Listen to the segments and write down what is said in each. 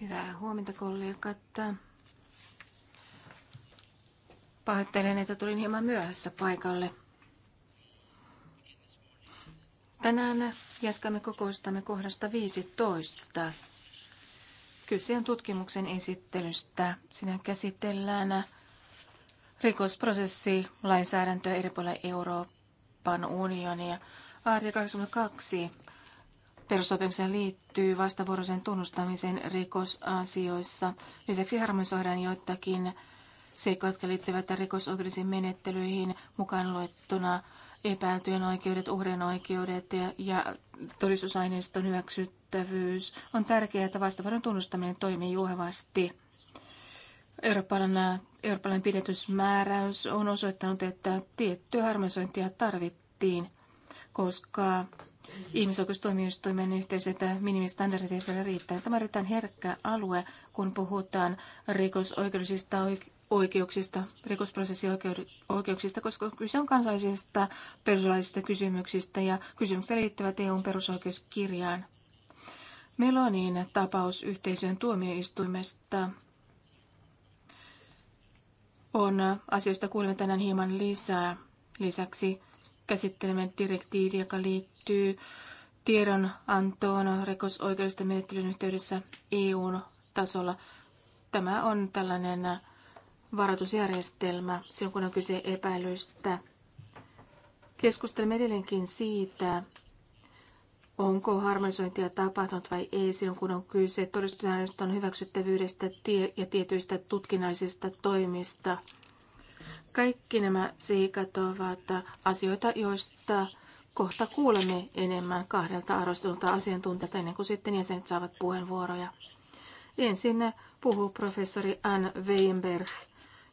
Hyvää huomenta kollegat. Pahoittelen, että tulin hieman myöhässä paikalle. Tänään jatkamme kokoustamme kohdasta 15. Kyse on tutkimuksen esittelystä. Sinä käsitellään lainsäädäntöä eri puolilla Euroopan unionia. Artikla 22 perussopimuksen liittyy vastavuoroisen tunnustamisen rikosasioissa. Lisäksi harmonisoidaan joitakin seikkoja, jotka liittyvät rikosoikeudellisiin menettelyihin mukaan luettuna epäiltyjen oikeudet, uhrien oikeudet ja, ja todistusaineiston hyväksyttävyys. On tärkeää, että vastavuoron tunnustaminen toimii juhevasti. Euroopan eurooppalainen pidetysmääräys on osoittanut, että tiettyä harmonisointia tarvittiin, koska ihmisoikeustoimijoistoimen yhteiset minimistandardit eivät vielä riittää. Tämä on erittäin herkkä alue, kun puhutaan rikosoikeudellisista oikeuksista, rikosprosessioikeuksista, koska kyse on kansallisista perusolaisista kysymyksistä ja kysymykset liittyvät EUn perusoikeuskirjaan. Melonin tapaus yhteisön tuomioistuimesta on asioista kuulemme tänään hieman lisää. Lisäksi käsittelemme direktiivi, joka liittyy tiedonantoon rikosoikeudellisten menettelyn yhteydessä EUn tasolla. Tämä on tällainen varoitusjärjestelmä silloin, kun on kyse epäilyistä. Keskustelemme edelleenkin siitä, onko harmonisointia tapahtunut vai ei silloin, kun on kyse todistusaineistoon hyväksyttävyydestä ja tietyistä tutkinnallisista toimista – kaikki nämä seikat ovat asioita, joista kohta kuulemme enemmän kahdelta arvostelulta asiantuntijalta ennen kuin sitten jäsenet saavat puheenvuoroja. Ensin puhuu professori Ann Weinberg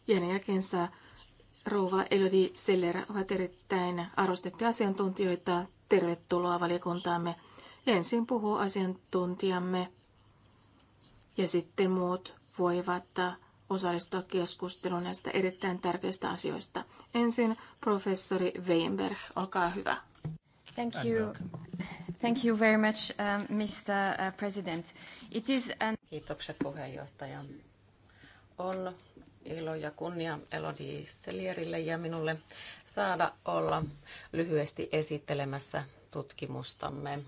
ja jälkeen saa rouva Elodie Seller ovat erittäin arvostettuja asiantuntijoita. Tervetuloa valiokuntaamme. Ensin puhuu asiantuntijamme ja sitten muut voivat osallistua keskusteluun näistä erittäin tärkeistä asioista. Ensin professori Weinberg, olkaa hyvä. Thank you. Thank you very much, uh, Mr. Uh, President. It is an... Kiitokset puheenjohtaja. On ilo ja kunnia Elodie Selierille ja minulle saada olla lyhyesti esittelemässä tutkimustamme.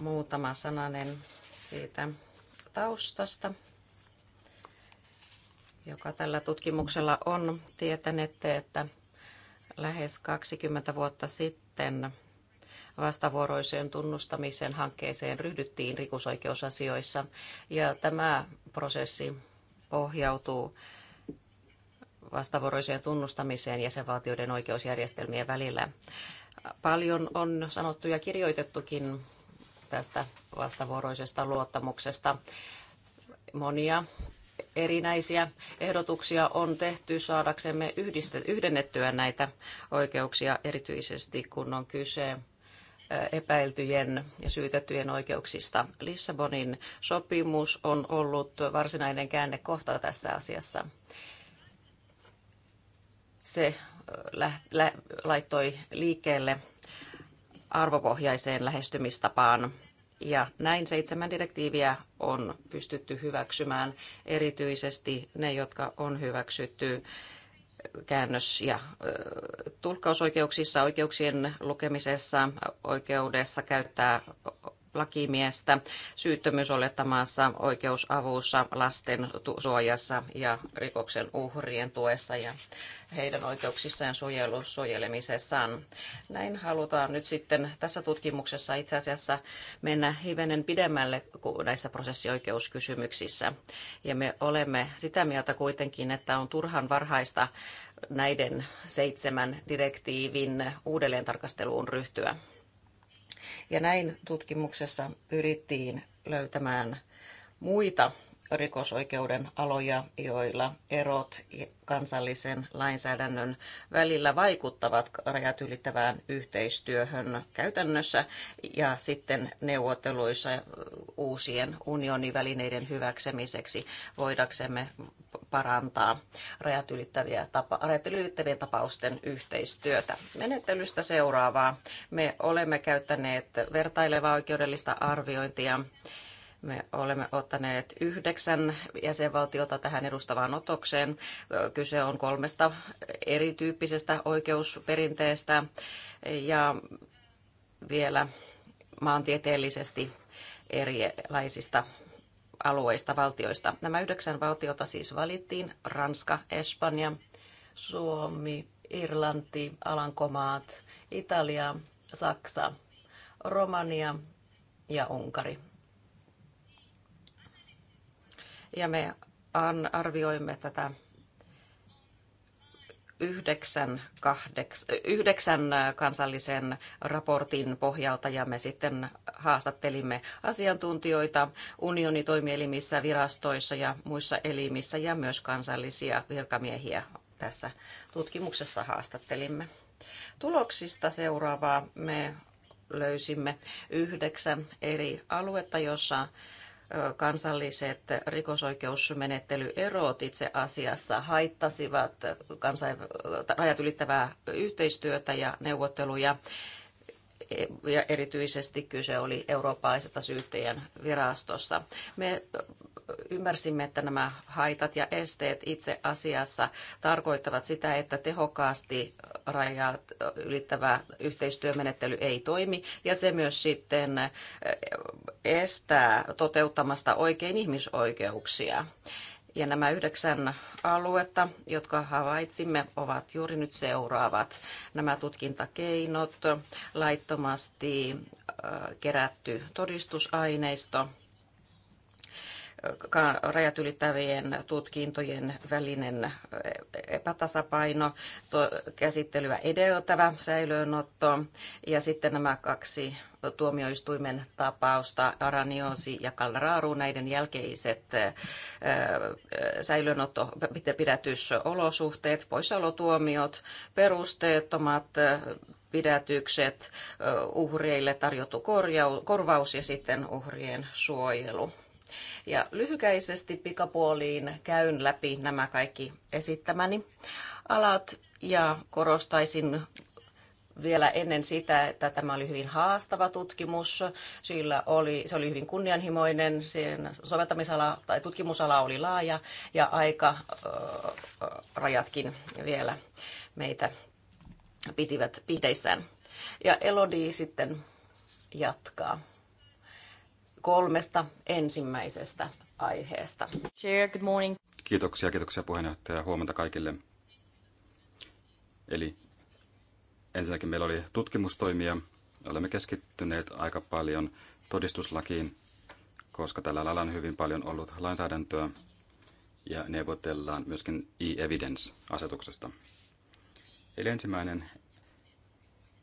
Muutama sananen siitä taustasta joka tällä tutkimuksella on. Tietänette, että lähes 20 vuotta sitten vastavuoroiseen tunnustamisen hankkeeseen ryhdyttiin rikosoikeusasioissa. Ja tämä prosessi pohjautuu vastavuoroiseen tunnustamiseen jäsenvaltioiden oikeusjärjestelmien välillä. Paljon on sanottu ja kirjoitettukin tästä vastavuoroisesta luottamuksesta. Monia erinäisiä ehdotuksia on tehty saadaksemme yhdennettyä näitä oikeuksia, erityisesti kun on kyse epäiltyjen ja syytettyjen oikeuksista. Lissabonin sopimus on ollut varsinainen käännekohta tässä asiassa. Se laittoi liikkeelle arvopohjaiseen lähestymistapaan ja näin seitsemän direktiiviä on pystytty hyväksymään, erityisesti ne, jotka on hyväksytty käännös- ja tulkkausoikeuksissa, oikeuksien lukemisessa, oikeudessa käyttää lakimiestä syyttömyysolettamassa oikeusavussa, lasten suojassa ja rikoksen uhrien tuessa ja heidän oikeuksissaan suojelu, suojelemisessaan. Näin halutaan nyt sitten tässä tutkimuksessa itse asiassa mennä hivenen pidemmälle kuin näissä prosessioikeuskysymyksissä. Ja me olemme sitä mieltä kuitenkin, että on turhan varhaista näiden seitsemän direktiivin uudelleen tarkasteluun ryhtyä. Ja näin tutkimuksessa pyrittiin löytämään muita rikosoikeuden aloja, joilla erot kansallisen lainsäädännön välillä vaikuttavat rajat ylittävään yhteistyöhön käytännössä ja sitten neuvotteluissa uusien unionin välineiden hyväksemiseksi voidaksemme parantaa rajat, ylittäviä tapa, rajat ylittävien tapausten yhteistyötä. Menettelystä seuraavaa. Me olemme käyttäneet vertailevaa oikeudellista arviointia me olemme ottaneet yhdeksän jäsenvaltiota tähän edustavaan otokseen. Kyse on kolmesta erityyppisestä oikeusperinteestä ja vielä maantieteellisesti erilaisista alueista, valtioista. Nämä yhdeksän valtiota siis valittiin. Ranska, Espanja, Suomi, Irlanti, Alankomaat, Italia, Saksa, Romania ja Unkari ja me arvioimme tätä yhdeksän, kahdeks, yhdeksän kansallisen raportin pohjalta ja me sitten haastattelimme asiantuntijoita unionitoimielimissä, virastoissa ja muissa elimissä ja myös kansallisia virkamiehiä tässä tutkimuksessa haastattelimme. Tuloksista seuraavaa me löysimme yhdeksän eri aluetta, jossa kansalliset rikosoikeusmenettelyerot itse asiassa haittasivat kansain, rajat ylittävää yhteistyötä ja neuvotteluja ja erityisesti kyse oli eurooppalaisesta syyttäjän virastosta. Me ymmärsimme, että nämä haitat ja esteet itse asiassa tarkoittavat sitä, että tehokkaasti rajat ylittävä yhteistyömenettely ei toimi ja se myös sitten estää toteuttamasta oikein ihmisoikeuksia. Ja nämä yhdeksän aluetta, jotka havaitsimme, ovat juuri nyt seuraavat. Nämä tutkintakeinot, laittomasti äh, kerätty todistusaineisto, äh, rajat ylittävien tutkintojen välinen äh, epätasapaino, käsittelyä edeltävä säilöönotto ja sitten nämä kaksi tuomioistuimen tapausta Araniosi ja Kalraaru, näiden jälkeiset säilönotto, pidätysolosuhteet, poissaolotuomiot, perusteettomat pidätykset, uhreille tarjottu korvaus ja sitten uhrien suojelu. Ja lyhykäisesti pikapuoliin käyn läpi nämä kaikki esittämäni alat ja korostaisin vielä ennen sitä, että tämä oli hyvin haastava tutkimus. Sillä oli, se oli hyvin kunnianhimoinen, sen soveltamisala tai tutkimusala oli laaja ja aika rajatkin vielä meitä pitivät pihdeissään. Ja Elodi sitten jatkaa kolmesta ensimmäisestä aiheesta. Chair, good morning. Kiitoksia, kiitoksia puheenjohtaja. Huomenta kaikille. Eli Ensinnäkin meillä oli tutkimustoimia. Olemme keskittyneet aika paljon todistuslakiin, koska tällä alalla on hyvin paljon ollut lainsäädäntöä ja neuvotellaan myöskin e-evidence-asetuksesta. Eli ensimmäinen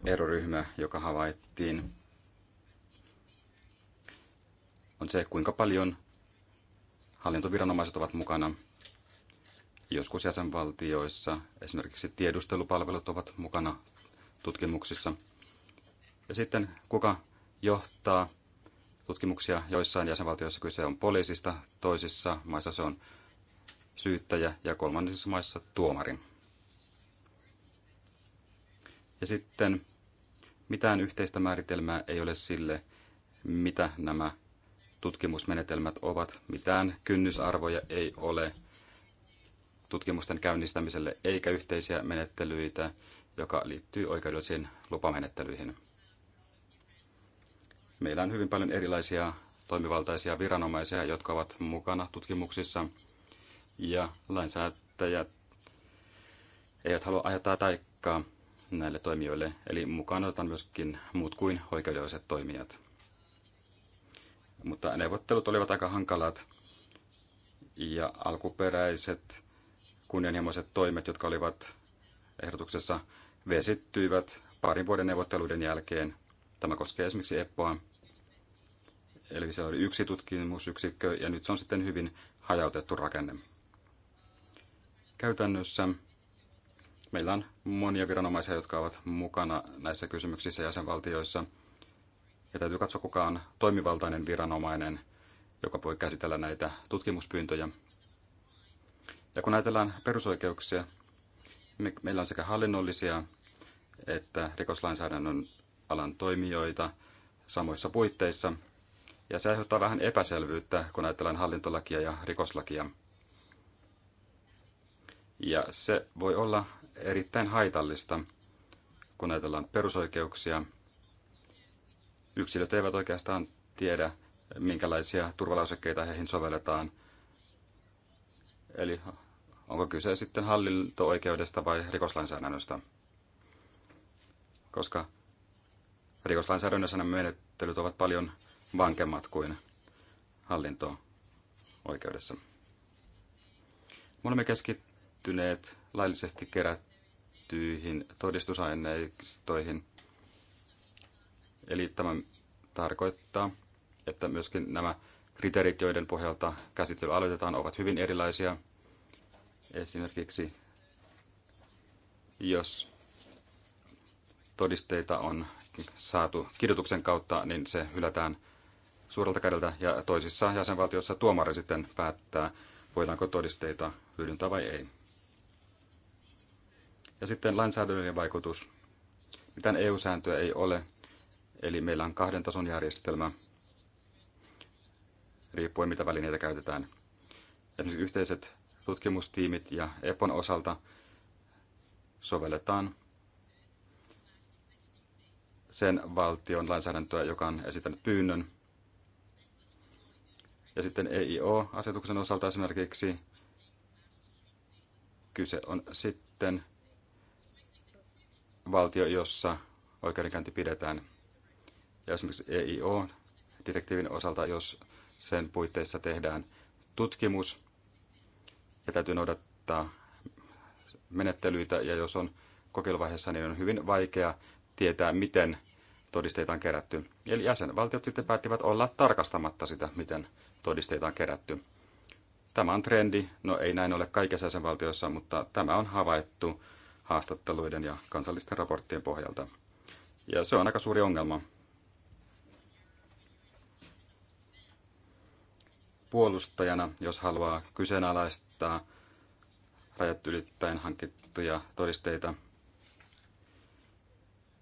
eroryhmä, joka havaittiin, on se, kuinka paljon hallintoviranomaiset ovat mukana. Joskus jäsenvaltioissa esimerkiksi tiedustelupalvelut ovat mukana tutkimuksissa. Ja sitten kuka johtaa tutkimuksia joissain jäsenvaltioissa kyse on poliisista, toisissa maissa se on syyttäjä ja kolmannisissa maissa tuomarin. Ja sitten mitään yhteistä määritelmää ei ole sille, mitä nämä tutkimusmenetelmät ovat. Mitään kynnysarvoja ei ole tutkimusten käynnistämiselle eikä yhteisiä menettelyitä joka liittyy oikeudellisiin lupamenettelyihin. Meillä on hyvin paljon erilaisia toimivaltaisia viranomaisia, jotka ovat mukana tutkimuksissa, ja lainsäätäjät eivät halua ajattaa taikkaa näille toimijoille, eli mukaan otetaan myöskin muut kuin oikeudelliset toimijat. Mutta neuvottelut olivat aika hankalat, ja alkuperäiset kunnianhimoiset toimet, jotka olivat ehdotuksessa, vesittyivät parin vuoden neuvotteluiden jälkeen. Tämä koskee esimerkiksi EPOa. Eli siellä oli yksi tutkimusyksikkö ja nyt se on sitten hyvin hajautettu rakenne. Käytännössä meillä on monia viranomaisia, jotka ovat mukana näissä kysymyksissä jäsenvaltioissa. Ja täytyy katsoa, kuka on toimivaltainen viranomainen, joka voi käsitellä näitä tutkimuspyyntöjä. Ja kun ajatellaan perusoikeuksia, meillä on sekä hallinnollisia että rikoslainsäädännön alan toimijoita samoissa puitteissa. Ja se aiheuttaa vähän epäselvyyttä, kun ajatellaan hallintolakia ja rikoslakia. Ja se voi olla erittäin haitallista, kun ajatellaan perusoikeuksia. Yksilöt eivät oikeastaan tiedä, minkälaisia turvalausekkeita heihin sovelletaan. Eli onko kyse sitten hallinto-oikeudesta vai rikoslainsäädännöstä? koska rikoslainsäädännössä nämä menettelyt ovat paljon vankemmat kuin hallinto-oikeudessa. Me olemme keskittyneet laillisesti kerättyihin todistusaineistoihin. Eli tämä tarkoittaa, että myöskin nämä kriteerit, joiden pohjalta käsittely aloitetaan, ovat hyvin erilaisia. Esimerkiksi jos todisteita on saatu kidutuksen kautta, niin se hylätään suurelta kädeltä ja toisissa jäsenvaltioissa tuomari sitten päättää, voidaanko todisteita hyödyntää vai ei. Ja sitten lainsäädännöllinen vaikutus. Mitään EU-sääntöä ei ole, eli meillä on kahden tason järjestelmä, riippuen mitä välineitä käytetään. Esimerkiksi yhteiset tutkimustiimit ja EPON osalta sovelletaan sen valtion lainsäädäntöä, joka on esittänyt pyynnön. Ja sitten EIO-asetuksen osalta esimerkiksi kyse on sitten valtio, jossa oikeudenkäynti pidetään. Ja esimerkiksi EIO-direktiivin osalta, jos sen puitteissa tehdään tutkimus ja täytyy noudattaa menettelyitä, ja jos on kokeiluvaiheessa, niin on hyvin vaikea tietää, miten todisteita on kerätty. Eli jäsenvaltiot sitten päättivät olla tarkastamatta sitä, miten todisteita on kerätty. Tämä on trendi, no ei näin ole kaikissa jäsenvaltioissa, mutta tämä on havaittu haastatteluiden ja kansallisten raporttien pohjalta. Ja se on aika suuri ongelma. Puolustajana, jos haluaa kyseenalaistaa rajat ylittäen hankittuja todisteita –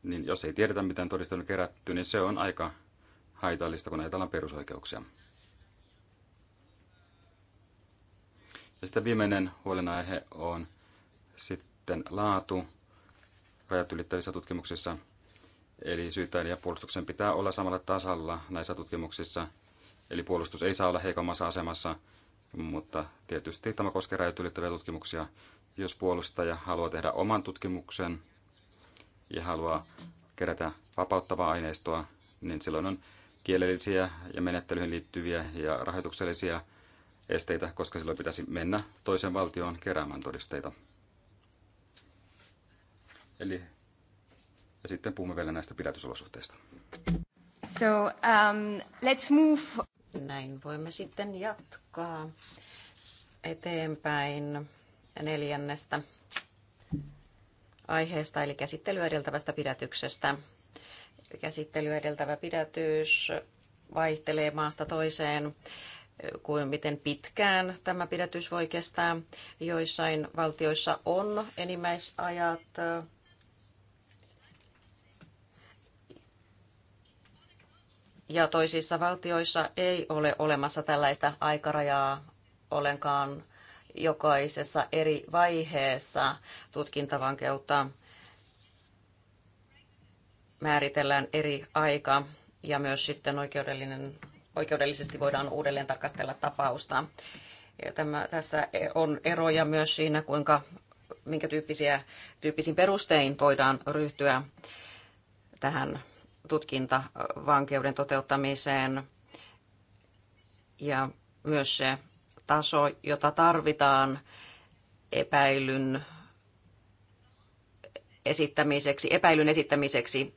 niin jos ei tiedetä, miten todistelu on kerätty, niin se on aika haitallista, kun ajatellaan perusoikeuksia. Ja sitten viimeinen huolenaihe on sitten laatu rajat ylittävissä tutkimuksissa. Eli syyttäjän ja puolustuksen pitää olla samalla tasalla näissä tutkimuksissa. Eli puolustus ei saa olla heikommassa asemassa, mutta tietysti tämä koskee rajat ylittäviä tutkimuksia. Jos puolustaja haluaa tehdä oman tutkimuksen, ja haluaa kerätä vapauttavaa aineistoa, niin silloin on kielellisiä ja menettelyihin liittyviä ja rahoituksellisia esteitä, koska silloin pitäisi mennä toiseen valtioon keräämään todisteita. Eli ja sitten puhumme vielä näistä pidätysolosuhteista. So, um, let's move. Näin voimme sitten jatkaa eteenpäin neljännestä aiheesta, eli käsittelyä edeltävästä pidätyksestä. Käsittelyä edeltävä pidätys vaihtelee maasta toiseen kuin miten pitkään tämä pidätys voi kestää. Joissain valtioissa on enimmäisajat ja toisissa valtioissa ei ole olemassa tällaista aikarajaa ollenkaan jokaisessa eri vaiheessa tutkintavankeutta määritellään eri aika ja myös sitten oikeudellinen, oikeudellisesti voidaan uudelleen tarkastella tapausta. Ja tämä, tässä on eroja myös siinä, kuinka, minkä tyyppisiä, tyyppisiin perustein voidaan ryhtyä tähän tutkintavankeuden toteuttamiseen. Ja myös se, taso, jota tarvitaan epäilyn esittämiseksi, epäilyn esittämiseksi,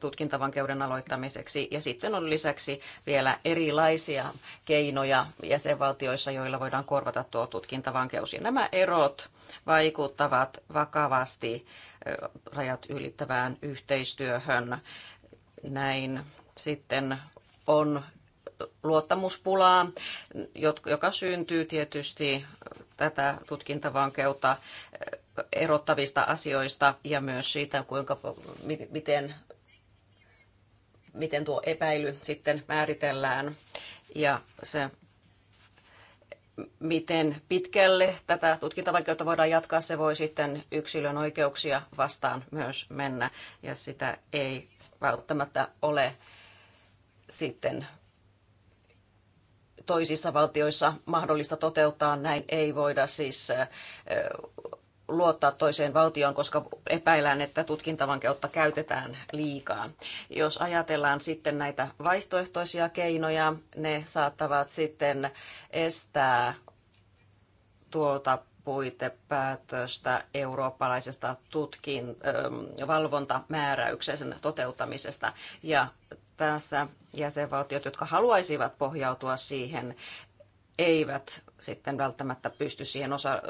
tutkintavankeuden aloittamiseksi. Ja sitten on lisäksi vielä erilaisia keinoja jäsenvaltioissa, joilla voidaan korvata tuo tutkintavankeus. Ja nämä erot vaikuttavat vakavasti rajat ylittävään yhteistyöhön. Näin sitten on luottamuspulaa, joka syntyy tietysti tätä tutkintavankeutta eh, erottavista asioista ja myös siitä, kuinka, miten, miten tuo epäily sitten määritellään ja se miten pitkälle tätä tutkintavankeutta voidaan jatkaa, se voi sitten yksilön oikeuksia vastaan myös mennä, ja sitä ei välttämättä ole sitten toisissa valtioissa mahdollista toteuttaa. Näin ei voida siis luottaa toiseen valtioon, koska epäillään, että tutkintavankeutta käytetään liikaa. Jos ajatellaan sitten näitä vaihtoehtoisia keinoja, ne saattavat sitten estää tuota puitepäätöstä eurooppalaisesta tutkin, valvontamääräyksen toteuttamisesta. Ja tässä jäsenvaltiot, jotka haluaisivat pohjautua siihen, eivät sitten välttämättä pysty siihen osa,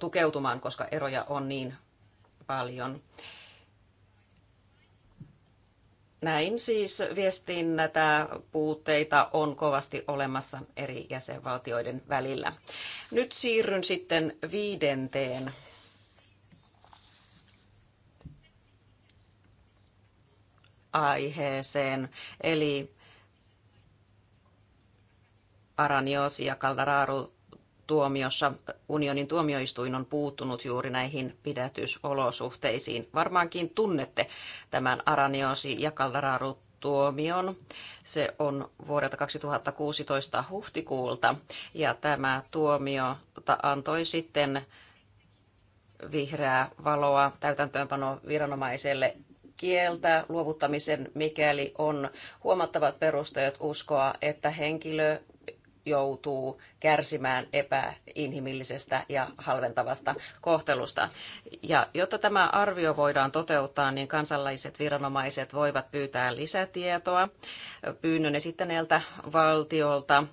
tukeutumaan, koska eroja on niin paljon. Näin siis näitä puutteita on kovasti olemassa eri jäsenvaltioiden välillä. Nyt siirryn sitten viidenteen aiheeseen, eli Aranios ja Kaldararu tuomiossa unionin tuomioistuin on puuttunut juuri näihin pidätysolosuhteisiin. Varmaankin tunnette tämän Araniosi ja Kaldararu tuomion. Se on vuodelta 2016 huhtikuulta ja tämä tuomio antoi sitten vihreää valoa täytäntöönpano viranomaiselle kieltä luovuttamisen, mikäli on huomattavat perusteet uskoa, että henkilö joutuu kärsimään epäinhimillisestä ja halventavasta kohtelusta. Ja jotta tämä arvio voidaan toteuttaa, niin kansalaiset viranomaiset voivat pyytää lisätietoa pyynnön esittäneeltä valtiolta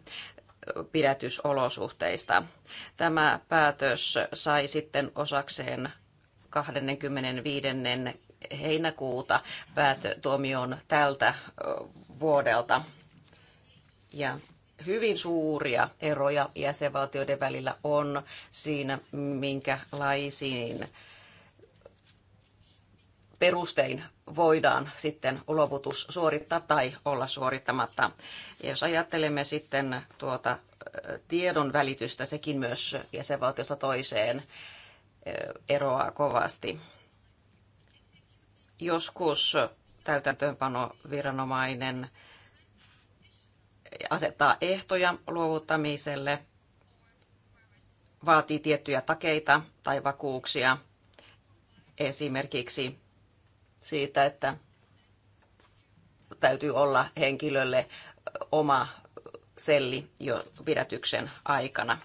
pidätysolosuhteista. Tämä päätös sai sitten osakseen 25 heinäkuuta tuomion tältä vuodelta. Ja hyvin suuria eroja jäsenvaltioiden välillä on siinä, minkälaisiin perustein voidaan sitten luovutus suorittaa tai olla suorittamatta. Ja jos ajattelemme sitten tuota tiedon välitystä, sekin myös jäsenvaltiosta toiseen eroaa kovasti joskus täytäntöönpanoviranomainen asettaa ehtoja luovuttamiselle, vaatii tiettyjä takeita tai vakuuksia esimerkiksi siitä, että täytyy olla henkilölle oma selli jo pidätyksen aikana.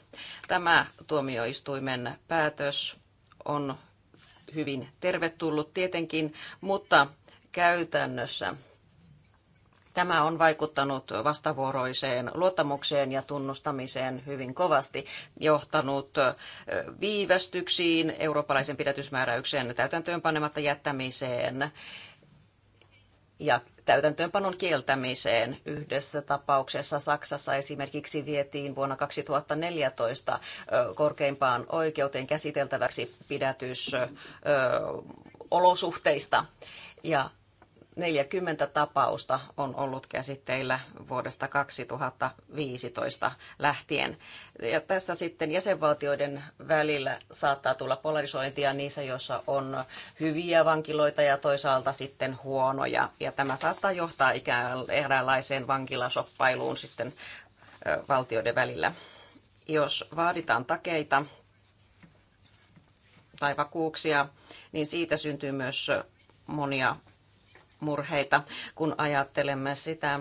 Tämä tuomioistuimen päätös on hyvin tervetullut tietenkin, mutta käytännössä Tämä on vaikuttanut vastavuoroiseen luottamukseen ja tunnustamiseen hyvin kovasti, johtanut viivästyksiin, eurooppalaisen pidätysmääräyksen täytäntöönpanematta jättämiseen ja täytäntöönpanon kieltämiseen. Yhdessä tapauksessa Saksassa esimerkiksi vietiin vuonna 2014 korkeimpaan oikeuteen käsiteltäväksi pidätys olosuhteista. Ja 40 tapausta on ollut käsitteillä vuodesta 2015 lähtien. Ja tässä sitten jäsenvaltioiden välillä saattaa tulla polarisointia niissä, joissa on hyviä vankiloita ja toisaalta sitten huonoja. Ja tämä saattaa johtaa ikään eräänlaiseen vankilasoppailuun sitten valtioiden välillä. Jos vaaditaan takeita tai vakuuksia, niin siitä syntyy myös monia murheita, kun ajattelemme sitä,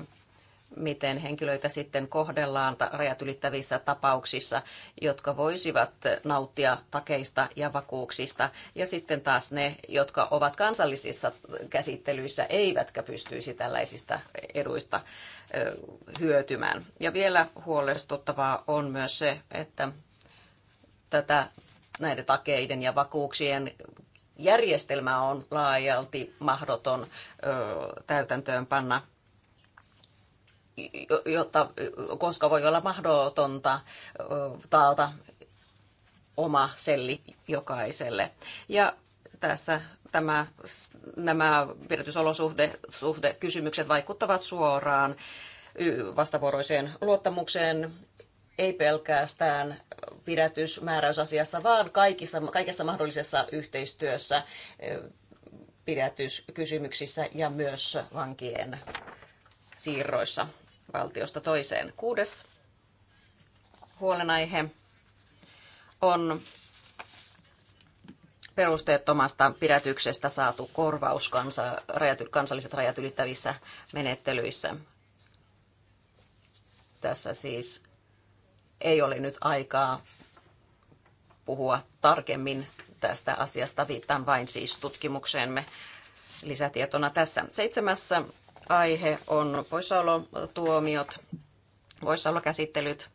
miten henkilöitä sitten kohdellaan rajat ylittävissä tapauksissa, jotka voisivat nauttia takeista ja vakuuksista. Ja sitten taas ne, jotka ovat kansallisissa käsittelyissä, eivätkä pystyisi tällaisista eduista hyötymään. Ja vielä huolestuttavaa on myös se, että tätä näiden takeiden ja vakuuksien järjestelmä on laajalti mahdoton täytäntöön panna jotta, koska voi olla mahdotonta taata oma selli jokaiselle. Ja tässä tämä, nämä pidätysolosuhdekysymykset vaikuttavat suoraan vastavuoroiseen luottamukseen ei pelkästään pidätysmääräysasiassa, vaan kaikissa, kaikessa mahdollisessa yhteistyössä eh, pidätyskysymyksissä ja myös vankien siirroissa valtiosta toiseen. Kuudes huolenaihe on perusteettomasta pidätyksestä saatu korvaus kansa, rajat, kansalliset rajat ylittävissä menettelyissä. Tässä siis ei ole nyt aikaa puhua tarkemmin tästä asiasta. Viittaan vain siis tutkimukseemme lisätietona tässä. Seitsemässä aihe on poissaolotuomiot, poissaolokäsittelyt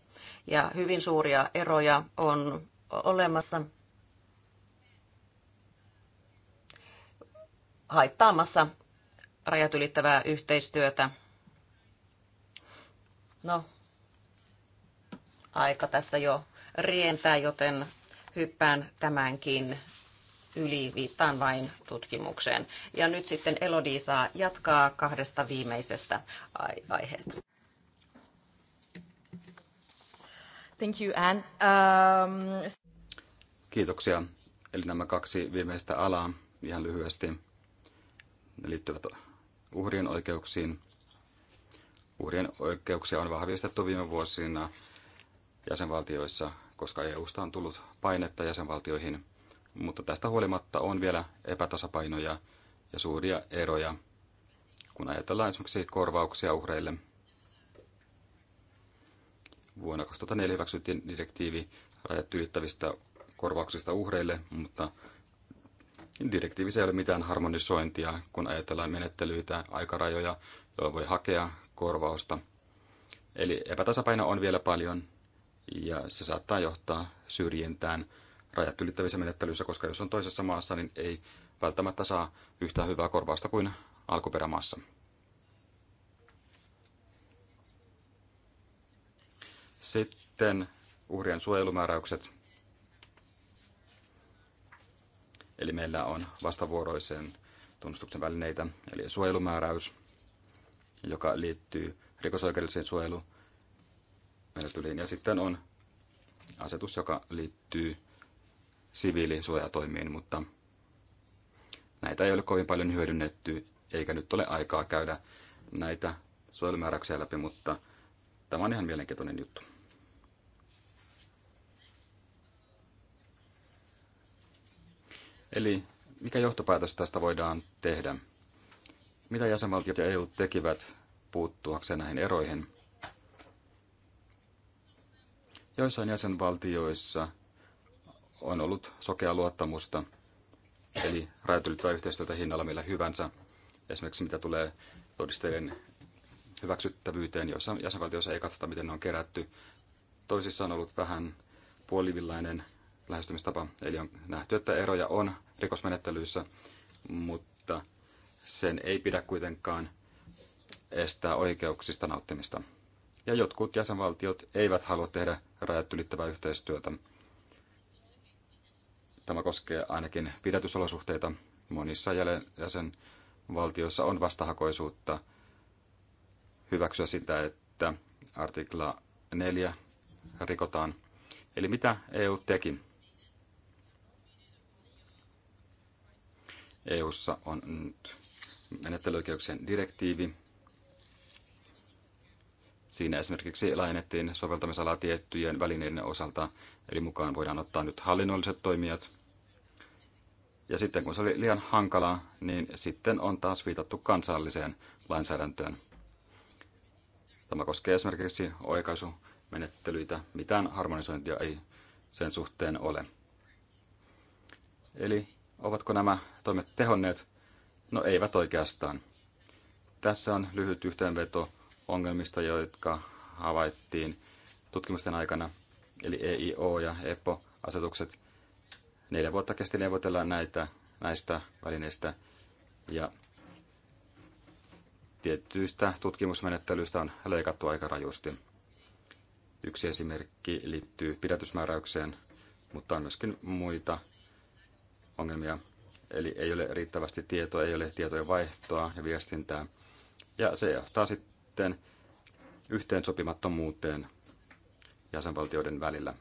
ja hyvin suuria eroja on olemassa haittaamassa rajat ylittävää yhteistyötä. No, aika tässä jo rientää, joten hyppään tämänkin yli, viittaan vain tutkimukseen. Ja nyt sitten Elodi saa jatkaa kahdesta viimeisestä aiheesta. Thank you, Anne. Um... Kiitoksia. Eli nämä kaksi viimeistä alaa ihan lyhyesti. Ne liittyvät uhrien oikeuksiin. Uhrien oikeuksia on vahvistettu viime vuosina jäsenvaltioissa, koska EUsta on tullut painetta jäsenvaltioihin, mutta tästä huolimatta on vielä epätasapainoja ja suuria eroja, kun ajatellaan esimerkiksi korvauksia uhreille. Vuonna 2004 hyväksyttiin direktiivi rajat ylittävistä korvauksista uhreille, mutta direktiivissä ei ole mitään harmonisointia, kun ajatellaan menettelyitä, aikarajoja, joilla voi hakea korvausta. Eli epätasapaino on vielä paljon, ja se saattaa johtaa syrjintään rajat ylittävissä menettelyissä, koska jos on toisessa maassa, niin ei välttämättä saa yhtä hyvää korvausta kuin alkuperämaassa. Sitten uhrien suojelumääräykset. Eli meillä on vastavuoroisen tunnustuksen välineitä, eli suojelumääräys, joka liittyy rikosoikeudelliseen suojeluun menettelyyn. Ja sitten on asetus, joka liittyy siviilisuojatoimiin, mutta näitä ei ole kovin paljon hyödynnetty, eikä nyt ole aikaa käydä näitä suojelumääräyksiä läpi, mutta tämä on ihan mielenkiintoinen juttu. Eli mikä johtopäätös tästä voidaan tehdä? Mitä jäsenvaltiot ja EU tekivät puuttuakseen näihin eroihin? Joissain jäsenvaltioissa on ollut sokea luottamusta, eli rajatylittävää yhteistyötä hinnalla millä hyvänsä. Esimerkiksi mitä tulee todisteiden hyväksyttävyyteen, joissa jäsenvaltioissa ei katsota, miten ne on kerätty. Toisissa on ollut vähän puolivillainen lähestymistapa, eli on nähty, että eroja on rikosmenettelyissä, mutta sen ei pidä kuitenkaan estää oikeuksista nauttimista ja jotkut jäsenvaltiot eivät halua tehdä rajat ylittävää yhteistyötä. Tämä koskee ainakin pidätysolosuhteita. Monissa jäsenvaltioissa on vastahakoisuutta hyväksyä sitä, että artikla 4 rikotaan. Eli mitä EU teki? EUssa on nyt menettelyoikeuksien direktiivi, Siinä esimerkiksi laajennettiin soveltamisalaa tiettyjen välineiden osalta, eli mukaan voidaan ottaa nyt hallinnolliset toimijat. Ja sitten kun se oli liian hankala, niin sitten on taas viitattu kansalliseen lainsäädäntöön. Tämä koskee esimerkiksi oikaisumenettelyitä. Mitään harmonisointia ei sen suhteen ole. Eli ovatko nämä toimet tehonneet? No eivät oikeastaan. Tässä on lyhyt yhteenveto ongelmista, jotka havaittiin tutkimusten aikana, eli EIO ja epo asetukset Neljä vuotta kesti neuvotella näitä, näistä välineistä ja tietyistä tutkimusmenettelyistä on leikattu aika rajusti. Yksi esimerkki liittyy pidätysmääräykseen, mutta on myöskin muita ongelmia. Eli ei ole riittävästi tietoa, ei ole tietojen vaihtoa ja viestintää. Ja se johtaa sitten yhteen yhteensopimattomuuteen jäsenvaltioiden välillä.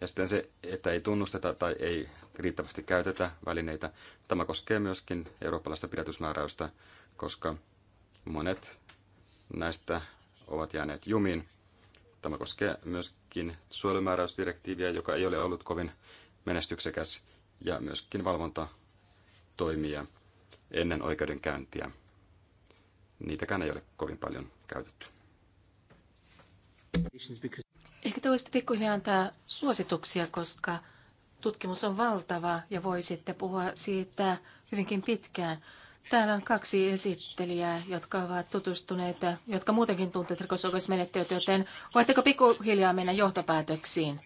Ja sitten se, että ei tunnusteta tai ei riittävästi käytetä välineitä. Tämä koskee myöskin eurooppalaista pidätysmääräystä, koska monet näistä ovat jääneet jumiin. Tämä koskee myöskin suojelumääräysdirektiiviä, joka ei ole ollut kovin menestyksekäs, ja myöskin valvontatoimia ennen oikeudenkäyntiä niitäkään ei ole kovin paljon käytetty. Ehkä te voisitte pikkuhiljaa antaa suosituksia, koska tutkimus on valtava ja voi sitten puhua siitä hyvinkin pitkään. Täällä on kaksi esittelijää, jotka ovat tutustuneita, jotka muutenkin tuntevat rikosoikeusmenettelyt, joten voitteko pikkuhiljaa mennä johtopäätöksiin?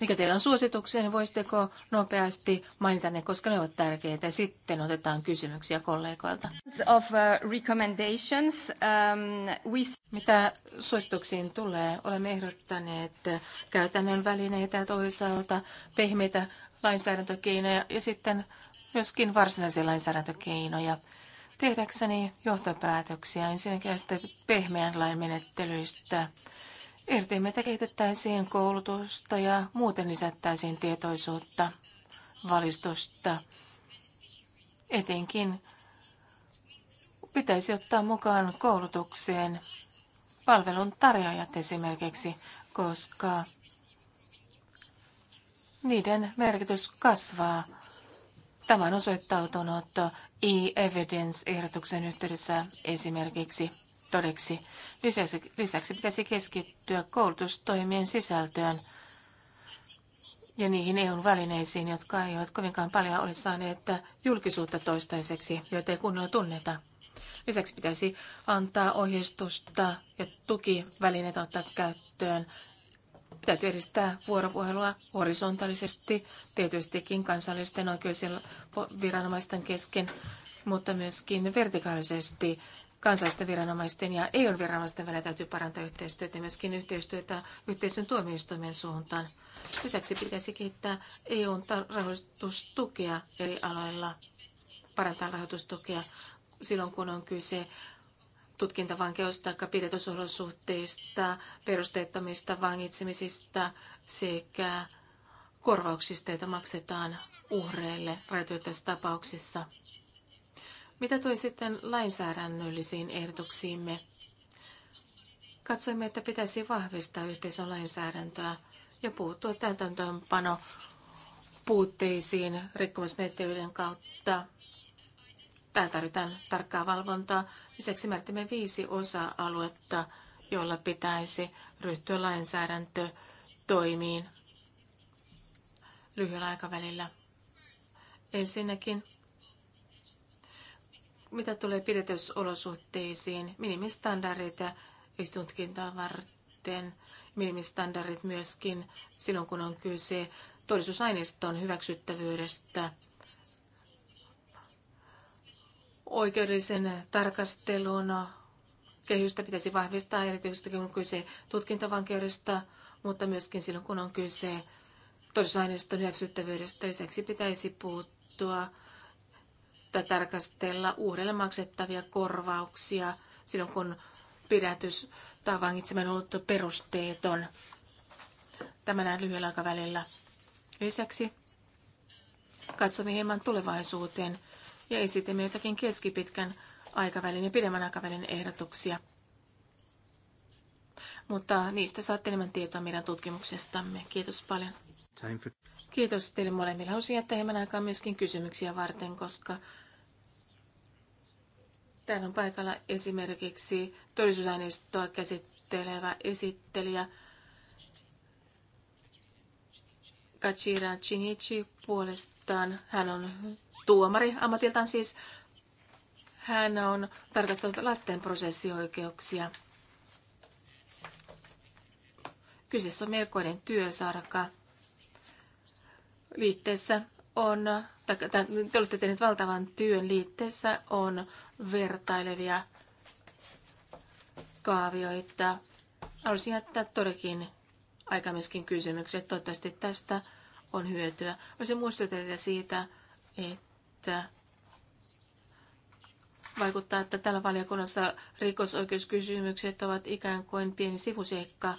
Mikä teillä on suosituksia, niin voisitteko nopeasti mainita ne, koska ne ovat tärkeitä. Sitten otetaan kysymyksiä kollegoilta. Of, uh, um, we... Mitä suosituksiin tulee? Olemme ehdottaneet käytännön välineitä toisaalta, pehmeitä lainsäädäntökeinoja ja sitten myöskin varsinaisia lainsäädäntökeinoja tehdäkseni johtopäätöksiä ensinnäkin näistä pehmeän lain menettelyistä. Ehdotimme, kehitettäisiin koulutusta ja muuten lisättäisiin tietoisuutta, valistusta. Etenkin pitäisi ottaa mukaan koulutukseen palvelun tarjoajat esimerkiksi, koska niiden merkitys kasvaa. Tämä on osoittautunut e-evidence-ehdotuksen yhteydessä esimerkiksi todeksi. Lisäksi, lisäksi pitäisi keskittyä koulutustoimien sisältöön ja niihin EUn välineisiin, jotka eivät kovinkaan paljon ole saaneet julkisuutta toistaiseksi, joita ei kunnolla tunneta. Lisäksi pitäisi antaa ohjeistusta ja tukivälineitä ottaa käyttöön. Täytyy edistää vuoropuhelua horisontaalisesti, tietystikin kansallisten oikeusviranomaisten kesken, mutta myöskin vertikaalisesti kansallisten viranomaisten ja EU-viranomaisten välillä täytyy parantaa yhteistyötä ja myöskin yhteistyötä yhteisön tuomioistuimen suuntaan. Lisäksi pitäisi kehittää EUn rahoitustukea eri aloilla, parantaa rahoitustukea silloin, kun on kyse tutkintavankeusta, pidetysolosuhteista, perusteettomista vangitsemisista sekä korvauksista, joita maksetaan uhreille rajoitettavissa tapauksissa. Mitä tuli sitten lainsäädännöllisiin ehdotuksiimme? Katsoimme, että pitäisi vahvistaa yhteisön lainsäädäntöä ja puuttua täytäntöönpano puutteisiin rikkomusmenettelyiden kautta. Tää tarvitaan tarkkaa valvontaa. Lisäksi määritämme viisi osa-aluetta, joilla pitäisi ryhtyä lainsäädäntötoimiin lyhyellä aikavälillä. Ensinnäkin mitä tulee pidetysolosuhteisiin, minimistandardit esitutkintaa varten, minimistandardit myöskin silloin, kun on kyse todistusaineiston hyväksyttävyydestä, oikeudellisen tarkastelun kehystä pitäisi vahvistaa erityisesti kun on kyse tutkintavankeudesta, mutta myöskin silloin kun on kyse todistusaineiston hyväksyttävyydestä. Lisäksi pitäisi puuttua tarkastella uhrille maksettavia korvauksia silloin, kun pidätys tai vangitseminen on ollut perusteeton. Tämä näin lyhyellä aikavälillä. Lisäksi katsomme hieman tulevaisuuteen ja esitimme jotakin keskipitkän aikavälin ja pidemmän aikavälin ehdotuksia. Mutta niistä saatte enemmän tietoa meidän tutkimuksestamme. Kiitos paljon. Kiitos teille molemmille. Haluaisin jättää hieman aikaa myöskin kysymyksiä varten, koska Täällä on paikalla esimerkiksi todistusaineistoa käsittelevä esittelijä Kachira Chinichi puolestaan. Hän on tuomari ammatiltaan siis. Hän on tarkastellut lasten prosessioikeuksia. Kyseessä on melkoinen työsarka. Liitteessä on te olette tehneet valtavan työn. Liitteessä on vertailevia kaavioita. Haluaisin jättää todellakin myöskin kysymyksiä. Toivottavasti tästä on hyötyä. Olisin muistuttaa teitä siitä, että vaikuttaa, että tällä valiokunnassa rikosoikeuskysymykset ovat ikään kuin pieni sivuseikka.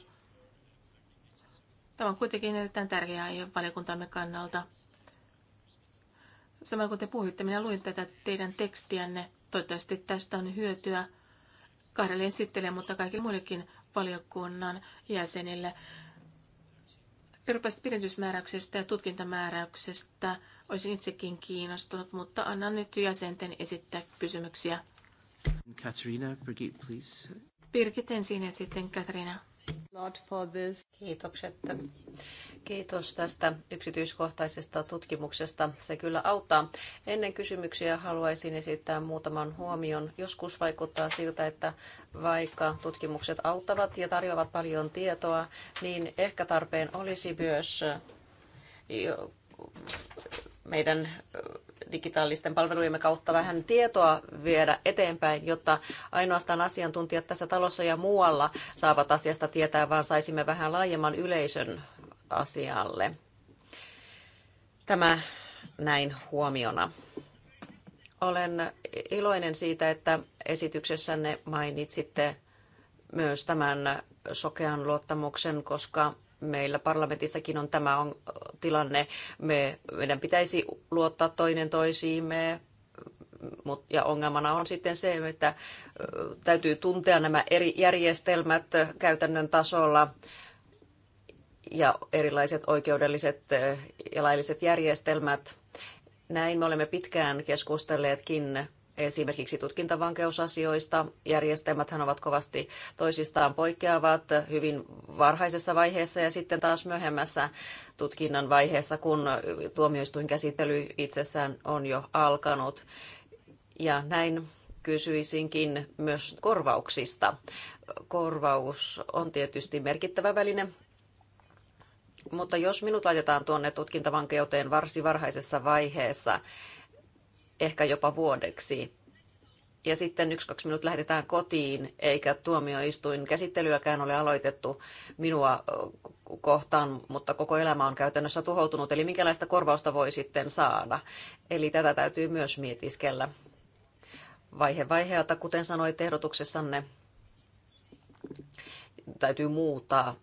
Tämä on kuitenkin erittäin tärkeää valiokuntamme kannalta. Samalla kun te puhuitte, minä luin tätä teidän tekstiänne. Toivottavasti tästä on hyötyä kahdelle esittelijä, mutta kaikille muillekin valiokunnan jäsenille. Eurooppalaisesta pidentysmääräyksestä ja tutkintamääräyksestä olisin itsekin kiinnostunut, mutta annan nyt jäsenten esittää kysymyksiä. Katarina, Birgit, please. Birgit ensin ja sitten Katarina. Kiitokset. Kiitos tästä yksityiskohtaisesta tutkimuksesta. Se kyllä auttaa. Ennen kysymyksiä haluaisin esittää muutaman huomion. Joskus vaikuttaa siltä, että vaikka tutkimukset auttavat ja tarjoavat paljon tietoa, niin ehkä tarpeen olisi myös meidän digitaalisten palvelujemme kautta vähän tietoa viedä eteenpäin, jotta ainoastaan asiantuntijat tässä talossa ja muualla saavat asiasta tietää, vaan saisimme vähän laajemman yleisön asialle. Tämä näin huomiona. Olen iloinen siitä, että esityksessänne mainitsitte myös tämän sokean luottamuksen, koska meillä parlamentissakin on tämä on tilanne. Me, meidän pitäisi luottaa toinen toisiimme, ja ongelmana on sitten se, että täytyy tuntea nämä eri järjestelmät käytännön tasolla ja erilaiset oikeudelliset ja lailliset järjestelmät. Näin me olemme pitkään keskustelleetkin esimerkiksi tutkintavankeusasioista. Järjestelmäthän ovat kovasti toisistaan poikkeavat hyvin varhaisessa vaiheessa ja sitten taas myöhemmässä tutkinnan vaiheessa, kun tuomioistuinkäsittely itsessään on jo alkanut. Ja näin kysyisinkin myös korvauksista. Korvaus on tietysti merkittävä väline mutta jos minut laitetaan tuonne tutkintavankeuteen varsin varhaisessa vaiheessa, ehkä jopa vuodeksi. Ja sitten yksi kaksi minuut lähdetään kotiin, eikä tuomioistuin käsittelyäkään ole aloitettu minua kohtaan, mutta koko elämä on käytännössä tuhoutunut. Eli minkälaista korvausta voi sitten saada? Eli tätä täytyy myös mietiskellä vaihe vaiheelta, kuten sanoit ehdotuksessanne, täytyy muuttaa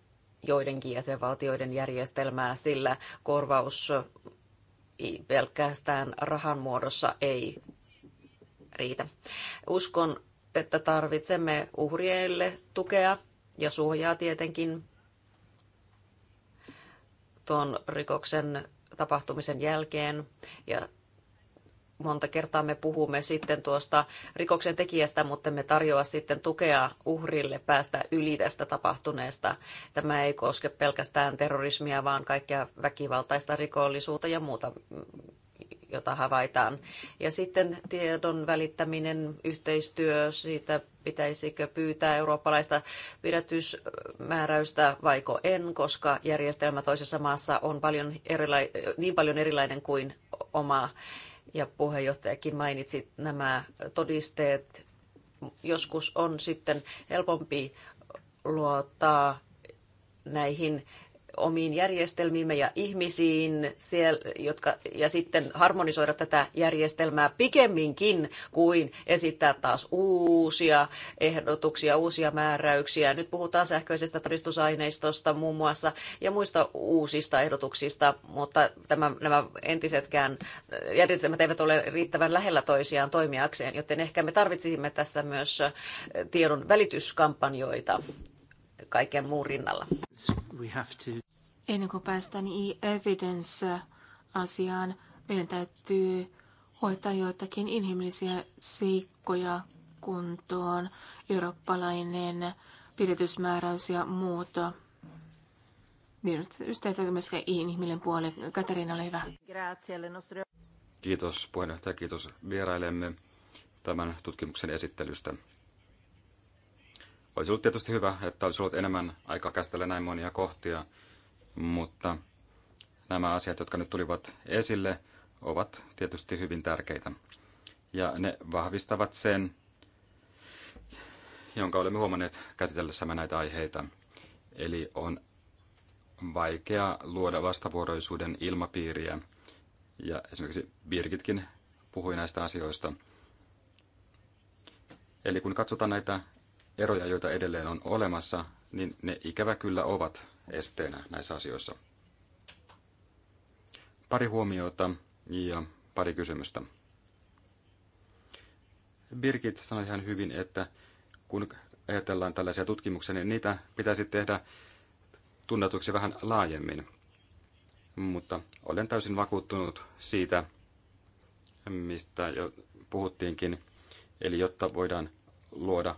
joidenkin jäsenvaltioiden järjestelmää, sillä korvaus pelkästään rahan muodossa ei riitä. Uskon, että tarvitsemme uhrieille tukea ja suojaa tietenkin tuon rikoksen tapahtumisen jälkeen ja monta kertaa me puhumme sitten tuosta rikoksen tekijästä, mutta me tarjoaa sitten tukea uhrille päästä yli tästä tapahtuneesta. Tämä ei koske pelkästään terrorismia, vaan kaikkea väkivaltaista rikollisuutta ja muuta jota havaitaan. Ja sitten tiedon välittäminen, yhteistyö, siitä pitäisikö pyytää eurooppalaista pidätysmääräystä vaiko en, koska järjestelmä toisessa maassa on paljon erila- niin paljon erilainen kuin oma ja puheenjohtajakin mainitsi nämä todisteet. Joskus on sitten helpompi luottaa näihin omiin järjestelmiimme ja ihmisiin, siellä, jotka, ja sitten harmonisoida tätä järjestelmää pikemminkin kuin esittää taas uusia ehdotuksia, uusia määräyksiä. Nyt puhutaan sähköisestä todistusaineistosta muun muassa ja muista uusista ehdotuksista, mutta tämä, nämä entisetkään järjestelmät eivät ole riittävän lähellä toisiaan toimijakseen, joten ehkä me tarvitsisimme tässä myös tiedon välityskampanjoita kaiken muun rinnalla. Ennen kuin päästään niin e-evidence-asiaan, meidän täytyy hoitaa joitakin inhimillisiä seikkoja kuntoon, eurooppalainen pidetysmääräys ja muuta. Yhteyttä myös ihminen puoli. Katarina, ole hyvä. Kiitos puheenjohtaja, kiitos vierailemme tämän tutkimuksen esittelystä. Olisi ollut tietysti hyvä, että olisi ollut enemmän aikaa käsitellä näin monia kohtia, mutta nämä asiat, jotka nyt tulivat esille, ovat tietysti hyvin tärkeitä. Ja ne vahvistavat sen, jonka olemme huomanneet käsitellessämme näitä aiheita. Eli on vaikea luoda vastavuoroisuuden ilmapiiriä. Ja esimerkiksi Birgitkin puhui näistä asioista. Eli kun katsotaan näitä eroja, joita edelleen on olemassa, niin ne ikävä kyllä ovat esteenä näissä asioissa. Pari huomiota ja pari kysymystä. Birgit sanoi ihan hyvin, että kun ajatellaan tällaisia tutkimuksia, niin niitä pitäisi tehdä tunnetuksi vähän laajemmin. Mutta olen täysin vakuuttunut siitä, mistä jo puhuttiinkin. Eli jotta voidaan luoda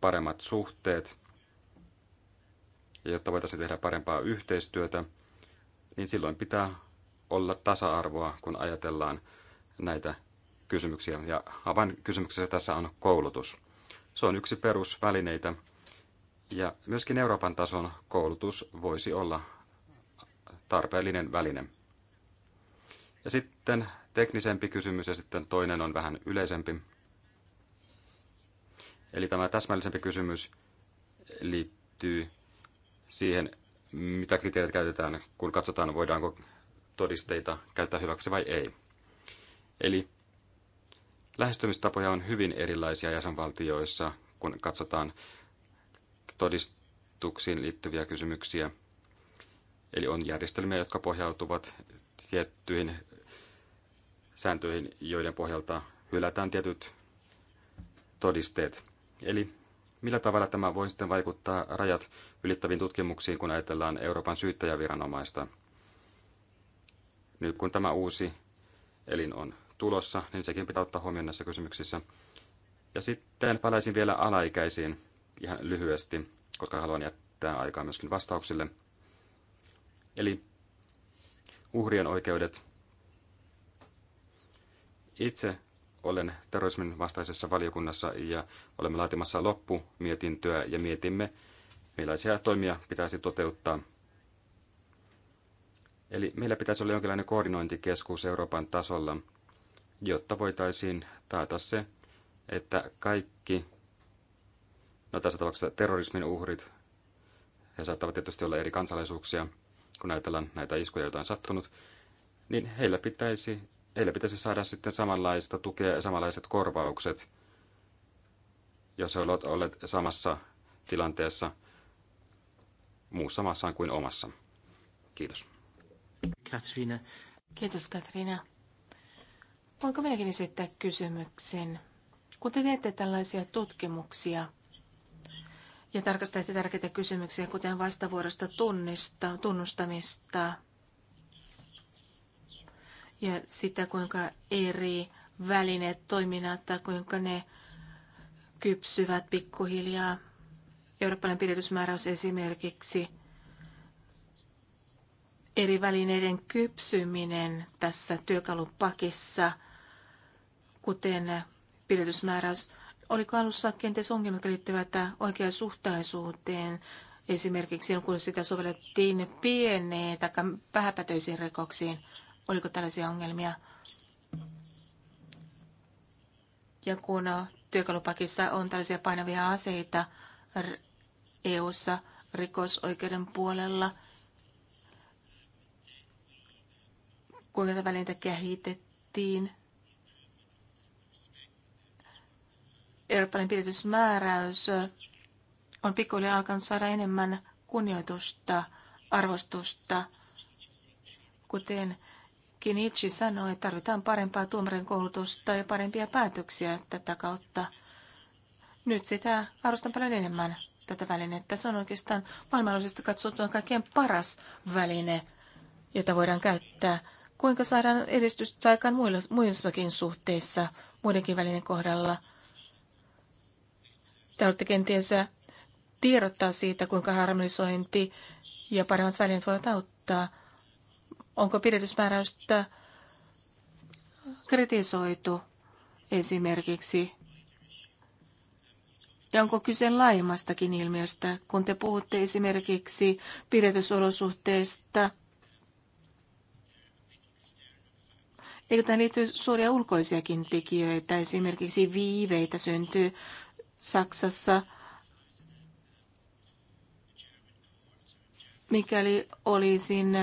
paremmat suhteet ja jotta voitaisiin tehdä parempaa yhteistyötä, niin silloin pitää olla tasa-arvoa, kun ajatellaan näitä kysymyksiä. Ja kysymyksessä tässä on koulutus. Se on yksi perusvälineitä. Ja myöskin Euroopan tason koulutus voisi olla tarpeellinen väline. Ja sitten teknisempi kysymys ja sitten toinen on vähän yleisempi. Eli tämä täsmällisempi kysymys liittyy siihen, mitä kriteerit käytetään, kun katsotaan, voidaanko todisteita käyttää hyväksi vai ei. Eli lähestymistapoja on hyvin erilaisia jäsenvaltioissa, kun katsotaan todistuksiin liittyviä kysymyksiä. Eli on järjestelmiä, jotka pohjautuvat tiettyihin sääntöihin, joiden pohjalta hylätään tietyt todisteet. Eli millä tavalla tämä voi sitten vaikuttaa rajat ylittäviin tutkimuksiin, kun ajatellaan Euroopan syyttäjäviranomaista? Nyt kun tämä uusi elin on tulossa, niin sekin pitää ottaa huomioon näissä kysymyksissä. Ja sitten palaisin vielä alaikäisiin ihan lyhyesti, koska haluan jättää aikaa myöskin vastauksille. Eli uhrien oikeudet. Itse olen terrorismin vastaisessa valiokunnassa ja olemme laatimassa loppumietintöä ja mietimme, millaisia toimia pitäisi toteuttaa. Eli meillä pitäisi olla jonkinlainen koordinointikeskus Euroopan tasolla, jotta voitaisiin taata se, että kaikki, no tässä tapauksessa terrorismin uhrit, he saattavat tietysti olla eri kansalaisuuksia, kun ajatellaan näitä iskuja, joita on sattunut, niin heillä pitäisi heille pitäisi saada sitten samanlaista tukea ja samanlaiset korvaukset, jos he ovat olleet samassa tilanteessa muussa maassaan kuin omassa. Kiitos. Katriina. Kiitos Katriina. Voinko minäkin esittää kysymyksen? Kun te teette tällaisia tutkimuksia ja tarkastatte tärkeitä kysymyksiä, kuten vastavuorosta tunnista, tunnustamista, ja sitä, kuinka eri välineet toiminnat tai kuinka ne kypsyvät pikkuhiljaa. Eurooppalainen pidetysmääräys esimerkiksi eri välineiden kypsyminen tässä työkalupakissa, kuten pidetysmääräys, oliko alussa kenties ongelmia, jotka liittyvät oikeasuhtaisuuteen, esimerkiksi kun sitä sovellettiin pieneen tai vähäpätöisiin rikoksiin – Oliko tällaisia ongelmia? Ja kun työkalupakissa on tällaisia painavia aseita EU-ssa rikosoikeuden puolella, kuinka tätä välintä kehitettiin. Eurooppalainen pidetysmääräys on pikkuhiljaa alkanut saada enemmän kunnioitusta, arvostusta, kuten Kinichi sanoi, että tarvitaan parempaa tuomarin koulutusta ja parempia päätöksiä tätä kautta. Nyt sitä arvostan paljon enemmän tätä välinettä. Se on oikeastaan maailmanlaajuisesti katsottuna kaikkein paras väline, jota voidaan käyttää. Kuinka saadaan edistystä aikaan muillakin suhteissa, muidenkin välinen kohdalla? Te olette kenties tiedottaa siitä, kuinka harmonisointi ja paremmat välineet voivat auttaa – Onko pidetysmääräystä kritisoitu esimerkiksi? Ja onko kyse laajemmastakin ilmiöstä, kun te puhutte esimerkiksi pidätysolosuhteista? Eikö tähän liittyy suuria ulkoisiakin tekijöitä? Esimerkiksi viiveitä syntyy Saksassa, mikäli olisin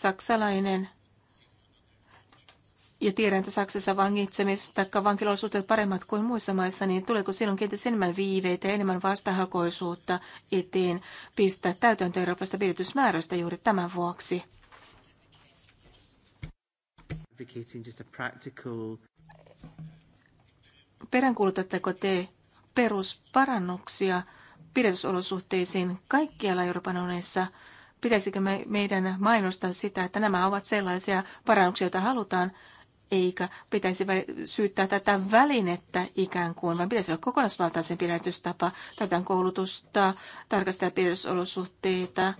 saksalainen ja tiedän, että Saksassa vangitsemis- tai vankilaisuudet paremmat kuin muissa maissa, niin tuleeko silloin kenties enemmän viiveitä ja enemmän vastahakoisuutta eteen pistää täytäntöön Euroopasta pidätysmääräystä juuri tämän vuoksi? Peräänkuulutatteko te perusparannuksia pidetysolosuhteisiin kaikkialla Euroopan unionissa – Pitäisikö me, meidän mainostaa sitä, että nämä ovat sellaisia parannuksia, joita halutaan, eikä pitäisi syyttää tätä välinettä ikään kuin, vaan pitäisi olla kokonaisvaltaisen pidätystapa tätä koulutusta, tarkastaa pidätysolosuhteita,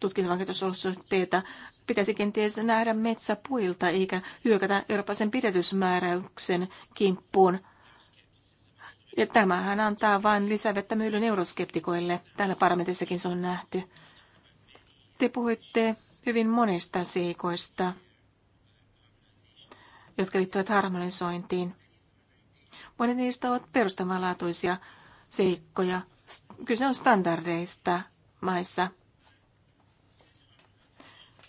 tutkintavankitusolosuhteita, pitäisi kenties nähdä metsäpuilta eikä hyökätä eurooppalaisen pidätysmääräyksen kimppuun. Ja tämähän antaa vain lisävettä myllyn euroskeptikoille. Täällä parlamentissakin se on nähty. Te puhuitte hyvin monista seikoista, jotka liittyvät harmonisointiin. Monet niistä ovat perustavanlaatuisia seikkoja. Kyse on standardeista maissa.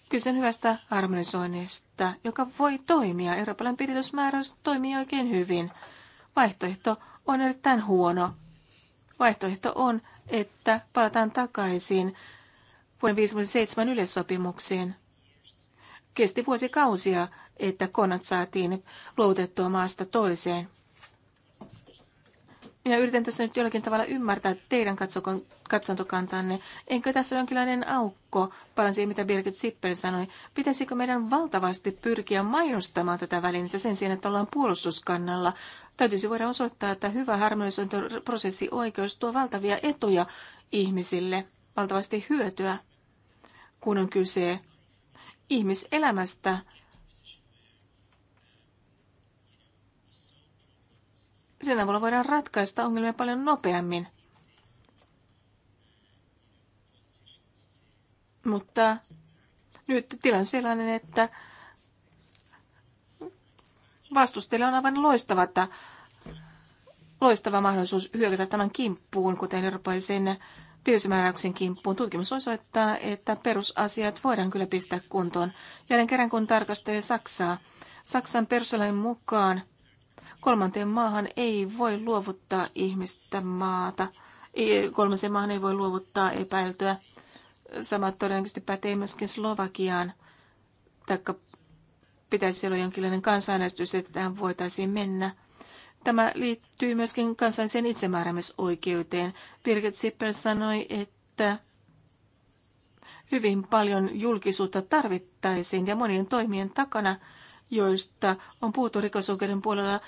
Kyse on hyvästä harmonisoinnista, joka voi toimia. Euroopan piritysmääräys toimii oikein hyvin. Vaihtoehto on erittäin huono. Vaihtoehto on, että palataan takaisin vuoden 57 yleissopimukseen. Kesti vuosikausia, että konat saatiin luovutettua maasta toiseen. Minä yritän tässä nyt jollakin tavalla ymmärtää teidän katsantokantanne. Enkö tässä ole jonkinlainen aukko, palan siihen mitä Birgit Sippel sanoi. Pitäisikö meidän valtavasti pyrkiä mainostamaan tätä välinettä sen sijaan, että ollaan puolustuskannalla? Täytyisi voida osoittaa, että hyvä harmonisointiprosessi oikeus tuo valtavia etuja ihmisille, valtavasti hyötyä kun on kyse ihmiselämästä. Sen avulla voidaan ratkaista ongelmia paljon nopeammin. Mutta nyt tilanne sellainen, että vastustajilla on aivan loistava, loistava mahdollisuus hyökätä tämän kimppuun, kuten eurooppalaisen piirrysmääräyksen kimppuun. Tutkimus osoittaa, että perusasiat voidaan kyllä pistää kuntoon. Jälleen kerran kun tarkastelee Saksaa, Saksan perustuslain mukaan kolmanteen maahan ei voi luovuttaa ihmistä maata. Kolmanteen maahan ei voi luovuttaa epäiltyä. Sama todennäköisesti pätee myöskin Slovakiaan, taikka pitäisi olla jonkinlainen kansanäänestys, että tähän voitaisiin mennä. Tämä liittyy myöskin kansalliseen itsemääräämisoikeuteen. Birgit Sippel sanoi, että hyvin paljon julkisuutta tarvittaisiin ja monien toimien takana, joista on puhuttu rikosoikeuden puolella,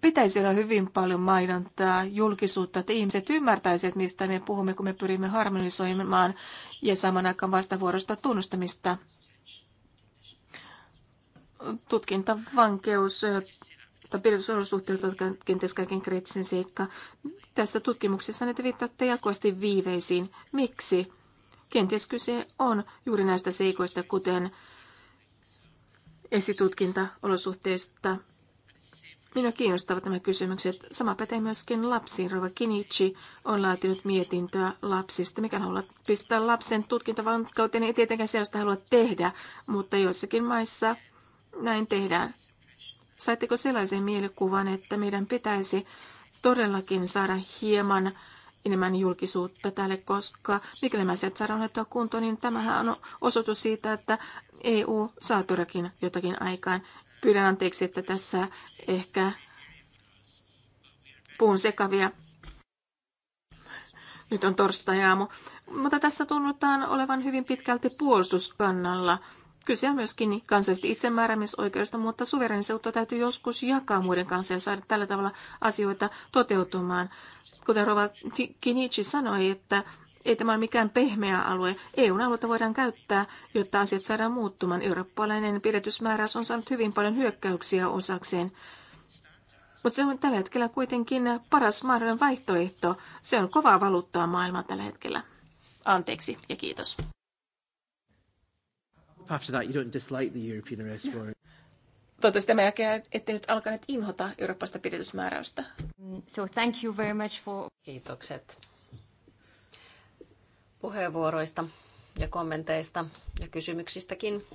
pitäisi olla hyvin paljon mainontaa, julkisuutta, että ihmiset ymmärtäisivät, mistä me puhumme, kun me pyrimme harmonisoimaan ja saman aikaan vastavuorosta tunnustamista. Tutkintavankeus tai pidätysolosuhteet ovat kenties kaiken kriittisen seikka. Tässä tutkimuksessa näitä viittaatte jatkuvasti viiveisiin. Miksi? Kenties kyse on juuri näistä seikoista, kuten esitutkintaolosuhteista. Minua kiinnostavat nämä kysymykset. Sama pätee myöskin lapsiin. Rova Kinichi on laatinut mietintöä lapsista. Mikä haluaa pistää lapsen tutkintavankauteen, niin ei tietenkään sellaista halua tehdä, mutta joissakin maissa näin tehdään. Saitteko sellaisen mielikuvan, että meidän pitäisi todellakin saada hieman enemmän julkisuutta tälle, koska mikäli mä sieltä saadaan hoidettua kuntoon, niin tämähän on osoitus siitä, että EU saa todellakin jotakin aikaan. Pyydän anteeksi, että tässä ehkä puun sekavia. Nyt on torstai-aamu. Mutta tässä tunnutaan olevan hyvin pitkälti puolustuskannalla Kyse on myöskin kansallisesta itsemääräämisoikeudesta, mutta suverenisuutta täytyy joskus jakaa muiden kanssa ja saada tällä tavalla asioita toteutumaan. Kuten Rova Kinichi sanoi, että ei tämä ole mikään pehmeä alue. EUn alueita voidaan käyttää, jotta asiat saadaan muuttumaan. Eurooppalainen pidätysmääräys on saanut hyvin paljon hyökkäyksiä osakseen. Mutta se on tällä hetkellä kuitenkin paras mahdollinen vaihtoehto. Se on kovaa valuuttaa maailmaa tällä hetkellä. Anteeksi ja kiitos after that you don't dislike the European arrest warrant. Toivottavasti tämän jälkeen ette nyt alkaneet inhota eurooppalaista pidetysmääräystä. So thank you very much for... Kiitokset puheenvuoroista ja kommenteista ja kysymyksistäkin.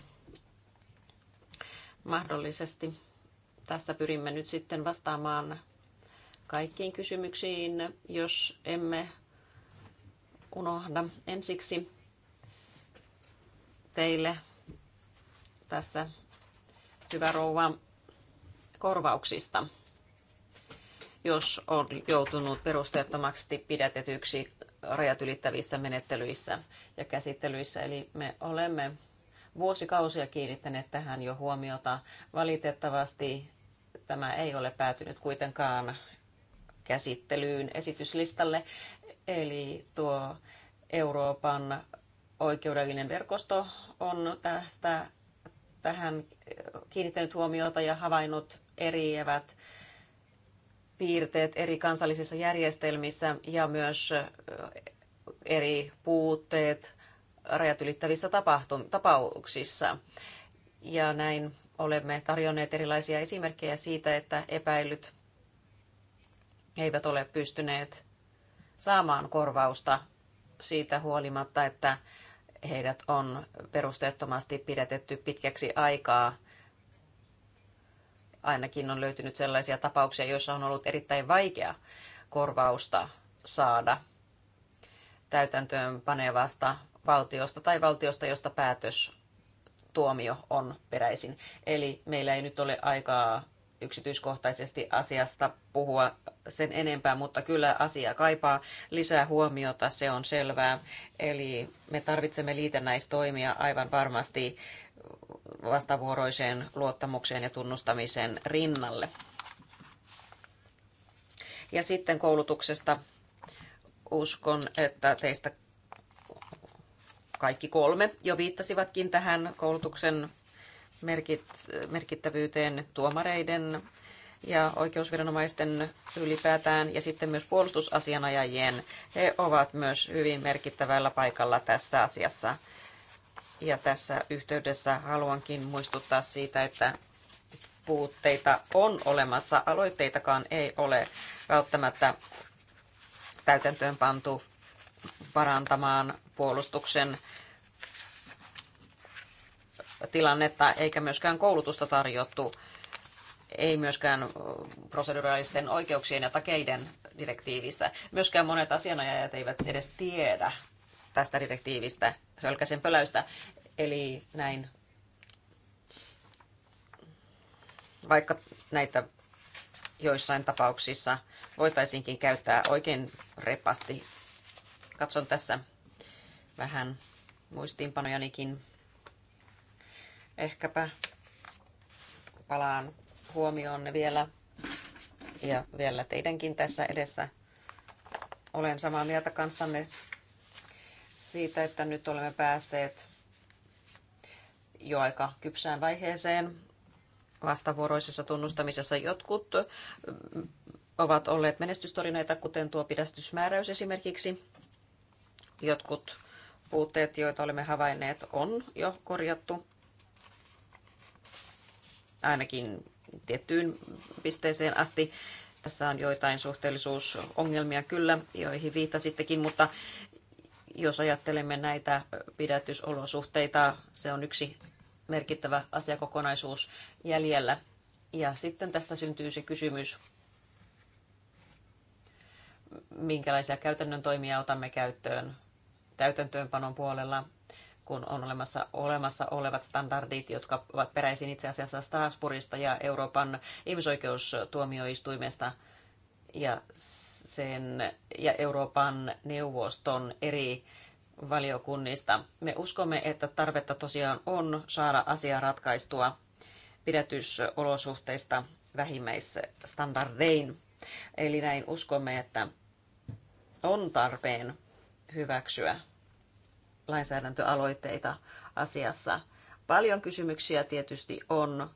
Mahdollisesti tässä pyrimme nyt sitten vastaamaan kaikkiin kysymyksiin, jos emme unohda ensiksi teille tässä hyvä rouva korvauksista, jos on joutunut perusteettomaksi pidätetyksi rajat ylittävissä menettelyissä ja käsittelyissä. Eli me olemme vuosikausia kiinnittäneet tähän jo huomiota. Valitettavasti tämä ei ole päätynyt kuitenkaan käsittelyyn esityslistalle. Eli tuo Euroopan oikeudellinen verkosto on tästä tähän kiinnittänyt huomiota ja havainnut eriävät piirteet eri kansallisissa järjestelmissä ja myös eri puutteet rajat ylittävissä tapauksissa. Ja näin olemme tarjonneet erilaisia esimerkkejä siitä, että epäilyt eivät ole pystyneet saamaan korvausta siitä huolimatta, että heidät on perusteettomasti pidätetty pitkäksi aikaa. Ainakin on löytynyt sellaisia tapauksia, joissa on ollut erittäin vaikea korvausta saada täytäntöön panevasta valtiosta tai valtiosta, josta päätös tuomio on peräisin. Eli meillä ei nyt ole aikaa yksityiskohtaisesti asiasta puhua sen enempää, mutta kyllä asia kaipaa lisää huomiota, se on selvää. Eli me tarvitsemme liitännäistoimia aivan varmasti vastavuoroiseen luottamukseen ja tunnustamisen rinnalle. Ja sitten koulutuksesta uskon, että teistä kaikki kolme jo viittasivatkin tähän koulutuksen merkit, merkittävyyteen tuomareiden ja oikeusviranomaisten ylipäätään ja sitten myös puolustusasianajajien. He ovat myös hyvin merkittävällä paikalla tässä asiassa. Ja tässä yhteydessä haluankin muistuttaa siitä, että puutteita on olemassa. Aloitteitakaan ei ole välttämättä täytäntöön pantu parantamaan puolustuksen tilannetta eikä myöskään koulutusta tarjottu, ei myöskään proseduraalisten oikeuksien ja takeiden direktiivissä. Myöskään monet asianajajat eivät edes tiedä tästä direktiivistä hölkäsen pöläystä. Eli näin, vaikka näitä joissain tapauksissa voitaisiinkin käyttää oikein repasti. Katson tässä vähän muistiinpanojanikin ehkäpä palaan huomioonne vielä ja vielä teidänkin tässä edessä. Olen samaa mieltä kanssanne siitä, että nyt olemme päässeet jo aika kypsään vaiheeseen vastavuoroisessa tunnustamisessa. Jotkut mm, ovat olleet menestystorinoita, kuten tuo pidästysmääräys esimerkiksi. Jotkut puutteet, joita olemme havainneet, on jo korjattu ainakin tiettyyn pisteeseen asti. Tässä on joitain suhteellisuusongelmia kyllä, joihin viittasittekin, mutta jos ajattelemme näitä pidätysolosuhteita, se on yksi merkittävä asiakokonaisuus jäljellä. Ja sitten tästä syntyy se kysymys, minkälaisia käytännön toimia otamme käyttöön täytäntöönpanon puolella kun on olemassa, olemassa olevat standardit, jotka ovat peräisin itse asiassa Strasbourgista ja Euroopan ihmisoikeustuomioistuimesta ja, sen, ja Euroopan neuvoston eri valiokunnista. Me uskomme, että tarvetta tosiaan on saada asia ratkaistua pidätysolosuhteista vähimmäisstandardein. Eli näin uskomme, että on tarpeen hyväksyä lainsäädäntöaloitteita asiassa. Paljon kysymyksiä tietysti on,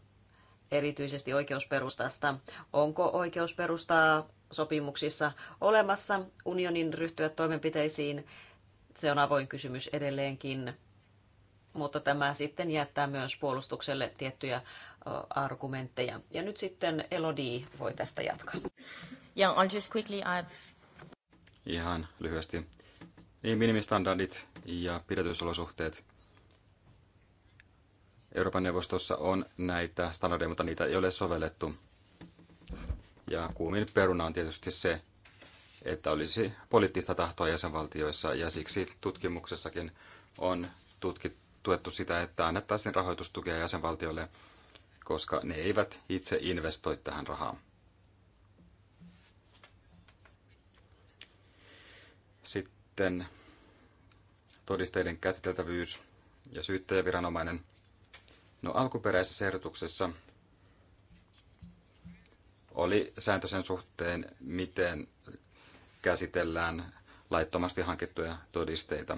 erityisesti oikeusperustasta. Onko oikeusperustaa sopimuksissa olemassa unionin ryhtyä toimenpiteisiin? Se on avoin kysymys edelleenkin, mutta tämä sitten jättää myös puolustukselle tiettyjä argumentteja. Ja nyt sitten Elodie voi tästä jatkaa. Yeah, I'll just quickly add. Ihan lyhyesti. Niin, minimistandardit ja pidätysolosuhteet. Euroopan neuvostossa on näitä standardeja, mutta niitä ei ole sovellettu. Ja kuumin peruna on tietysti se, että olisi poliittista tahtoa jäsenvaltioissa ja siksi tutkimuksessakin on tutkittu tuettu sitä, että annettaisiin rahoitustukea jäsenvaltioille, koska ne eivät itse investoi tähän rahaa. Sitten sitten todisteiden käsiteltävyys ja syyttäjäviranomainen. No alkuperäisessä ehdotuksessa oli sääntö sen suhteen, miten käsitellään laittomasti hankittuja todisteita.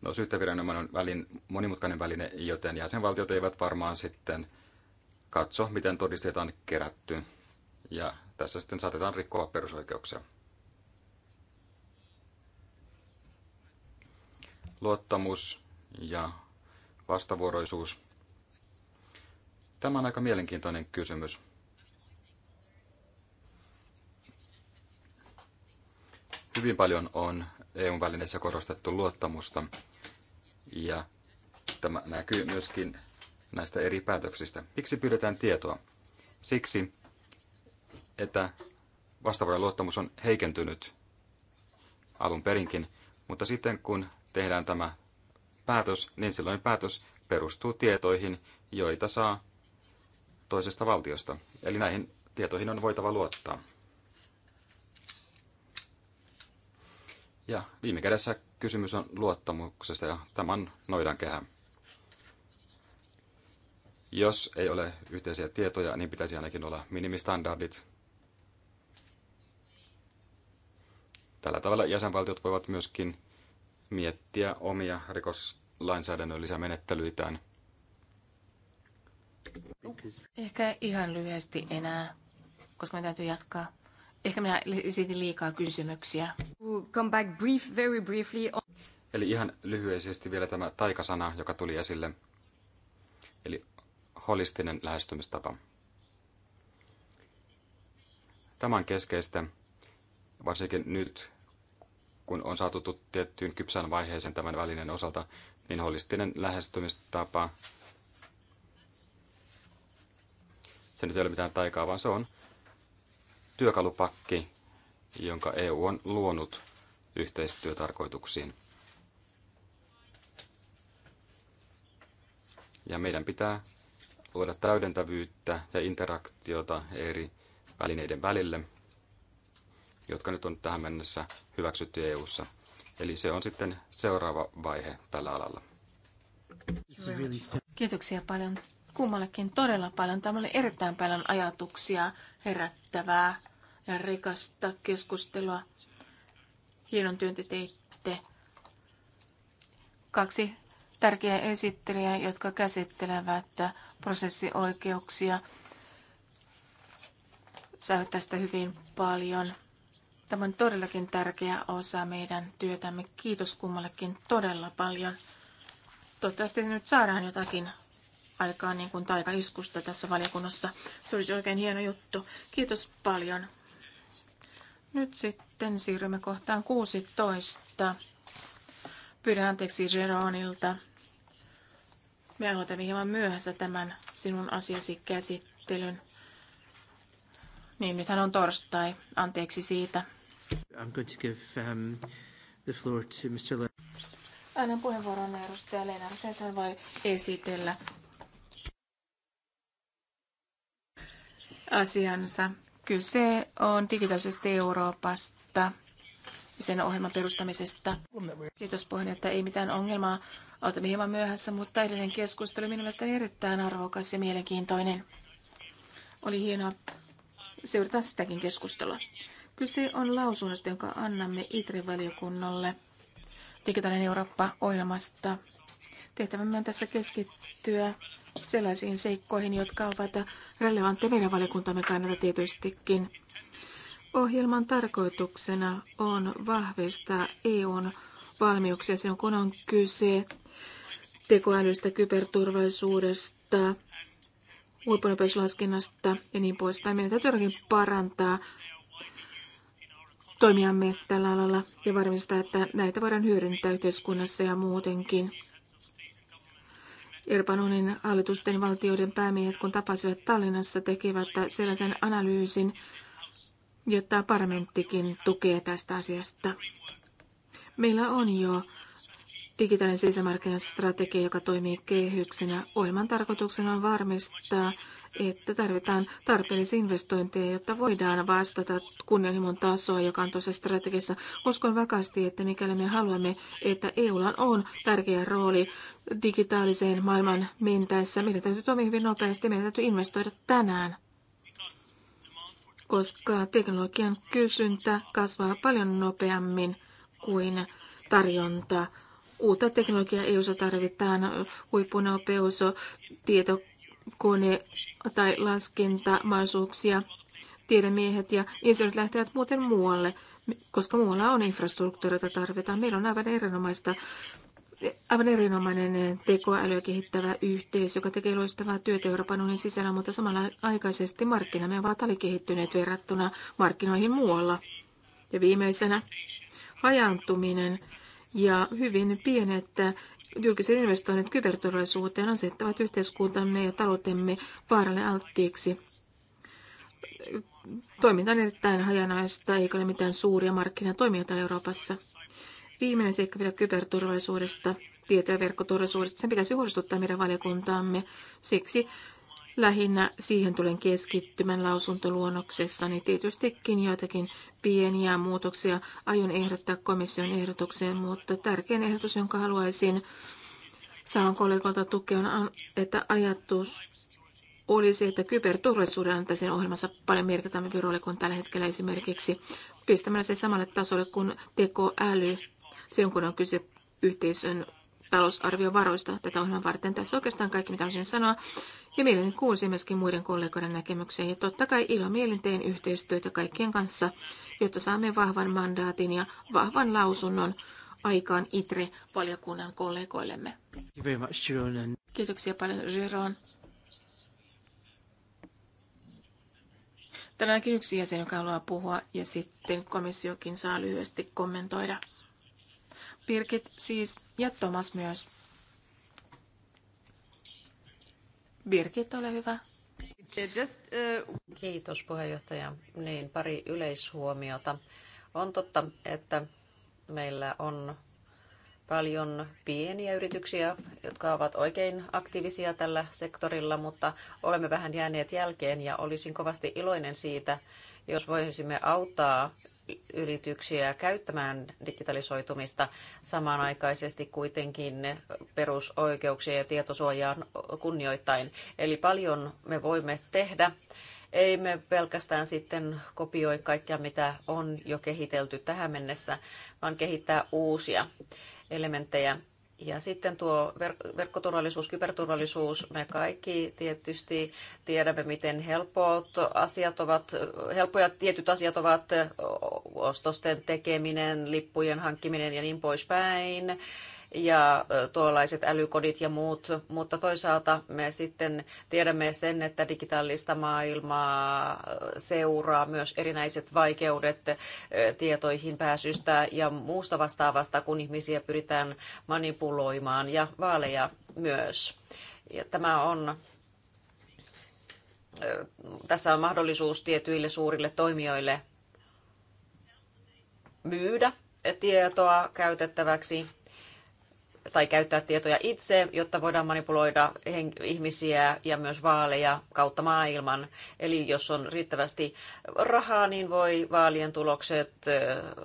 No, syyttäviranomainen on välin, monimutkainen väline, joten jäsenvaltiot eivät varmaan sitten katso, miten todisteita on kerätty. Ja tässä sitten saatetaan rikkoa perusoikeuksia. luottamus ja vastavuoroisuus. Tämä on aika mielenkiintoinen kysymys. Hyvin paljon on EUn välineissä korostettu luottamusta ja tämä näkyy myöskin näistä eri päätöksistä. Miksi pyydetään tietoa? Siksi, että vastavuoroinen luottamus on heikentynyt alun perinkin, mutta sitten kun tehdään tämä päätös, niin silloin päätös perustuu tietoihin, joita saa toisesta valtiosta. Eli näihin tietoihin on voitava luottaa. Ja viime kädessä kysymys on luottamuksesta ja tämän noidan kehä. Jos ei ole yhteisiä tietoja, niin pitäisi ainakin olla minimistandardit. Tällä tavalla jäsenvaltiot voivat myöskin miettiä omia rikoslainsäädännöllisiä menettelyitään. Ehkä ihan lyhyesti enää, koska me täytyy jatkaa. Ehkä minä esitin liikaa kysymyksiä. Come back brief, very briefly. Eli ihan lyhyesti vielä tämä taikasana, joka tuli esille. Eli holistinen lähestymistapa. Tämä on keskeistä, varsinkin nyt kun on saatu tiettyyn kypsän vaiheeseen tämän välineen osalta, niin holistinen lähestymistapa, se nyt ei ole mitään taikaa, vaan se on työkalupakki, jonka EU on luonut yhteistyötarkoituksiin. Ja meidän pitää luoda täydentävyyttä ja interaktiota eri välineiden välille – jotka nyt on tähän mennessä hyväksytty EU:ssa. Eli se on sitten seuraava vaihe tällä alalla. Kiitoksia paljon kummallekin todella paljon. Tämä oli erittäin paljon ajatuksia herättävää ja rikasta keskustelua. Hienon työn te teitte. Kaksi tärkeää esittelijää, jotka käsittelevät prosessioikeuksia, saivat tästä hyvin paljon Tämä on todellakin tärkeä osa meidän työtämme. Kiitos kummallekin todella paljon. Toivottavasti nyt saadaan jotakin aikaa niin kuin taikaiskusta tässä valiokunnassa. Se olisi oikein hieno juttu. Kiitos paljon. Nyt sitten siirrymme kohtaan 16. Pyydän anteeksi Jeronilta. Me aloitamme hieman myöhässä tämän sinun asiasi käsittelyn. Niin, nythän on torstai. Anteeksi siitä. I'm going to give, um, the floor to Mr. Le- Annan puheenvuoron edustaja Leena Rasetan voi esitellä asiansa. Kyse on digitaalisesta Euroopasta ja sen ohjelman perustamisesta. Kiitos puheenjohtaja, ei mitään ongelmaa. Olemme hieman myöhässä, mutta edellinen keskustelu minun mielestäni erittäin arvokas ja mielenkiintoinen. Oli hienoa seurata sitäkin keskustelua. Kyse on lausunnosta, jonka annamme ITRE-valiokunnalle Digitaalinen Eurooppa-ohjelmasta. Tehtävämme on tässä keskittyä sellaisiin seikkoihin, jotka ovat relevantteja meidän valiokuntamme kannalta tietystikin. Ohjelman tarkoituksena on vahvistaa EUn valmiuksia silloin, kun on kyse tekoälystä, kyberturvallisuudesta, huippunopeuslaskennasta ja niin poispäin. Meidän täytyy parantaa toimiamme tällä alalla ja varmistaa, että näitä voidaan hyödyntää yhteiskunnassa ja muutenkin. Euroopan unionin hallitusten valtioiden päämiehet, kun tapasivat Tallinnassa, tekevät sellaisen analyysin, jotta parlamenttikin tukee tästä asiasta. Meillä on jo digitaalinen sisämarkkinastrategia, joka toimii kehyksenä. Ohjelman tarkoituksena on varmistaa että tarvitaan tarpeellisia investointeja, jotta voidaan vastata kunnianhimon tasoa, joka on tuossa strategiassa. Uskon vakaasti, että mikäli me haluamme, että EUlla on tärkeä rooli digitaaliseen maailman mentäessä, meidän täytyy toimia hyvin nopeasti, meidän täytyy investoida tänään koska teknologian kysyntä kasvaa paljon nopeammin kuin tarjonta. Uutta teknologiaa EU-ssa tarvitaan, huippunopeus, tieto, kone tai laskentamaisuuksia tiedemiehet ja insinöörit lähtevät muuten muualle, koska muualla on infrastruktuuri, jota tarvitaan. Meillä on aivan erinomaista aivan erinomainen tekoälyä kehittävä yhteisö, joka tekee loistavaa työtä Euroopan unionin sisällä, mutta samalla aikaisesti markkinamme ovat alikehittyneet verrattuna markkinoihin muualla. Ja viimeisenä hajaantuminen ja hyvin pienet Julkiset investoinnit kyberturvallisuuteen asettavat yhteiskuntamme ja taloutemme vaaralle alttiiksi. Toiminta on erittäin hajanaista, eikä ole mitään suuria markkinatoimijoita Euroopassa. Viimeinen seikka vielä kyberturvallisuudesta, tieto- ja verkkoturvallisuudesta. Sen pitäisi huolestuttaa meidän valiokuntaamme. Siksi Lähinnä siihen tulen keskittymän lausuntoluonnoksessani. Niin tietystikin joitakin pieniä muutoksia aion ehdottaa komission ehdotukseen, mutta tärkein ehdotus, jonka haluaisin saavan kollegolta tukea, on, että ajatus olisi, että kyberturvallisuuden antaisin ohjelmansa paljon merkittävämpi rooli kuin tällä hetkellä esimerkiksi pistämällä se samalle tasolle kuin tekoäly, silloin kun on kyse yhteisön talousarviovaroista tätä ohjelmaa varten. Tässä oikeastaan kaikki, mitä haluaisin sanoa. Ja mielelläni kuulisin myöskin muiden kollegoiden näkemyksiä. Ja totta kai ilo mielin teen yhteistyötä kaikkien kanssa, jotta saamme vahvan mandaatin ja vahvan lausunnon aikaan ITRE-valiokunnan kollegoillemme. Kiitoksia paljon, Jeroen. Tänäänkin yksi jäsen, joka haluaa puhua, ja sitten komissiokin saa lyhyesti kommentoida. Birgit siis ja Tomas myös. Birgit, ole hyvä. Just, uh... Kiitos puheenjohtaja. Niin, pari yleishuomiota. On totta, että meillä on paljon pieniä yrityksiä, jotka ovat oikein aktiivisia tällä sektorilla, mutta olemme vähän jääneet jälkeen ja olisin kovasti iloinen siitä, jos voisimme auttaa yrityksiä käyttämään digitalisoitumista samanaikaisesti kuitenkin perusoikeuksia ja tietosuojaa kunnioittain. Eli paljon me voimme tehdä. Ei me pelkästään sitten kopioi kaikkea, mitä on jo kehitelty tähän mennessä, vaan kehittää uusia elementtejä. Ja sitten tuo verk- verkkoturvallisuus, kyberturvallisuus, me kaikki tietysti tiedämme, miten helpot asiat ovat, helpoja tietyt asiat ovat ostosten tekeminen, lippujen hankkiminen ja niin poispäin ja tuollaiset älykodit ja muut, mutta toisaalta me sitten tiedämme sen, että digitaalista maailmaa seuraa myös erinäiset vaikeudet tietoihin pääsystä ja muusta vastaavasta, kun ihmisiä pyritään manipuloimaan ja vaaleja myös. Ja tämä on tässä on mahdollisuus tietyille suurille toimijoille myydä tietoa käytettäväksi tai käyttää tietoja itse, jotta voidaan manipuloida ihmisiä ja myös vaaleja kautta maailman. Eli jos on riittävästi rahaa, niin voi vaalien tulokset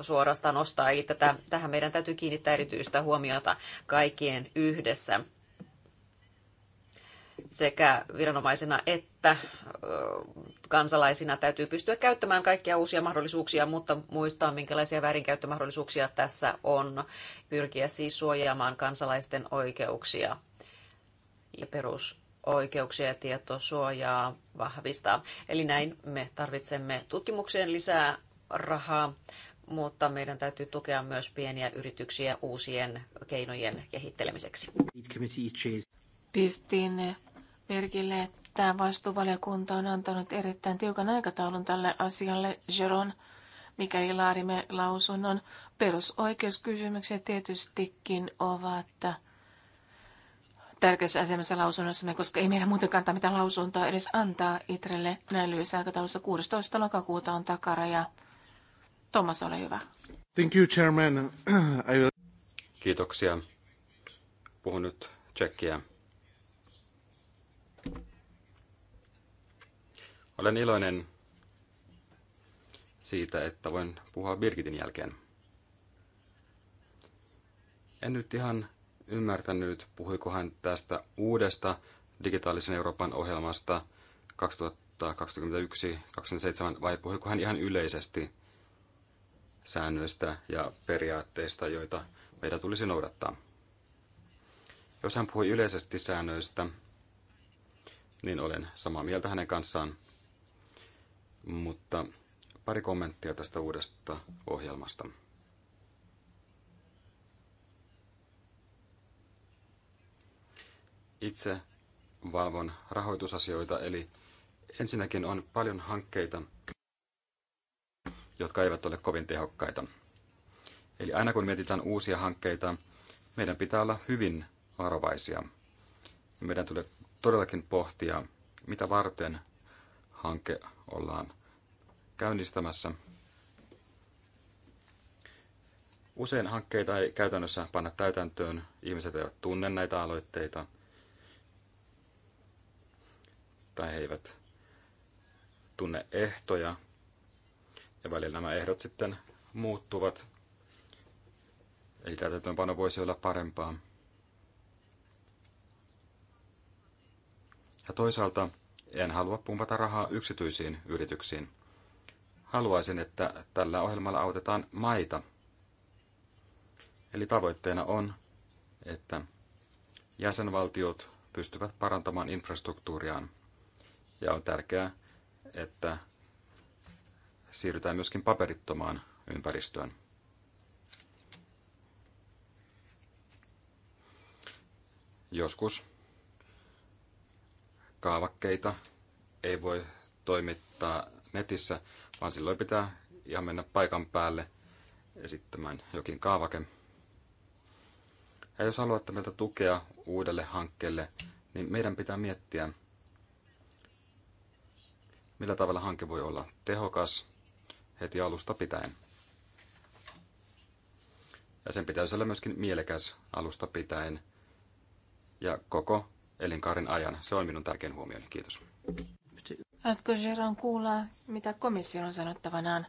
suorastaan ostaa. Eli tätä, tähän meidän täytyy kiinnittää erityistä huomiota kaikkien yhdessä sekä viranomaisena että kansalaisina täytyy pystyä käyttämään kaikkia uusia mahdollisuuksia, mutta muistaa, minkälaisia väärinkäyttömahdollisuuksia tässä on. Pyrkiä siis suojaamaan kansalaisten oikeuksia ja perusoikeuksia ja tietosuojaa vahvistaa. Eli näin me tarvitsemme tutkimukseen lisää rahaa, mutta meidän täytyy tukea myös pieniä yrityksiä uusien keinojen kehittelemiseksi. Pistin merkille, että vastuuvaliokunta on antanut erittäin tiukan aikataulun tälle asialle, Jeron, mikäli laadimme lausunnon. Perusoikeuskysymykset tietystikin ovat tärkeässä asemassa lausunnossamme, koska ei meidän muuten kantaa mitään lausuntoa edes antaa Itrelle näin lyhyessä aikataulussa. 16. lokakuuta on ja Thomas, ole hyvä. Thank you, Chairman. I Kiitoksia. Puhun nyt tsekkiä. Olen iloinen siitä, että voin puhua Birgitin jälkeen. En nyt ihan ymmärtänyt, puhuiko hän tästä uudesta digitaalisen Euroopan ohjelmasta 2021-2027 vai puhuiko hän ihan yleisesti säännöistä ja periaatteista, joita meidän tulisi noudattaa. Jos hän puhui yleisesti säännöistä, niin olen samaa mieltä hänen kanssaan – mutta pari kommenttia tästä uudesta ohjelmasta. Itse valvon rahoitusasioita, eli ensinnäkin on paljon hankkeita, jotka eivät ole kovin tehokkaita. Eli aina kun mietitään uusia hankkeita, meidän pitää olla hyvin varovaisia. Meidän tulee todellakin pohtia, mitä varten hanke ollaan käynnistämässä. Usein hankkeita ei käytännössä panna täytäntöön, ihmiset eivät tunne näitä aloitteita tai he eivät tunne ehtoja. Ja välillä nämä ehdot sitten muuttuvat. Eli täytäntöönpano voisi olla parempaa. Ja toisaalta en halua pumpata rahaa yksityisiin yrityksiin. Haluaisin, että tällä ohjelmalla autetaan maita. Eli tavoitteena on, että jäsenvaltiot pystyvät parantamaan infrastruktuuriaan. Ja on tärkeää, että siirrytään myöskin paperittomaan ympäristöön. Joskus kaavakkeita ei voi toimittaa netissä, vaan silloin pitää ihan mennä paikan päälle esittämään jokin kaavake. Ja jos haluatte meiltä tukea uudelle hankkeelle, niin meidän pitää miettiä, millä tavalla hanke voi olla tehokas heti alusta pitäen. Ja sen pitäisi olla myöskin mielekäs alusta pitäen. Ja koko elinkaaren ajan. Se on minun tärkein huomioni. Kiitos. Haluatko Geron kuulla, mitä komissio on sanottavanaan?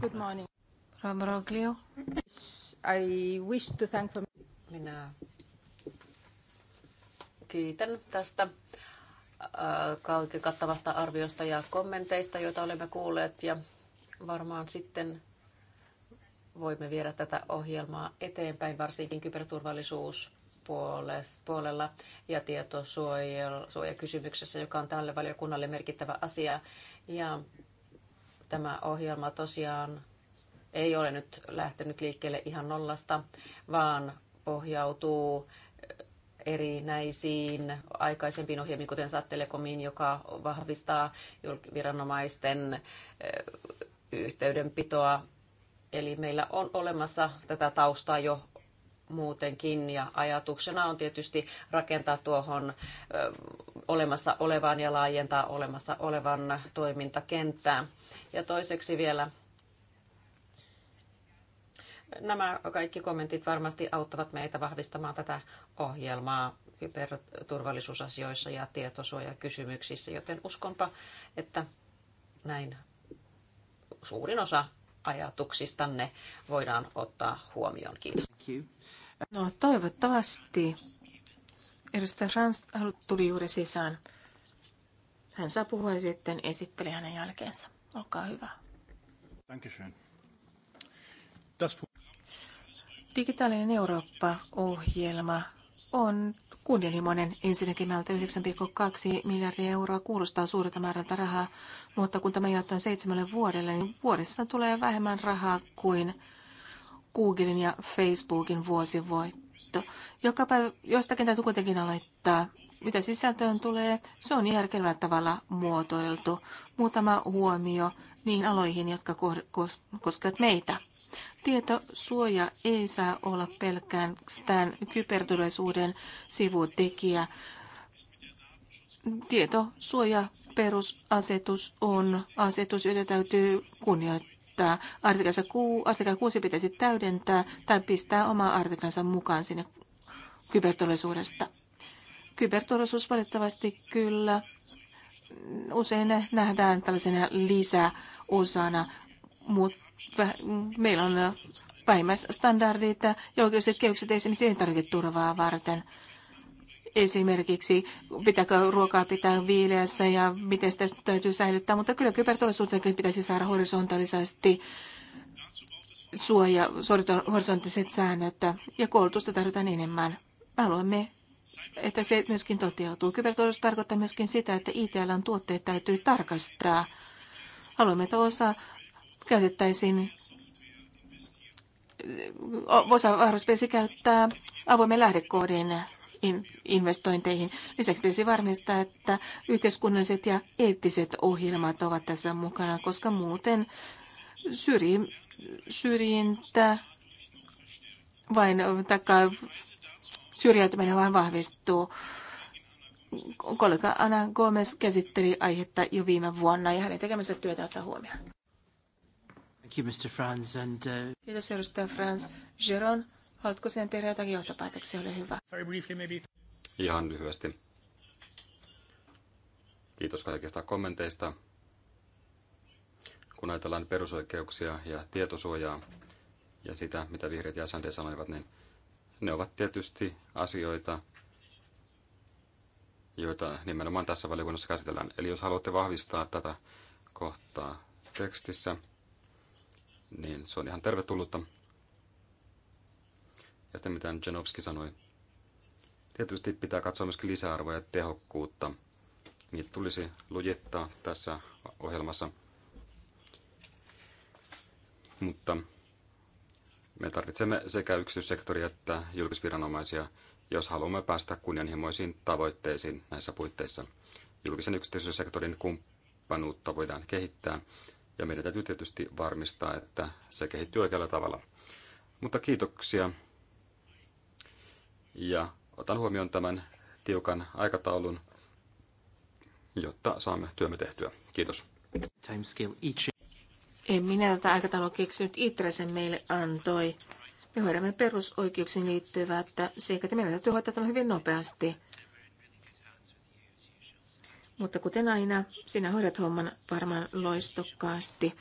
Good morning. Ramroglio. I wish to thank for... Minä kiitän tästä äh, kaiken kattavasta arviosta ja kommenteista, joita olemme kuulleet ja varmaan sitten voimme viedä tätä ohjelmaa eteenpäin, varsinkin kyberturvallisuus puolella ja tietosuojakysymyksessä, joka on tälle valiokunnalle merkittävä asia. Ja tämä ohjelma tosiaan ei ole nyt lähtenyt liikkeelle ihan nollasta, vaan pohjautuu erinäisiin aikaisempiin ohjelmiin, kuten Sattelekomiin, joka vahvistaa viranomaisten yhteydenpitoa Eli meillä on olemassa tätä taustaa jo muutenkin ja ajatuksena on tietysti rakentaa tuohon olemassa olevaan ja laajentaa olemassa olevan toimintakenttää. Ja toiseksi vielä nämä kaikki kommentit varmasti auttavat meitä vahvistamaan tätä ohjelmaa kyberturvallisuusasioissa ja tietosuojakysymyksissä, joten uskonpa, että näin suurin osa ajatuksistanne voidaan ottaa huomioon. Kiitos. No toivottavasti. Edustaja Rans tuli juuri sisään. Hän saa puhua sitten esitteli hänen jälkeensä. Olkaa hyvä. Digitaalinen Eurooppa-ohjelma on kunnianhimoinen. Ensinnäkin meiltä 9,2 miljardia euroa kuulostaa suurelta määrältä rahaa, mutta kun tämä jaetaan seitsemälle vuodelle, niin vuodessa tulee vähemmän rahaa kuin Googlen ja Facebookin vuosivoitto. Joka päivä jostakin täytyy kuitenkin aloittaa. Mitä sisältöön tulee, se on järkevällä tavalla muotoiltu. Muutama huomio niihin aloihin, jotka koskevat meitä. Tietosuoja ei saa olla pelkään tämän kyberturvallisuuden sivutekijä. perusasetus on asetus, jota täytyy kunnioittaa. Artiklassa 6, artikla 6 pitäisi täydentää tai pistää oma artiklansa mukaan sinne kyberturvallisuudesta. Kyberturvallisuus valitettavasti kyllä usein nähdään tällaisena lisäosana, mutta meillä on vähimmäisstandardit ja oikeudelliset kehykset esimerkiksi elintarviketurvaa varten. Esimerkiksi pitääkö ruokaa pitää viileässä ja miten sitä täytyy säilyttää, mutta kyllä kyberturvallisuuteen pitäisi saada horisontaalisesti suoja, horisontaaliset säännöt ja koulutusta tarvitaan enemmän. haluamme että se myöskin toteutuu. Kyberturvallisuus tarkoittaa myöskin sitä, että ITLn tuotteet täytyy tarkastaa. Haluamme, että osa käytettäisiin osa varmasti käyttää avoimen lähdekoodin investointeihin. Lisäksi pitäisi varmistaa, että yhteiskunnalliset ja eettiset ohjelmat ovat tässä mukana, koska muuten syrjintä vain taikka syrjäytyminen vain vahvistuu. Kollega Ana Gomez käsitteli aihetta jo viime vuonna ja hänen tekemänsä työtä ottaa huomioon. Thank you, Mr. Franz, and, uh... Kiitos edustaja Franz. Jeron, haluatko sen tehdä jotakin johtopäätöksiä? Ole hyvä. Very briefly, maybe. Ihan lyhyesti. Kiitos kaikista kommenteista. Kun ajatellaan perusoikeuksia ja tietosuojaa ja sitä, mitä vihreät ja Sande sanoivat, niin ne ovat tietysti asioita, joita nimenomaan tässä valiokunnassa käsitellään. Eli jos haluatte vahvistaa tätä kohtaa tekstissä, niin se on ihan tervetullutta. Ja sitten mitä Janovski sanoi, tietysti pitää katsoa myöskin lisäarvoja ja tehokkuutta. Niitä tulisi lujittaa tässä ohjelmassa. Mutta me tarvitsemme sekä yksityissektoria että julkisviranomaisia, jos haluamme päästä kunnianhimoisiin tavoitteisiin näissä puitteissa. Julkisen yksityisen sektorin kumppanuutta voidaan kehittää, ja meidän täytyy tietysti varmistaa, että se kehittyy oikealla tavalla. Mutta kiitoksia, ja otan huomioon tämän tiukan aikataulun, jotta saamme työmme tehtyä. Kiitos. Timescale each en minä tätä aikataulua keksinyt itse sen meille antoi. Me hoidamme perusoikeuksiin että se, että meidän täytyy hoitaa tämä hyvin nopeasti. Mutta kuten aina, sinä hoidat homman varmaan loistokkaasti.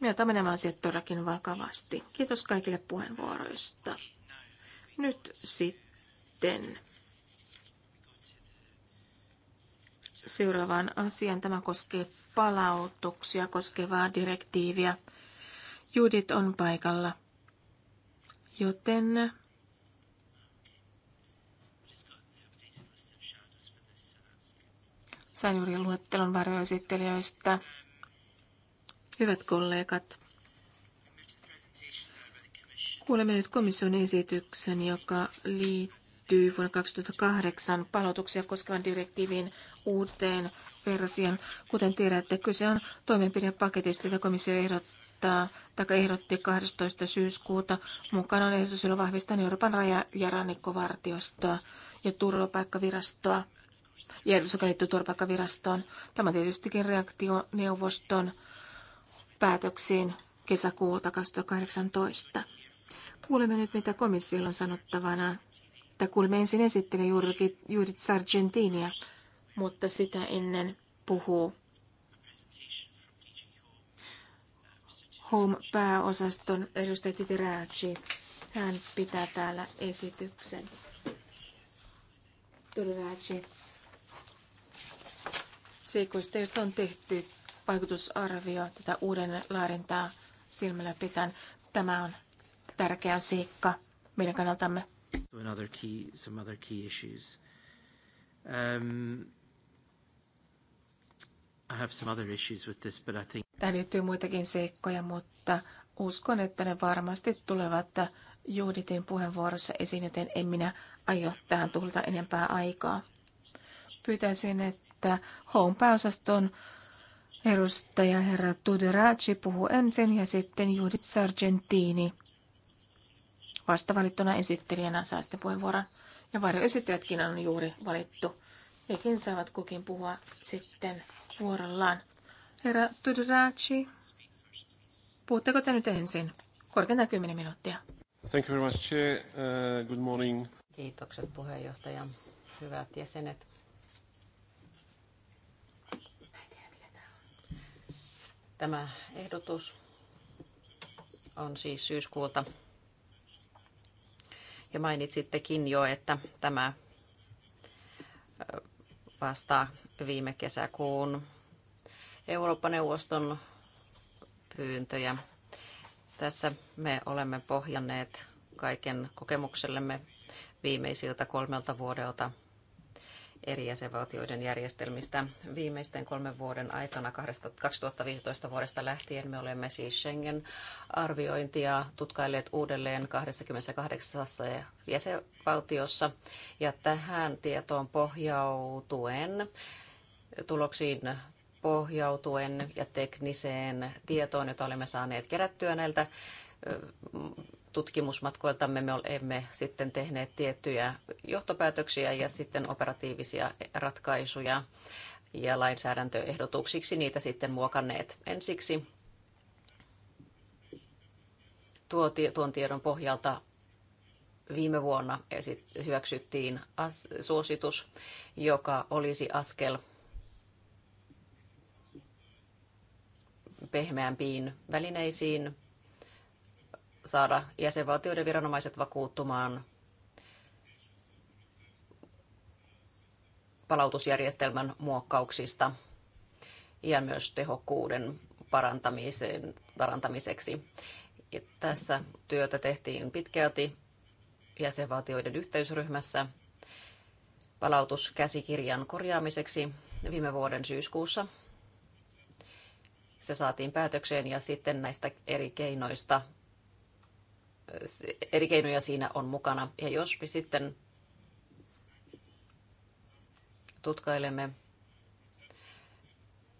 Me otamme nämä asiat todellakin vakavasti. Kiitos kaikille puheenvuoroista. Nyt sitten seuraavaan asiaan. Tämä koskee palautuksia koskevaa direktiiviä. Judit on paikalla, joten sain juuri luettelon varjoesittelijöistä. Hyvät kollegat, kuulemme nyt komission esityksen, joka liittyy liittyy vuonna 2008 palautuksia koskevan direktiivin uuteen versioon. Kuten tiedätte, kyse on toimenpidepaketista, jota komissio ehdottaa taka ehdotti 12. syyskuuta. Mukana on ehdotus, jolla vahvistaa Euroopan raja- ja rannikkovartiostoa ja turvapaikkavirastoa. Ehdotus, joka liittyy turvapaikkavirastoon. Tämä tietystikin reaktio neuvoston päätöksiin kesäkuulta 2018. Kuulemme nyt, mitä komissiolla on sanottavana että kuulemme ensin juuri Judith Sargentinia, mutta sitä ennen puhuu Home-pääosaston edustaja Titi Hän pitää täällä esityksen. Titi Räätsi. Seikoista, joista on tehty vaikutusarvio tätä uuden laadintaa silmällä pitäen. Tämä on tärkeä seikka meidän kannaltamme. And other key, some other key issues. Um, I have some other issues with this, but I think... Tähän liittyy muitakin seikkoja, mutta uskon, että ne varmasti tulevat Juuditin puheenvuorossa esiin, joten en minä aio tähän tuhlata enempää aikaa. Pyytäisin, että Home pääosaston edustaja herra Tuderaci puhuu ensin ja sitten Judith Sargentini vastavalittuna esittelijänä saa sitten puheenvuoron. Ja varjoesittelijätkin on juuri valittu. Hekin saavat kukin puhua sitten vuorollaan. Herra Tudraci, puhutteko te nyt ensin? Korkeintaan 10 minuuttia. Thank you very much, Chair. Uh, good morning. Kiitokset puheenjohtaja. Hyvät jäsenet. Tämä ehdotus on siis syyskuulta ja mainitsittekin jo, että tämä vastaa viime kesäkuun Eurooppa-neuvoston pyyntöjä. Tässä me olemme pohjanneet kaiken kokemuksellemme viimeisiltä kolmelta vuodelta – eri jäsenvaltioiden järjestelmistä. Viimeisten kolmen vuoden aikana 2015 vuodesta lähtien me olemme siis Schengen-arviointia tutkailleet uudelleen 28 jäsenvaltiossa ja tähän tietoon pohjautuen tuloksiin pohjautuen ja tekniseen tietoon, jota olemme saaneet kerättyä näiltä tutkimusmatkoiltamme me emme sitten tehneet tiettyjä johtopäätöksiä ja sitten operatiivisia ratkaisuja ja lainsäädäntöehdotuksiksi niitä sitten muokanneet. Ensiksi tuon tiedon pohjalta viime vuonna hyväksyttiin suositus, joka olisi askel pehmeämpiin välineisiin saada jäsenvaltioiden viranomaiset vakuuttumaan palautusjärjestelmän muokkauksista ja myös tehokkuuden parantamiseksi. Ja tässä työtä tehtiin pitkälti jäsenvaltioiden yhteysryhmässä palautuskäsikirjan korjaamiseksi viime vuoden syyskuussa. Se saatiin päätökseen ja sitten näistä eri keinoista eri keinoja siinä on mukana. Ja jos me sitten tutkailemme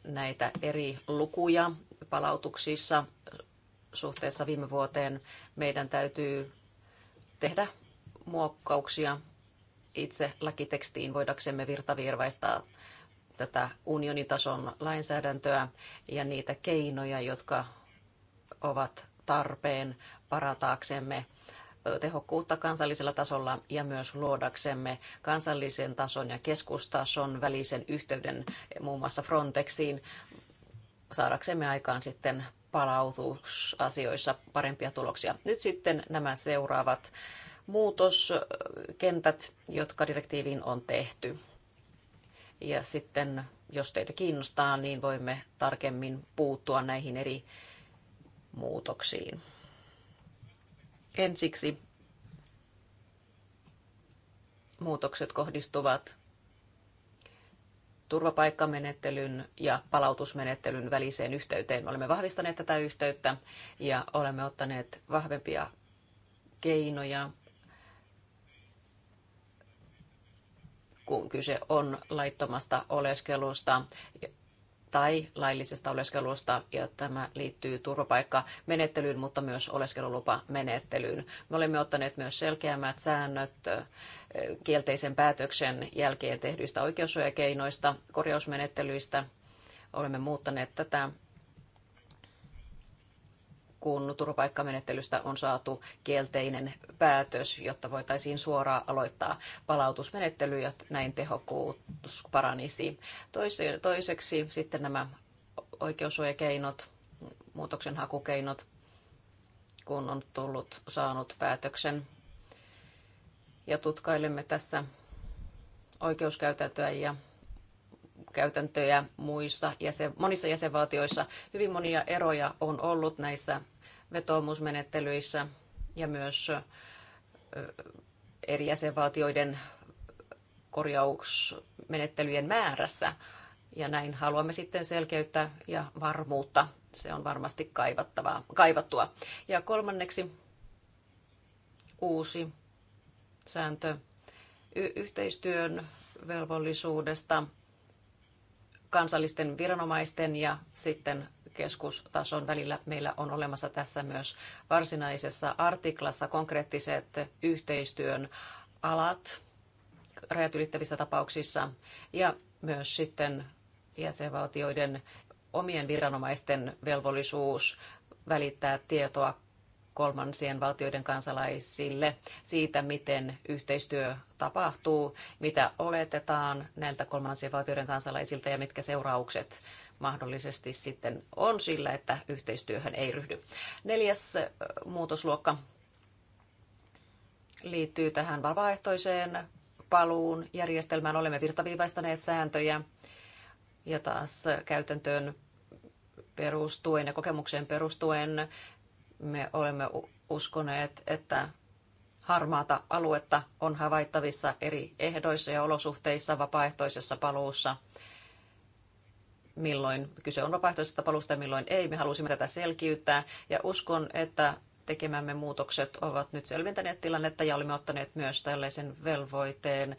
näitä eri lukuja palautuksissa suhteessa viime vuoteen, meidän täytyy tehdä muokkauksia itse lakitekstiin voidaksemme virtavirvaistaa tätä unionitason lainsäädäntöä ja niitä keinoja, jotka ovat tarpeen parataaksemme tehokkuutta kansallisella tasolla ja myös luodaksemme kansallisen tason ja keskustason välisen yhteyden muun muassa Frontexiin saadaksemme aikaan sitten palautusasioissa parempia tuloksia. Nyt sitten nämä seuraavat muutoskentät, jotka direktiiviin on tehty. Ja sitten, jos teitä kiinnostaa, niin voimme tarkemmin puuttua näihin eri muutoksiin. Ensiksi muutokset kohdistuvat turvapaikkamenettelyn ja palautusmenettelyn väliseen yhteyteen. Me olemme vahvistaneet tätä yhteyttä ja olemme ottaneet vahvempia keinoja, kun kyse on laittomasta oleskelusta tai laillisesta oleskelusta, ja tämä liittyy turvapaikkamenettelyyn, mutta myös oleskelulupamenettelyyn. Me olemme ottaneet myös selkeämmät säännöt kielteisen päätöksen jälkeen tehdyistä oikeussuojakeinoista, korjausmenettelyistä. Olemme muuttaneet tätä kun turvapaikkamenettelystä on saatu kielteinen päätös, jotta voitaisiin suoraan aloittaa palautusmenettely ja näin tehokkuus paranisi. Toiseksi sitten nämä oikeussuojakeinot, muutoksenhakukeinot, kun on tullut saanut päätöksen. Ja tutkailemme tässä oikeuskäytäntöä ja käytäntöjä muissa jäsen, monissa jäsenvaltioissa. Hyvin monia eroja on ollut näissä vetoomusmenettelyissä ja myös eri jäsenvaltioiden korjausmenettelyjen määrässä. Ja näin haluamme sitten selkeyttä ja varmuutta. Se on varmasti kaivattavaa, kaivattua. Ja kolmanneksi uusi sääntö yhteistyön velvollisuudesta kansallisten viranomaisten ja sitten keskustason välillä meillä on olemassa tässä myös varsinaisessa artiklassa konkreettiset yhteistyön alat rajat ylittävissä tapauksissa ja myös sitten jäsenvaltioiden omien viranomaisten velvollisuus välittää tietoa kolmansien valtioiden kansalaisille siitä, miten yhteistyö tapahtuu, mitä oletetaan näiltä kolmansien valtioiden kansalaisilta ja mitkä seuraukset mahdollisesti sitten on sillä, että yhteistyöhön ei ryhdy. Neljäs muutosluokka liittyy tähän vapaaehtoiseen paluun järjestelmään. Olemme virtaviivaistaneet sääntöjä ja taas käytäntöön perustuen ja kokemukseen perustuen me olemme uskoneet, että harmaata aluetta on havaittavissa eri ehdoissa ja olosuhteissa vapaaehtoisessa paluussa. Milloin kyse on vapaaehtoisesta paluusta ja milloin ei. Me halusimme tätä selkiyttää ja uskon, että tekemämme muutokset ovat nyt selventäneet tilannetta ja olemme ottaneet myös tällaisen velvoitteen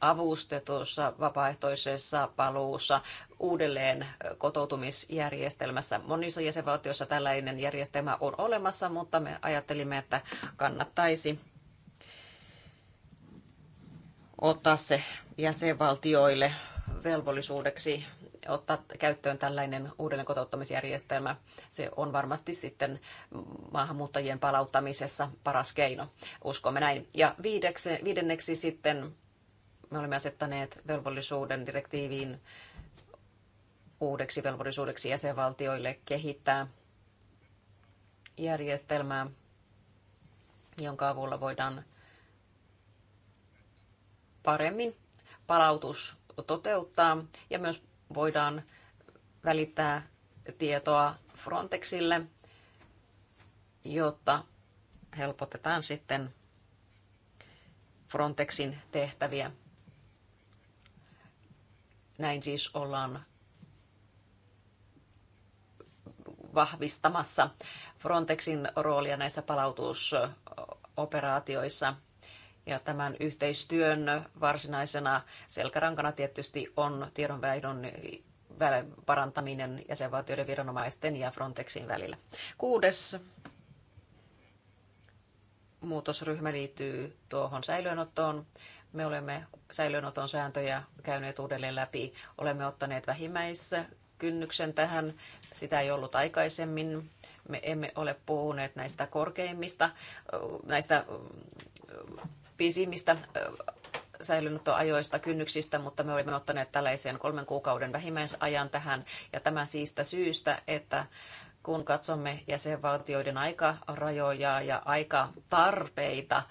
avustetussa vapaaehtoisessa paluussa uudelleen kotoutumisjärjestelmässä. Monissa jäsenvaltioissa tällainen järjestelmä on olemassa, mutta me ajattelimme, että kannattaisi ottaa se jäsenvaltioille velvollisuudeksi ottaa käyttöön tällainen uudelleen kotouttamisjärjestelmä. Se on varmasti sitten maahanmuuttajien palauttamisessa paras keino, uskomme näin. Ja viidenneksi sitten me olemme asettaneet velvollisuuden direktiiviin uudeksi velvollisuudeksi jäsenvaltioille kehittää järjestelmää, jonka avulla voidaan paremmin palautus toteuttaa ja myös voidaan välittää tietoa Frontexille, jotta helpotetaan sitten Frontexin tehtäviä. Näin siis ollaan vahvistamassa Frontexin roolia näissä palautusoperaatioissa. Ja tämän yhteistyön varsinaisena selkärankana tietysti on tiedonvaihdon parantaminen jäsenvaltioiden viranomaisten ja Frontexin välillä. Kuudes muutosryhmä liittyy tuohon säilöönottoon. Me olemme säilöönoton sääntöjä käyneet uudelleen läpi. Olemme ottaneet vähimmäiskynnyksen tähän sitä ei ollut aikaisemmin. Me emme ole puhuneet näistä korkeimmista, näistä pisimmistä säilynyttoajoista kynnyksistä, mutta me olemme ottaneet tällaisen kolmen kuukauden vähimmäisajan tähän. Ja tämä siistä syystä, että kun katsomme jäsenvaltioiden aikarajoja ja aikatarpeita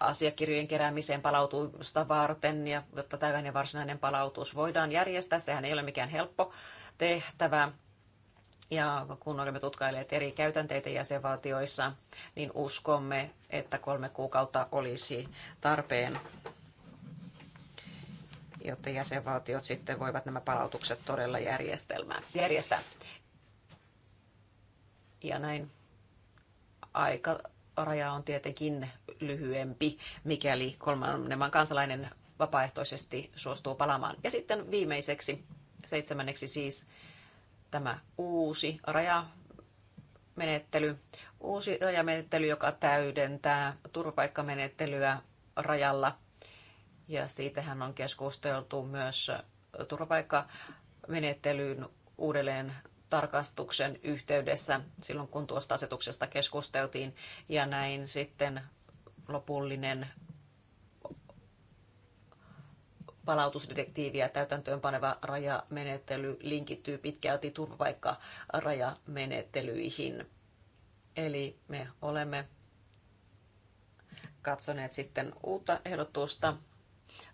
asiakirjojen keräämiseen palautusta varten, ja jotta tällainen varsinainen palautus voidaan järjestää, sehän ei ole mikään helppo tehtävä. Ja kun olemme tutkailleet eri käytänteitä jäsenvaltioissa, niin uskomme, että kolme kuukautta olisi tarpeen, jotta jäsenvaltiot sitten voivat nämä palautukset todella järjestää. Ja näin aikaraja on tietenkin lyhyempi, mikäli kolmannen maan kansalainen vapaaehtoisesti suostuu palaamaan. Ja sitten viimeiseksi Seitsemänneksi siis tämä uusi rajamenettely. Uusi rajamenettely, joka täydentää turvapaikkamenettelyä rajalla. Ja siitähän on keskusteltu myös turvapaikkamenettelyyn uudelleen tarkastuksen yhteydessä silloin, kun tuosta asetuksesta keskusteltiin. Ja näin sitten lopullinen palautusdirektiiviä täytäntöönpaneva rajamenettely linkittyy pitkälti turvapaikkarajamenettelyihin. Eli me olemme katsoneet sitten uutta ehdotusta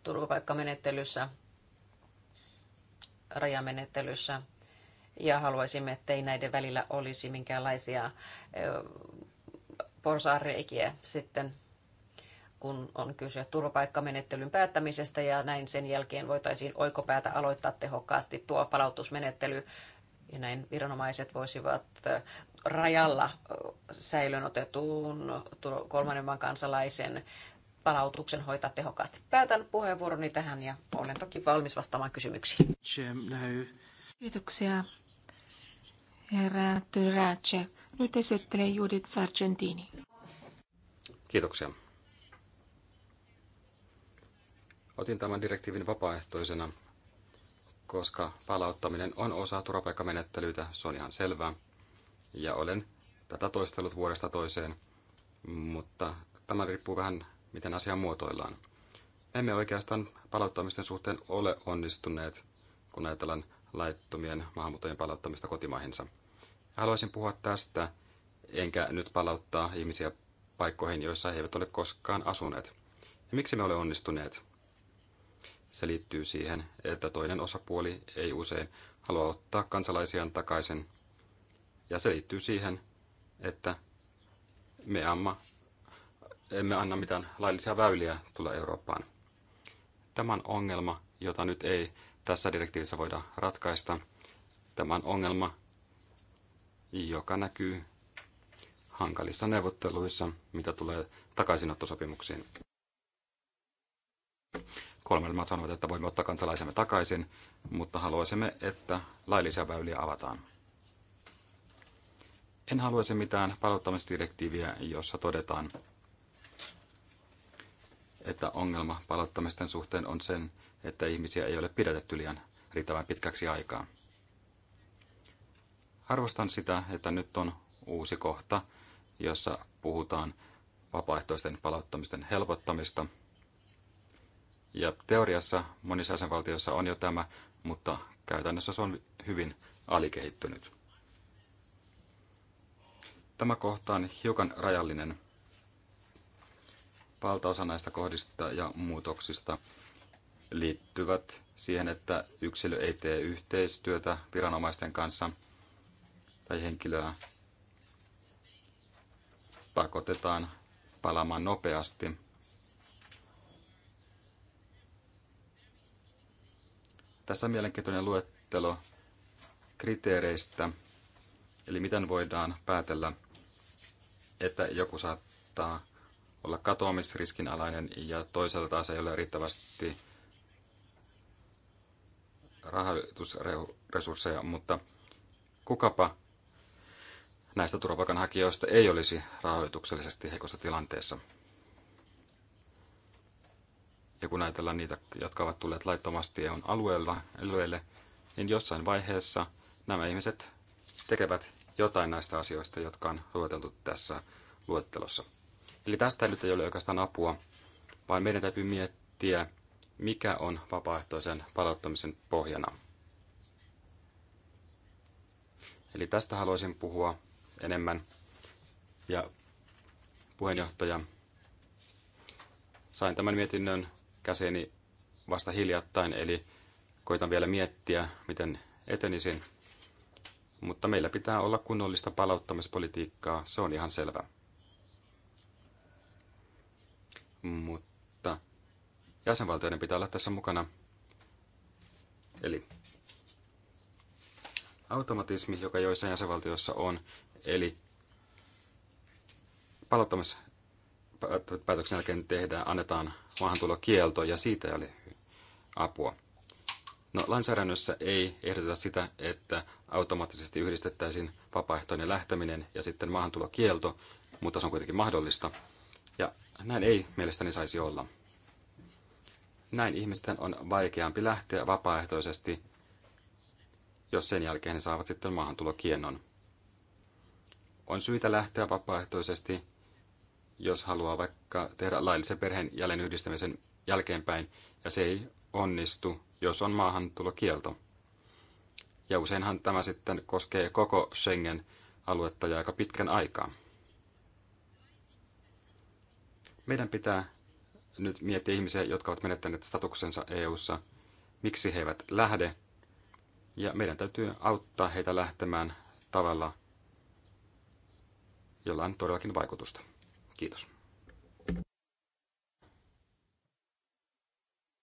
turvapaikkamenettelyssä, rajamenettelyssä, ja haluaisimme, ettei näiden välillä olisi minkäänlaisia porsaareikiä sitten kun on kyse turvapaikkamenettelyn päättämisestä ja näin sen jälkeen voitaisiin oikopäätä aloittaa tehokkaasti tuo palautusmenettely ja näin viranomaiset voisivat rajalla säilön otetun kolmannen maan kansalaisen palautuksen hoitaa tehokkaasti. Päätän puheenvuoroni tähän ja olen toki valmis vastaamaan kysymyksiin. Kiitoksia, herra Tyrätse. Nyt esittelee Judith Sargentini. Kiitoksia. Otin tämän direktiivin vapaaehtoisena, koska palauttaminen on osa turvapaikkamenettelyitä, se on ihan selvää. Ja olen tätä toistellut vuodesta toiseen, mutta tämä riippuu vähän, miten asia muotoillaan. emme oikeastaan palauttamisten suhteen ole onnistuneet, kun ajatellaan laittomien maahanmuuttajien palauttamista kotimaihinsa. Haluaisin puhua tästä, enkä nyt palauttaa ihmisiä paikkoihin, joissa he eivät ole koskaan asuneet. Ja miksi me olemme onnistuneet? Se liittyy siihen, että toinen osapuoli ei usein halua ottaa kansalaisiaan takaisin. Ja se liittyy siihen, että me amma, emme anna mitään laillisia väyliä tulla Eurooppaan. Tämän ongelma, jota nyt ei tässä direktiivissä voida ratkaista. tämän ongelma, joka näkyy hankalissa neuvotteluissa, mitä tulee takaisinottosopimuksiin. Kolme maat sanovat, että voimme ottaa kansalaisemme takaisin, mutta haluaisimme, että laillisia väyliä avataan. En haluaisi mitään palauttamisdirektiiviä, jossa todetaan, että ongelma palauttamisten suhteen on sen, että ihmisiä ei ole pidätetty liian riittävän pitkäksi aikaa. Arvostan sitä, että nyt on uusi kohta, jossa puhutaan vapaaehtoisten palauttamisten helpottamista – ja teoriassa monissa jäsenvaltioissa on jo tämä, mutta käytännössä se on hyvin alikehittynyt. Tämä kohta on hiukan rajallinen. Valtaosa näistä kohdista ja muutoksista liittyvät siihen, että yksilö ei tee yhteistyötä viranomaisten kanssa tai henkilöä pakotetaan palaamaan nopeasti Tässä mielenkiintoinen luettelo kriteereistä, eli miten voidaan päätellä, että joku saattaa olla katoamisriskin alainen ja toisaalta taas ei ole riittävästi rahoitusresursseja, mutta kukapa näistä turvapaikanhakijoista ei olisi rahoituksellisesti heikossa tilanteessa. Ja kun ajatellaan niitä, jotka ovat tulleet laittomasti EUn alueella, alueelle, niin jossain vaiheessa nämä ihmiset tekevät jotain näistä asioista, jotka on luoteltu tässä luettelossa. Eli tästä nyt ei ole oikeastaan apua, vaan meidän täytyy miettiä, mikä on vapaaehtoisen palauttamisen pohjana. Eli tästä haluaisin puhua enemmän. Ja puheenjohtaja, sain tämän mietinnön käseni vasta hiljattain, eli koitan vielä miettiä, miten etenisin. Mutta meillä pitää olla kunnollista palauttamispolitiikkaa, se on ihan selvä. Mutta jäsenvaltioiden pitää olla tässä mukana. Eli automatismi, joka joissain jäsenvaltioissa on, eli palauttamis päätöksen jälkeen tehdään, annetaan maahantulokielto ja siitä ei ole apua. No, lainsäädännössä ei ehdoteta sitä, että automaattisesti yhdistettäisiin vapaaehtoinen lähteminen ja sitten maahantulokielto, mutta se on kuitenkin mahdollista. Ja näin ei mielestäni saisi olla. Näin ihmisten on vaikeampi lähteä vapaaehtoisesti, jos sen jälkeen he saavat sitten maahantulokiennon. On syytä lähteä vapaaehtoisesti, jos haluaa vaikka tehdä laillisen perheen jälleen yhdistämisen jälkeenpäin, ja se ei onnistu, jos on maahantulokielto. Ja useinhan tämä sitten koskee koko Schengen-aluetta ja aika pitkän aikaa. Meidän pitää nyt miettiä ihmisiä, jotka ovat menettäneet statuksensa EU:ssa, miksi he eivät lähde, ja meidän täytyy auttaa heitä lähtemään tavalla, jolla on todellakin vaikutusta. Kiitos.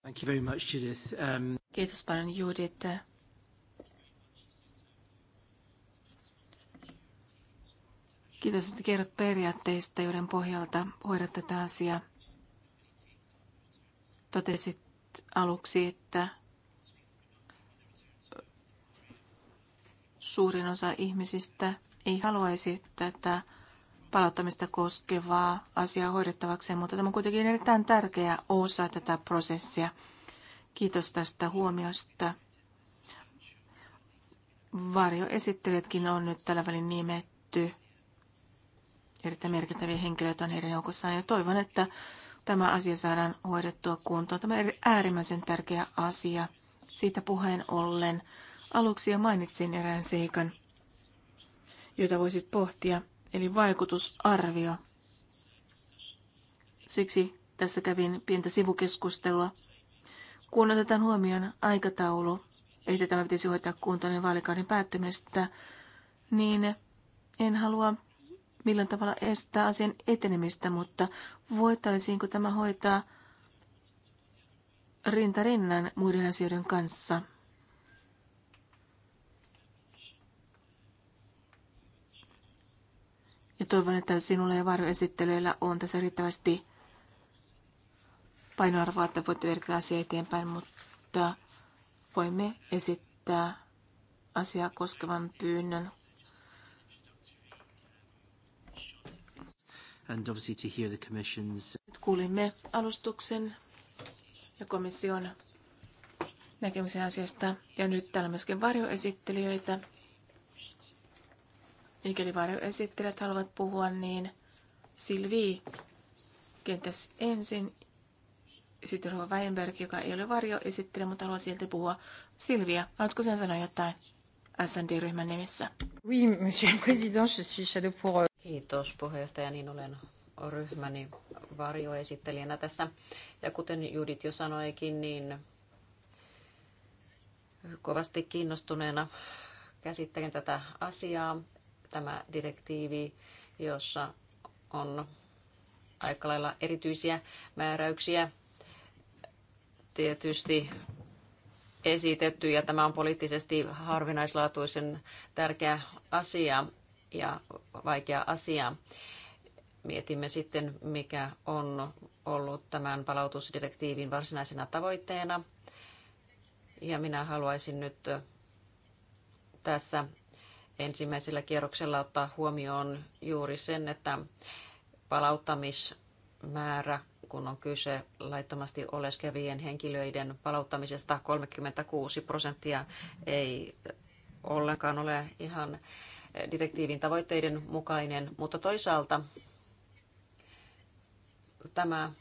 Thank you very much, Judith. Um... Kiitos paljon Judith. Kiitos, että kerrot periaatteista, joiden pohjalta hoidat tätä asiaa. Totesit aluksi, että suurin osa ihmisistä ei haluaisi tätä palauttamista koskevaa asiaa hoidettavaksi, mutta tämä on kuitenkin erittäin tärkeä osa tätä prosessia. Kiitos tästä huomiosta. Varjoesittelijätkin on nyt tällä välin nimetty. Erittäin merkittäviä henkilöitä on heidän joukossaan ja toivon, että tämä asia saadaan hoidettua kuntoon. Tämä on äärimmäisen tärkeä asia. Siitä puheen ollen aluksi jo mainitsin erään seikan, jota voisit pohtia eli vaikutusarvio. Siksi tässä kävin pientä sivukeskustelua. Kun otetaan huomioon aikataulu, että tämä pitäisi hoitaa kuntoon niin vaalikauden päättymistä, niin en halua millään tavalla estää asian etenemistä, mutta voitaisiinko tämä hoitaa rinta rinnan muiden asioiden kanssa Ja toivon, että sinulle ja varjoesittelyillä on tässä riittävästi painoarvoa, että voit yrittää asiaa eteenpäin, mutta voimme esittää asiaa koskevan pyynnön. And obviously to hear the commission's... Nyt kuulimme alustuksen ja komission näkemisen asiasta. Ja nyt täällä myöskin varjoesittelijöitä Mikäli varjoesittelijät haluavat puhua, niin Silvi kenties ensin. Sitten Rova Weinberg, joka ei ole varjoesittelijä, mutta haluaa silti puhua. Silvia, haluatko sen sanoa jotain? SND-ryhmän nimissä. Oui, monsieur le président, je suis shadow pour... Euh, Kiitos puheenjohtaja, niin olen ryhmäni varjoesittelijänä tässä. Ja kuten Judit jo sanoikin, niin kovasti kiinnostuneena käsittelen tätä asiaa tämä direktiivi, jossa on aika lailla erityisiä määräyksiä tietysti esitetty ja tämä on poliittisesti harvinaislaatuisen tärkeä asia ja vaikea asia. Mietimme sitten, mikä on ollut tämän palautusdirektiivin varsinaisena tavoitteena. Ja minä haluaisin nyt tässä ensimmäisellä kierroksella ottaa huomioon juuri sen, että palauttamismäärä, kun on kyse laittomasti oleskevien henkilöiden palauttamisesta, 36 prosenttia ei ollenkaan ole ihan direktiivin tavoitteiden mukainen, mutta toisaalta tämä äh,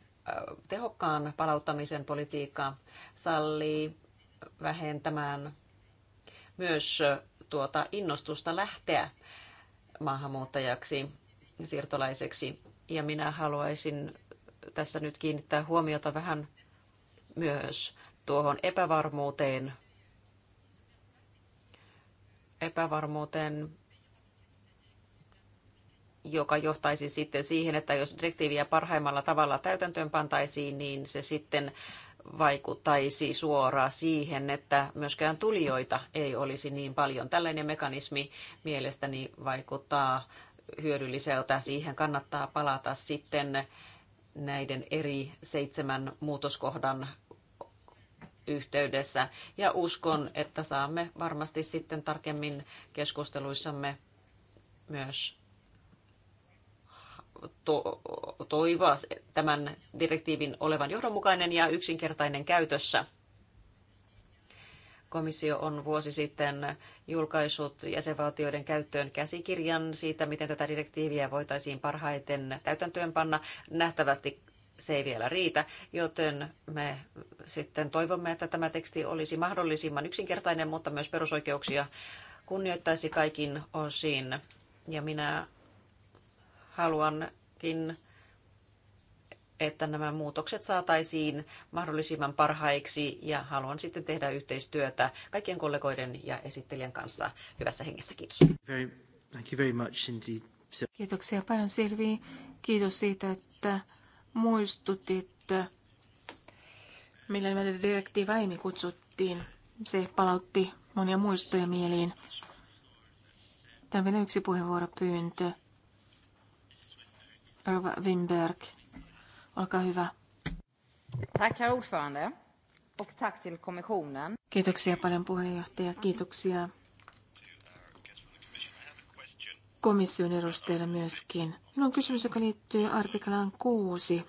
tehokkaan palauttamisen politiikka sallii vähentämään myös tuota innostusta lähteä maahanmuuttajaksi, siirtolaiseksi. Ja minä haluaisin tässä nyt kiinnittää huomiota vähän myös tuohon epävarmuuteen, epävarmuuteen joka johtaisi sitten siihen, että jos direktiiviä parhaimmalla tavalla täytäntöön pantaisiin, niin se sitten vaikuttaisi suoraan siihen, että myöskään tulijoita ei olisi niin paljon. Tällainen mekanismi mielestäni vaikuttaa hyödylliseltä. Siihen kannattaa palata sitten näiden eri seitsemän muutoskohdan yhteydessä. Ja uskon, että saamme varmasti sitten tarkemmin keskusteluissamme myös to- toivoa tämän direktiivin olevan johdonmukainen ja yksinkertainen käytössä. Komissio on vuosi sitten julkaissut jäsenvaltioiden käyttöön käsikirjan siitä, miten tätä direktiiviä voitaisiin parhaiten täytäntöönpanna. Nähtävästi se ei vielä riitä, joten me sitten toivomme, että tämä teksti olisi mahdollisimman yksinkertainen, mutta myös perusoikeuksia kunnioittaisi kaikin osin. Ja minä Haluankin, että nämä muutokset saataisiin mahdollisimman parhaiksi ja haluan sitten tehdä yhteistyötä kaikkien kollegoiden ja esittelijän kanssa hyvässä hengessä. Kiitos. Very, thank you very much indeed. Kiitoksia paljon Silvi. Kiitos siitä, että muistutit, millä nimellä direktiiva aiemmin kutsuttiin. Se palautti monia muistoja mieliin. Tämä on vielä yksi puheenvuoropyyntö. Rova olkaa hyvä. Tack, herr ordförande. Och tack till kommissionen. Kiitoksia paljon puheenjohtaja. Kiitoksia komission edustajille myöskin. Minun on kysymys, joka liittyy artiklaan 6.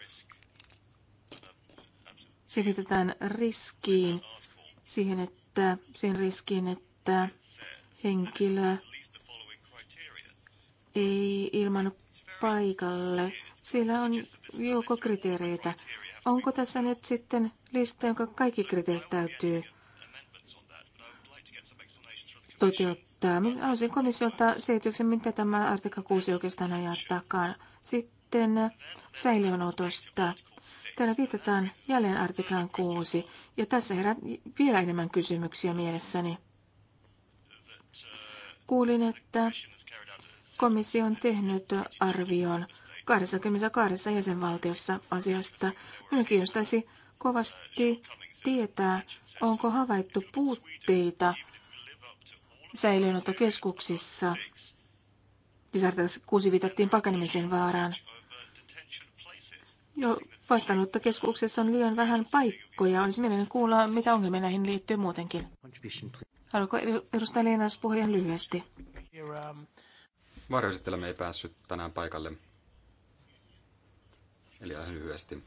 Se viitataan riskiin, siihen, että, siihen riskiin, että henkilö ei ilman paikalle. Siellä on joukko kriteereitä. Onko tässä nyt sitten lista, jonka kaikki kriteerit täytyy toteuttaa? Minä haluaisin komissiolta selityksen, mitä tämä artikka 6 oikeastaan ajaa takaa. Sitten säilöönotosta. Täällä viitataan jälleen artiklaan 6, ja tässä herää vielä enemmän kysymyksiä mielessäni. Kuulin, että Komissio on tehnyt arvion 22 jäsenvaltiossa asiasta. Minun kiinnostaisi kovasti tietää, onko havaittu puutteita säilöönottokeskuksissa. Lisäksi kuusi viitattiin pakenemisen vaaraan. Jo vastaanottokeskuksessa on liian vähän paikkoja. Olisi mielelläni kuulla, mitä ongelmia näihin liittyy muutenkin. Haluatko edustaa Leenas puhua lyhyesti? Um, Varjoesittelemme ei päässyt tänään paikalle. Eli ihan lyhyesti.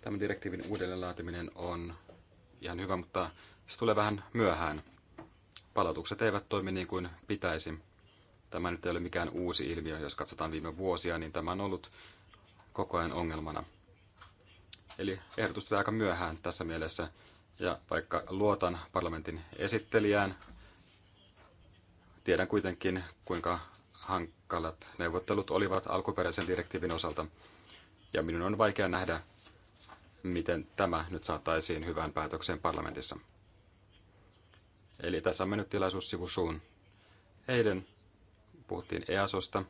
Tämän direktiivin uudelleenlaatiminen on ihan hyvä, mutta se tulee vähän myöhään. Palautukset eivät toimi niin kuin pitäisi. Tämä nyt ei ole mikään uusi ilmiö. Jos katsotaan viime vuosia, niin tämä on ollut koko ajan ongelmana. Eli ehdotus tulee aika myöhään tässä mielessä. Ja vaikka luotan parlamentin esittelijään, Tiedän kuitenkin, kuinka hankalat neuvottelut olivat alkuperäisen direktiivin osalta, ja minun on vaikea nähdä, miten tämä nyt saataisiin hyvään päätökseen parlamentissa. Eli tässä on mennyt tilaisuus sivusuun. Eilen puhuttiin EASosta.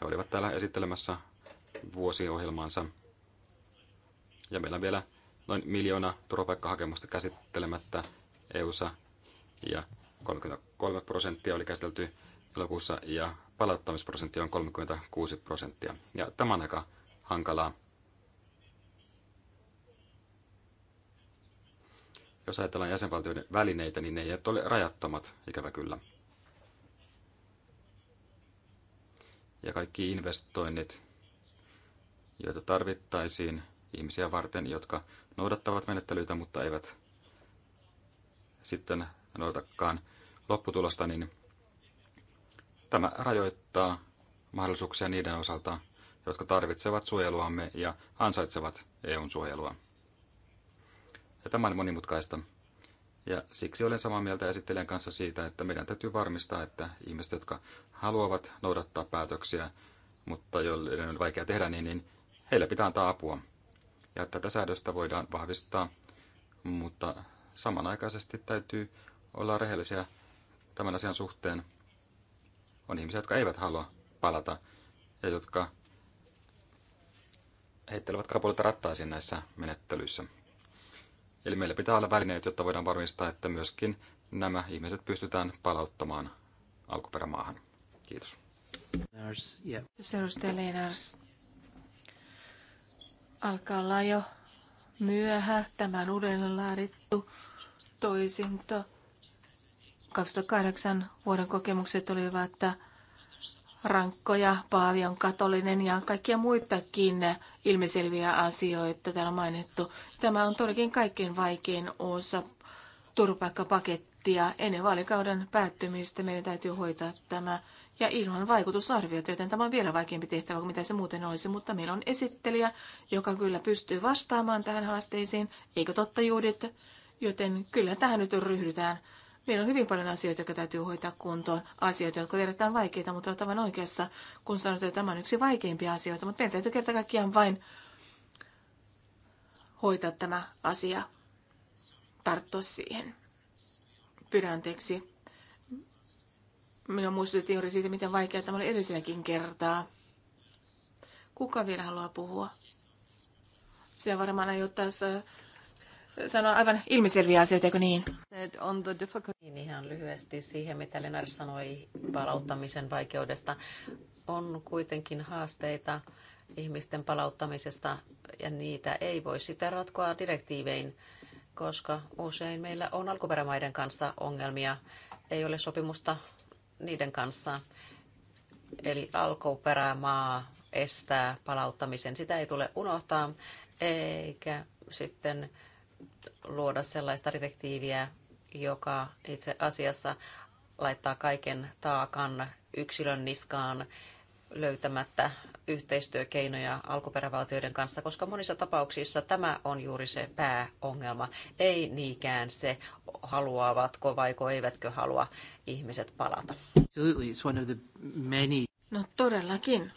He olivat täällä esittelemässä vuosiohjelmaansa. Ja meillä on vielä noin miljoona turvapaikkahakemusta käsittelemättä EUssa. Ja 33 prosenttia oli käsitelty elokuussa ja palauttamisprosentti on 36 prosenttia. Ja tämä on aika hankalaa. Jos ajatellaan jäsenvaltioiden välineitä, niin ne eivät ole rajattomat, ikävä kyllä. Ja kaikki investoinnit, joita tarvittaisiin ihmisiä varten, jotka noudattavat menettelyitä, mutta eivät sitten noudatakaan lopputulosta, niin tämä rajoittaa mahdollisuuksia niiden osalta, jotka tarvitsevat suojeluamme ja ansaitsevat EUn suojelua. Ja tämä on monimutkaista. Ja siksi olen samaa mieltä esittelijän kanssa siitä, että meidän täytyy varmistaa, että ihmiset, jotka haluavat noudattaa päätöksiä, mutta joille on vaikea tehdä niin, niin heille pitää antaa apua. Ja tätä säädöstä voidaan vahvistaa, mutta samanaikaisesti täytyy olla rehellisiä tämän asian suhteen. On ihmisiä, jotka eivät halua palata ja jotka heittelevät kapulita rattaisiin näissä menettelyissä. Eli meillä pitää olla välineet, jotta voidaan varmistaa, että myöskin nämä ihmiset pystytään palauttamaan alkuperämaahan. Kiitos. Lennars, yeah. Edustaja Lennars, alkaa olla jo myöhä. Tämän uudelleen laadittu toisinto 2008 vuoden kokemukset olivat rankkoja, Paavi on katolinen ja kaikkia muitakin ilmiselviä asioita täällä on mainittu. Tämä on todellakin kaikkein vaikein osa turvapaikkapakettia. Ennen vaalikauden päättymistä meidän täytyy hoitaa tämä ja ilman vaikutusarviot, joten tämä on vielä vaikeampi tehtävä kuin mitä se muuten olisi. Mutta meillä on esittelijä, joka kyllä pystyy vastaamaan tähän haasteisiin, eikö totta Juudit? Joten kyllä tähän nyt ryhdytään Meillä on hyvin paljon asioita, jotka täytyy hoitaa kuntoon. Asioita, jotka erittäin vaikeita, mutta ovat aivan oikeassa, kun sanotaan, että tämä on yksi vaikeimpia asioita. Mutta meidän täytyy kerta kaikkiaan vain hoitaa tämä asia, tarttua siihen. Pyydän anteeksi. Minua muistutettiin juuri siitä, miten vaikeaa tämä oli edelliselläkin kertaa. Kuka vielä haluaa puhua? Sillä varmaan aiot taas sanoa aivan ilmiselviä asioita, eikö niin? On the difficult... niin ihan lyhyesti siihen, mitä Lenar sanoi palauttamisen vaikeudesta. On kuitenkin haasteita ihmisten palauttamisesta ja niitä ei voi sitä ratkoa direktiivein, koska usein meillä on alkuperämaiden kanssa ongelmia. Ei ole sopimusta niiden kanssa. Eli alkuperämaa estää palauttamisen. Sitä ei tule unohtaa, eikä sitten luoda sellaista direktiiviä, joka itse asiassa laittaa kaiken taakan yksilön niskaan löytämättä yhteistyökeinoja alkuperävaltioiden kanssa, koska monissa tapauksissa tämä on juuri se pääongelma. Ei niinkään se, haluavatko vaiko eivätkö halua ihmiset palata. No todellakin.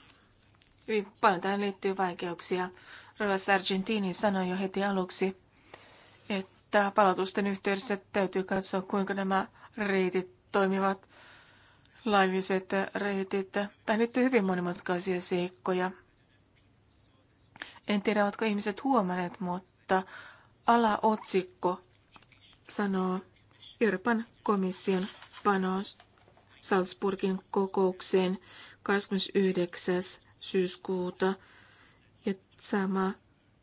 Hyvin paljon tähän liittyy vaikeuksia. Rolas Argentini sanoi jo heti aluksi, että palautusten yhteydessä täytyy katsoa, kuinka nämä reitit toimivat, laiviset reitit. Tähän liittyy hyvin monimutkaisia seikkoja. En tiedä, ovatko ihmiset huomanneet, mutta alaotsikko sanoo Euroopan komission panos Salzburgin kokoukseen 29. syyskuuta ja sama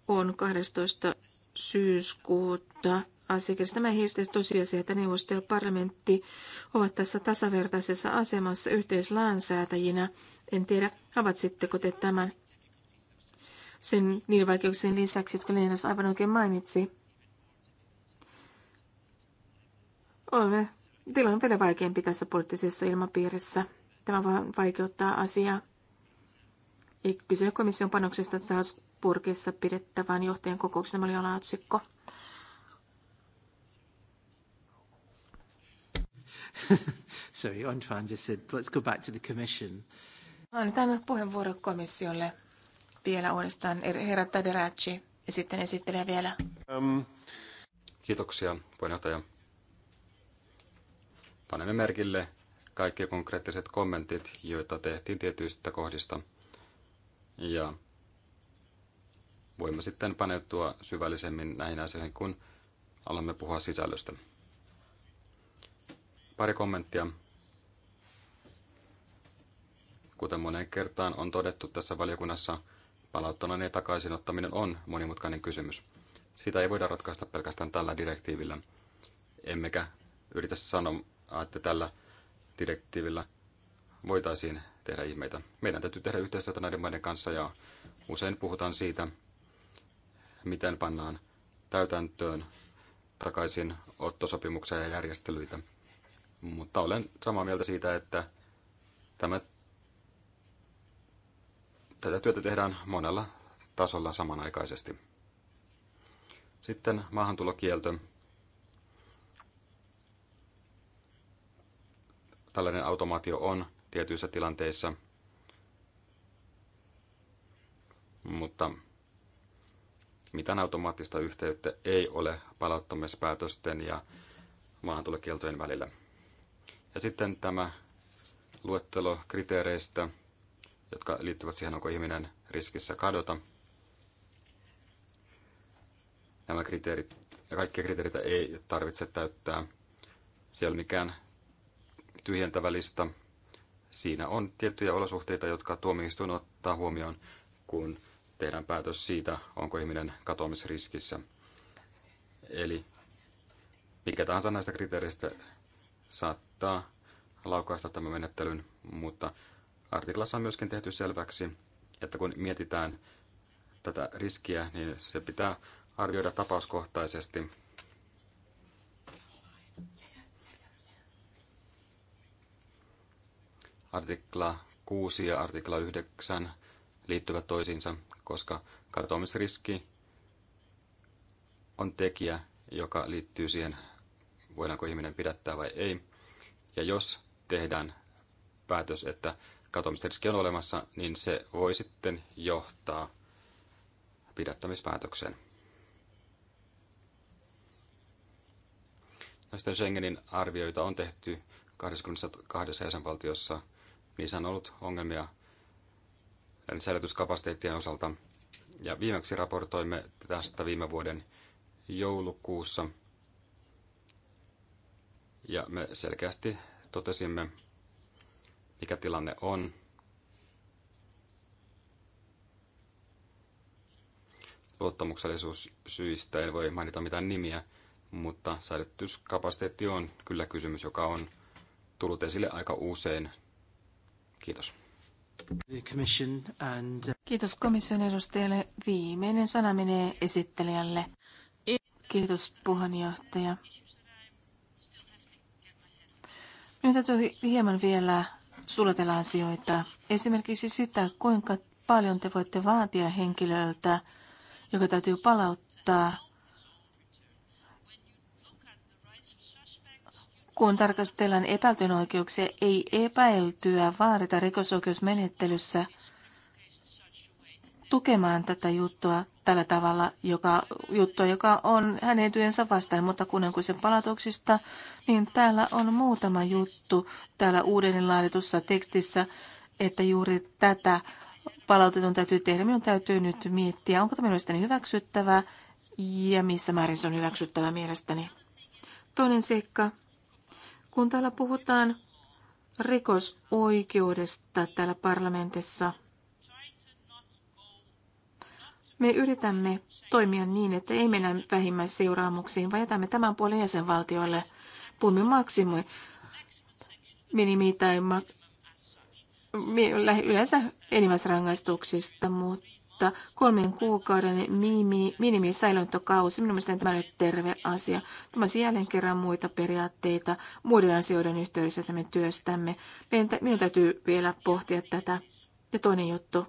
on 12. syyskuuta mutta asiakirjasta. Tämä hiisteessä tosiasia, että neuvosto ja parlamentti ovat tässä tasavertaisessa asemassa yhteislainsäätäjinä. En tiedä, havaitsitteko te tämän sen niin vaikeuksien lisäksi, jotka Leenas aivan oikein mainitsi. Olemme tilanne vielä vaikeampi tässä poliittisessa ilmapiirissä. Tämä vaan vaikeuttaa asiaa. Ei kyse komission panoksesta Salzburgissa pidettävään johtajan kokouksena oli alaotsikko. Sorry, Antoine just said, let's go back to the commission. Annetaan puheenvuoro komissiolle vielä uudestaan. Er- herra Taderacci ja sitten esittelee vielä. Um, kiitoksia, puheenjohtaja. Panemme merkille kaikki konkreettiset kommentit, joita tehtiin tietyistä kohdista. Ja voimme sitten paneutua syvällisemmin näihin asioihin, kun alamme puhua sisällöstä. Pari kommenttia. Kuten moneen kertaan on todettu tässä valiokunnassa, palauttanan ja takaisinottaminen on monimutkainen kysymys. Sitä ei voida ratkaista pelkästään tällä direktiivillä. Emmekä yritä sanoa, että tällä direktiivillä voitaisiin tehdä ihmeitä. Meidän täytyy tehdä yhteistyötä näiden maiden kanssa ja usein puhutaan siitä, miten pannaan täytäntöön takaisin ottosopimuksia ja järjestelyitä. Mutta olen samaa mieltä siitä, että tämä, tätä työtä tehdään monella tasolla samanaikaisesti. Sitten maahantulokielto. Tällainen automaatio on tietyissä tilanteissa, mutta mitään automaattista yhteyttä ei ole palauttamispäätösten ja maahantulokieltojen välillä. Ja sitten tämä luettelo kriteereistä, jotka liittyvät siihen, onko ihminen riskissä kadota. Nämä kriteerit ja kaikkia kriteereitä ei tarvitse täyttää. Siellä ei mikään tyhjentävä lista. Siinä on tiettyjä olosuhteita, jotka tuomioistuin ottaa huomioon, kun tehdään päätös siitä, onko ihminen katoamisriskissä. Eli mikä tahansa näistä kriteereistä saattaa laukaista tämän menettelyn, mutta artiklassa on myöskin tehty selväksi, että kun mietitään tätä riskiä, niin se pitää arvioida tapauskohtaisesti. Artikla 6 ja artikla 9 liittyvät toisiinsa, koska katoamisriski on tekijä, joka liittyy siihen voidaanko ihminen pidättää vai ei. Ja jos tehdään päätös, että katoamisriski on olemassa, niin se voi sitten johtaa pidättämispäätökseen. Näistä Schengenin arvioita on tehty 22 jäsenvaltiossa. Niissä on ollut ongelmia säilytyskapasiteettien osalta. Ja viimeksi raportoimme tästä viime vuoden joulukuussa. Ja me selkeästi totesimme, mikä tilanne on. syistä en voi mainita mitään nimiä, mutta säilytyskapasiteetti on kyllä kysymys, joka on tullut esille aika usein. Kiitos. Uh, Kiitos komission edustajalle. Viimeinen sana menee esittelijälle. Kiitos puheenjohtaja. Minun täytyy hieman vielä sulatella asioita. Esimerkiksi sitä, kuinka paljon te voitte vaatia henkilöltä, joka täytyy palauttaa, kun tarkastellaan epäiltyjen oikeuksia, ei epäiltyä vaadita rikosoikeusmenettelyssä – tukemaan tätä juttua tällä tavalla, joka, juttua, joka on hänen etujensa vastaan, mutta kun on kyse palautuksista, niin täällä on muutama juttu täällä uudelleen laaditussa tekstissä, että juuri tätä palautetun täytyy tehdä. Minun täytyy nyt miettiä, onko tämä mielestäni hyväksyttävää ja missä määrin se on hyväksyttävää mielestäni. Toinen seikka. Kun täällä puhutaan rikosoikeudesta täällä parlamentissa – me yritämme toimia niin, että ei mennä vähimmäisseuraamuksiin, vaan jätämme tämän puolen jäsenvaltioille. Puhumme maksimoi, minimi tai ma, yleensä enimmäisrangaistuksista, mutta kolmen kuukauden minimi, minimi minun mielestäni tämä nyt terve asia. Tämä on jälleen kerran muita periaatteita muiden asioiden yhteydessä, että me työstämme. Minun täytyy vielä pohtia tätä. Ja toinen juttu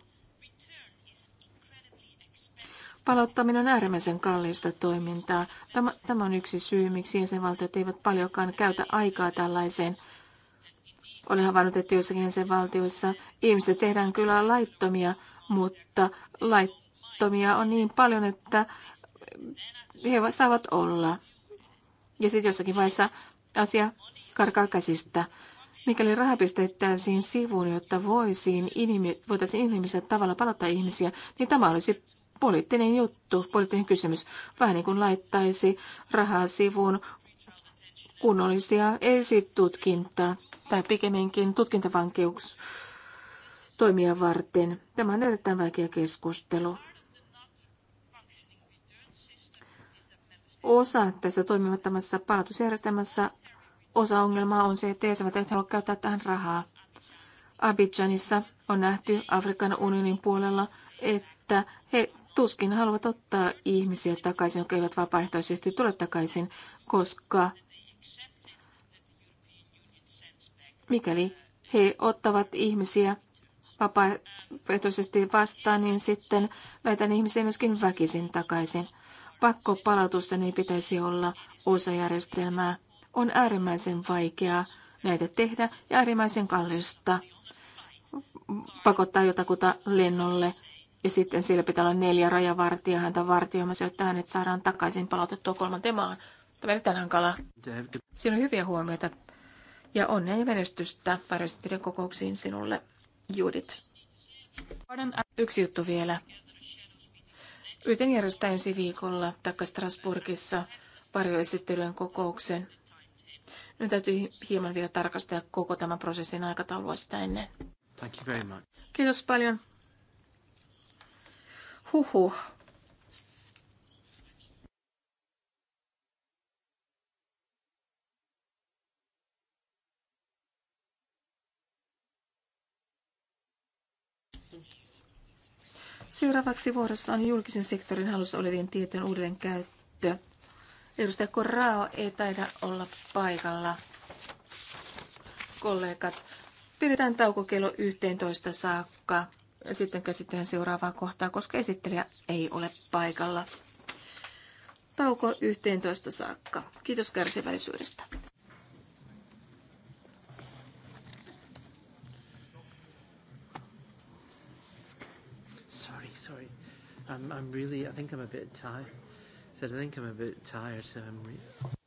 Palauttaminen on äärimmäisen kallista toimintaa. Tämä, tämä on yksi syy, miksi jäsenvaltiot eivät paljonkaan käytä aikaa tällaiseen. Olen havainnut, että joissakin jäsenvaltioissa ihmiset tehdään kyllä laittomia, mutta laittomia on niin paljon, että he saavat olla. Ja sitten jossakin vaiheessa asia karkaa käsistä. Mikäli raha pistettäisiin sivuun, jotta voisiin inhimi, voitaisiin inhimillisellä tavalla palata ihmisiä, niin tämä olisi poliittinen juttu, poliittinen kysymys. Vähän niin kuin laittaisi rahaa sivuun kunnollisia esitutkinta tai pikemminkin tutkintavankeus toimia varten. Tämä on erittäin vaikea keskustelu. Osa tässä toimimattomassa palautusjärjestelmässä, osa ongelmaa on se, että jäsenvaltiot eivät halua käyttää tähän rahaa. Abidjanissa on nähty Afrikan unionin puolella, että he tuskin haluavat ottaa ihmisiä takaisin, jotka eivät vapaaehtoisesti tule takaisin, koska mikäli he ottavat ihmisiä vapaaehtoisesti vastaan, niin sitten laitan ihmisiä myöskin väkisin takaisin. Pakko palautusta ei niin pitäisi olla osa järjestelmää. On äärimmäisen vaikeaa näitä tehdä ja äärimmäisen kallista pakottaa jotakuta lennolle ja sitten siellä pitää olla neljä rajavartijaa häntä vartioimassa, jotta hänet saadaan takaisin palautettua kolmanteen maahan. Tämä on erittäin hankala. Siinä on hyviä huomioita. Ja onnea ja menestystä varjoistettiden kokouksiin sinulle, Judit. Yksi juttu vielä. Yritän järjestää ensi viikolla takka Strasburgissa varjoesittelyjen kokouksen. Nyt täytyy hieman vielä tarkastaa koko tämän prosessin aikataulua sitä ennen. Thank you very much. Kiitos paljon. Huhhuh. Seuraavaksi vuorossa on julkisen sektorin halussa olevien tietojen uudelleen käyttö. Edustaja Korrao ei taida olla paikalla. Kollegat, pidetään tauko kello 11 saakka. Sitten käsitellään seuraavaa kohtaa, koska esittelijä ei ole paikalla. Tauko 11 saakka. Kiitos kärsivällisyydestä. Sorry, sorry. I'm, I'm really, I think I'm a bit tired. So I think I'm a bit tired, so I'm... Re-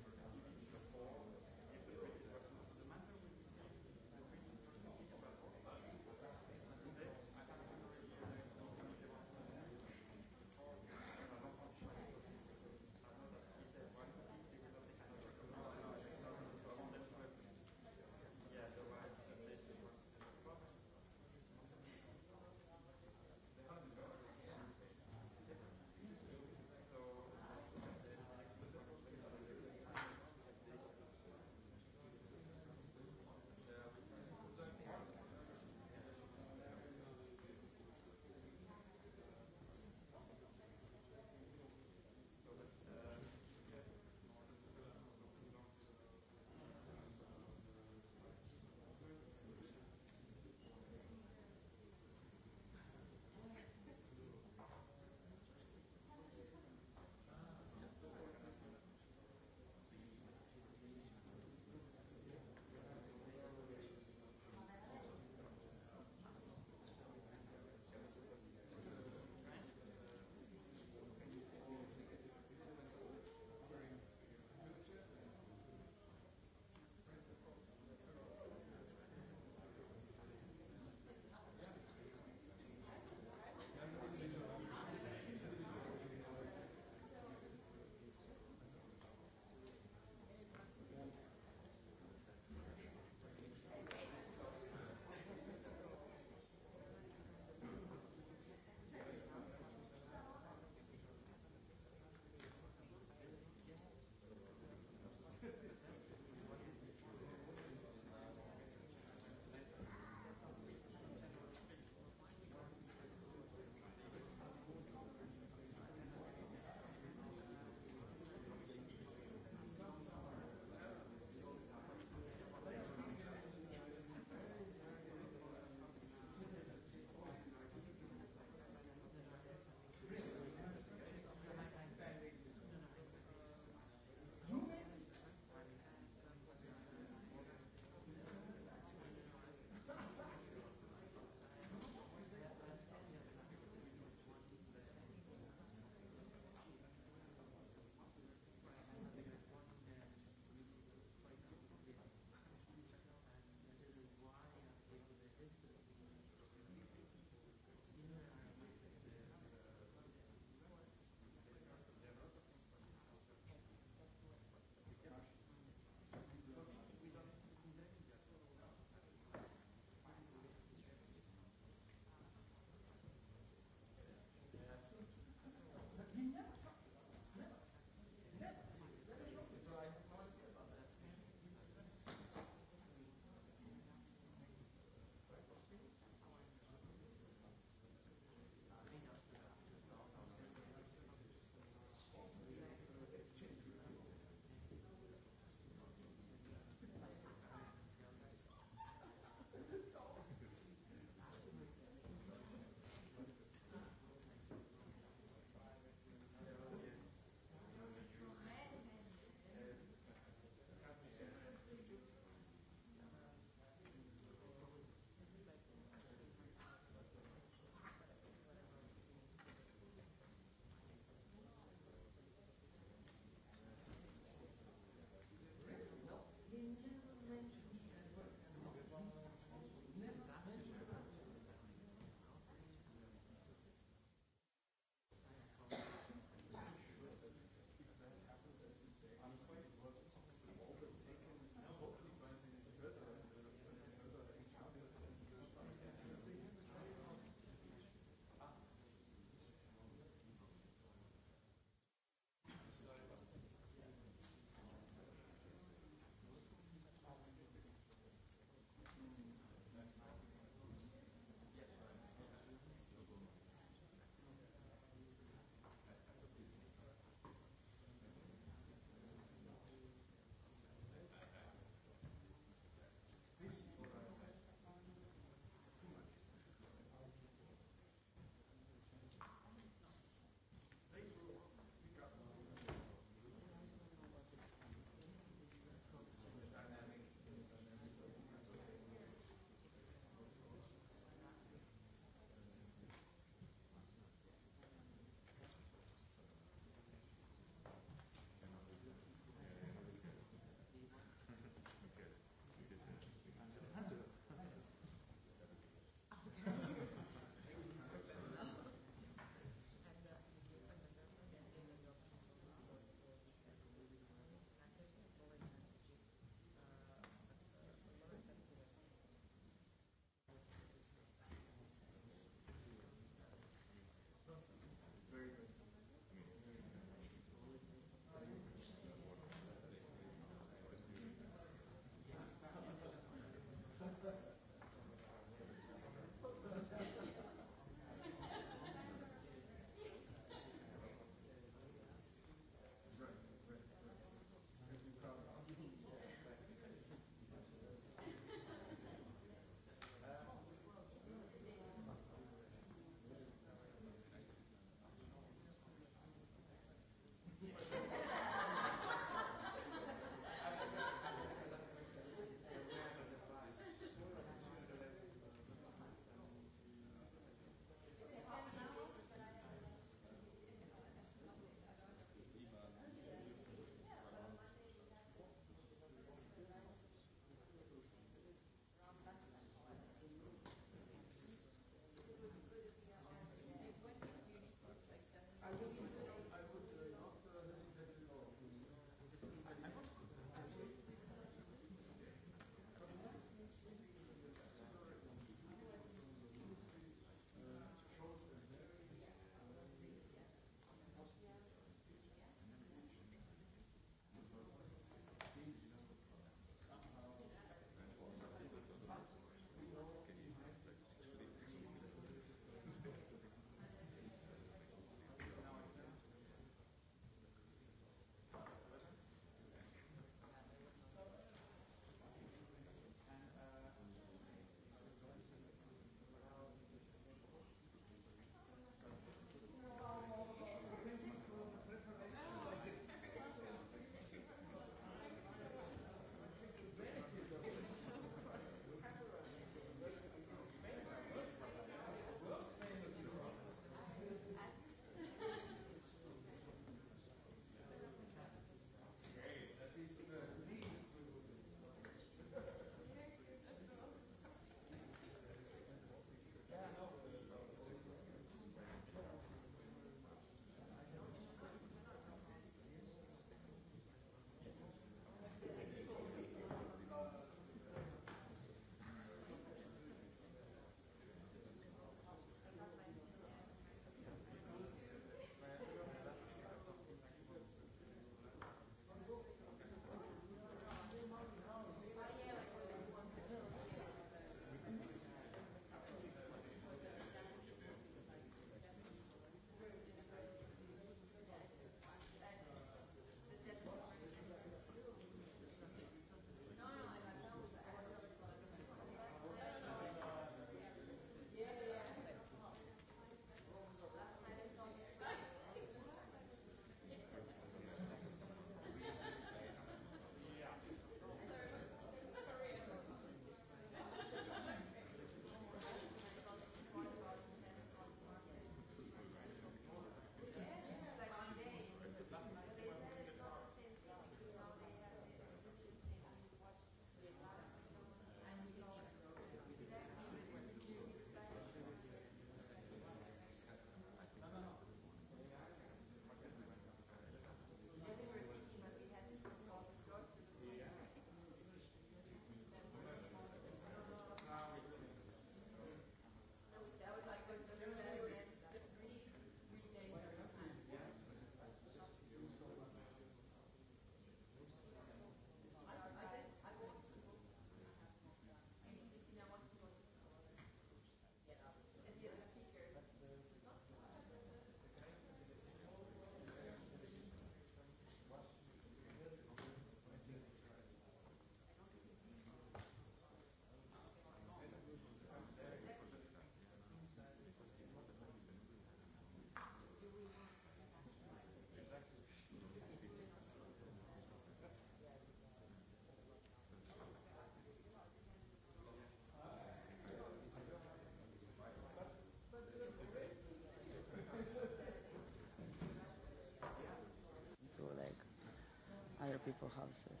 people houses.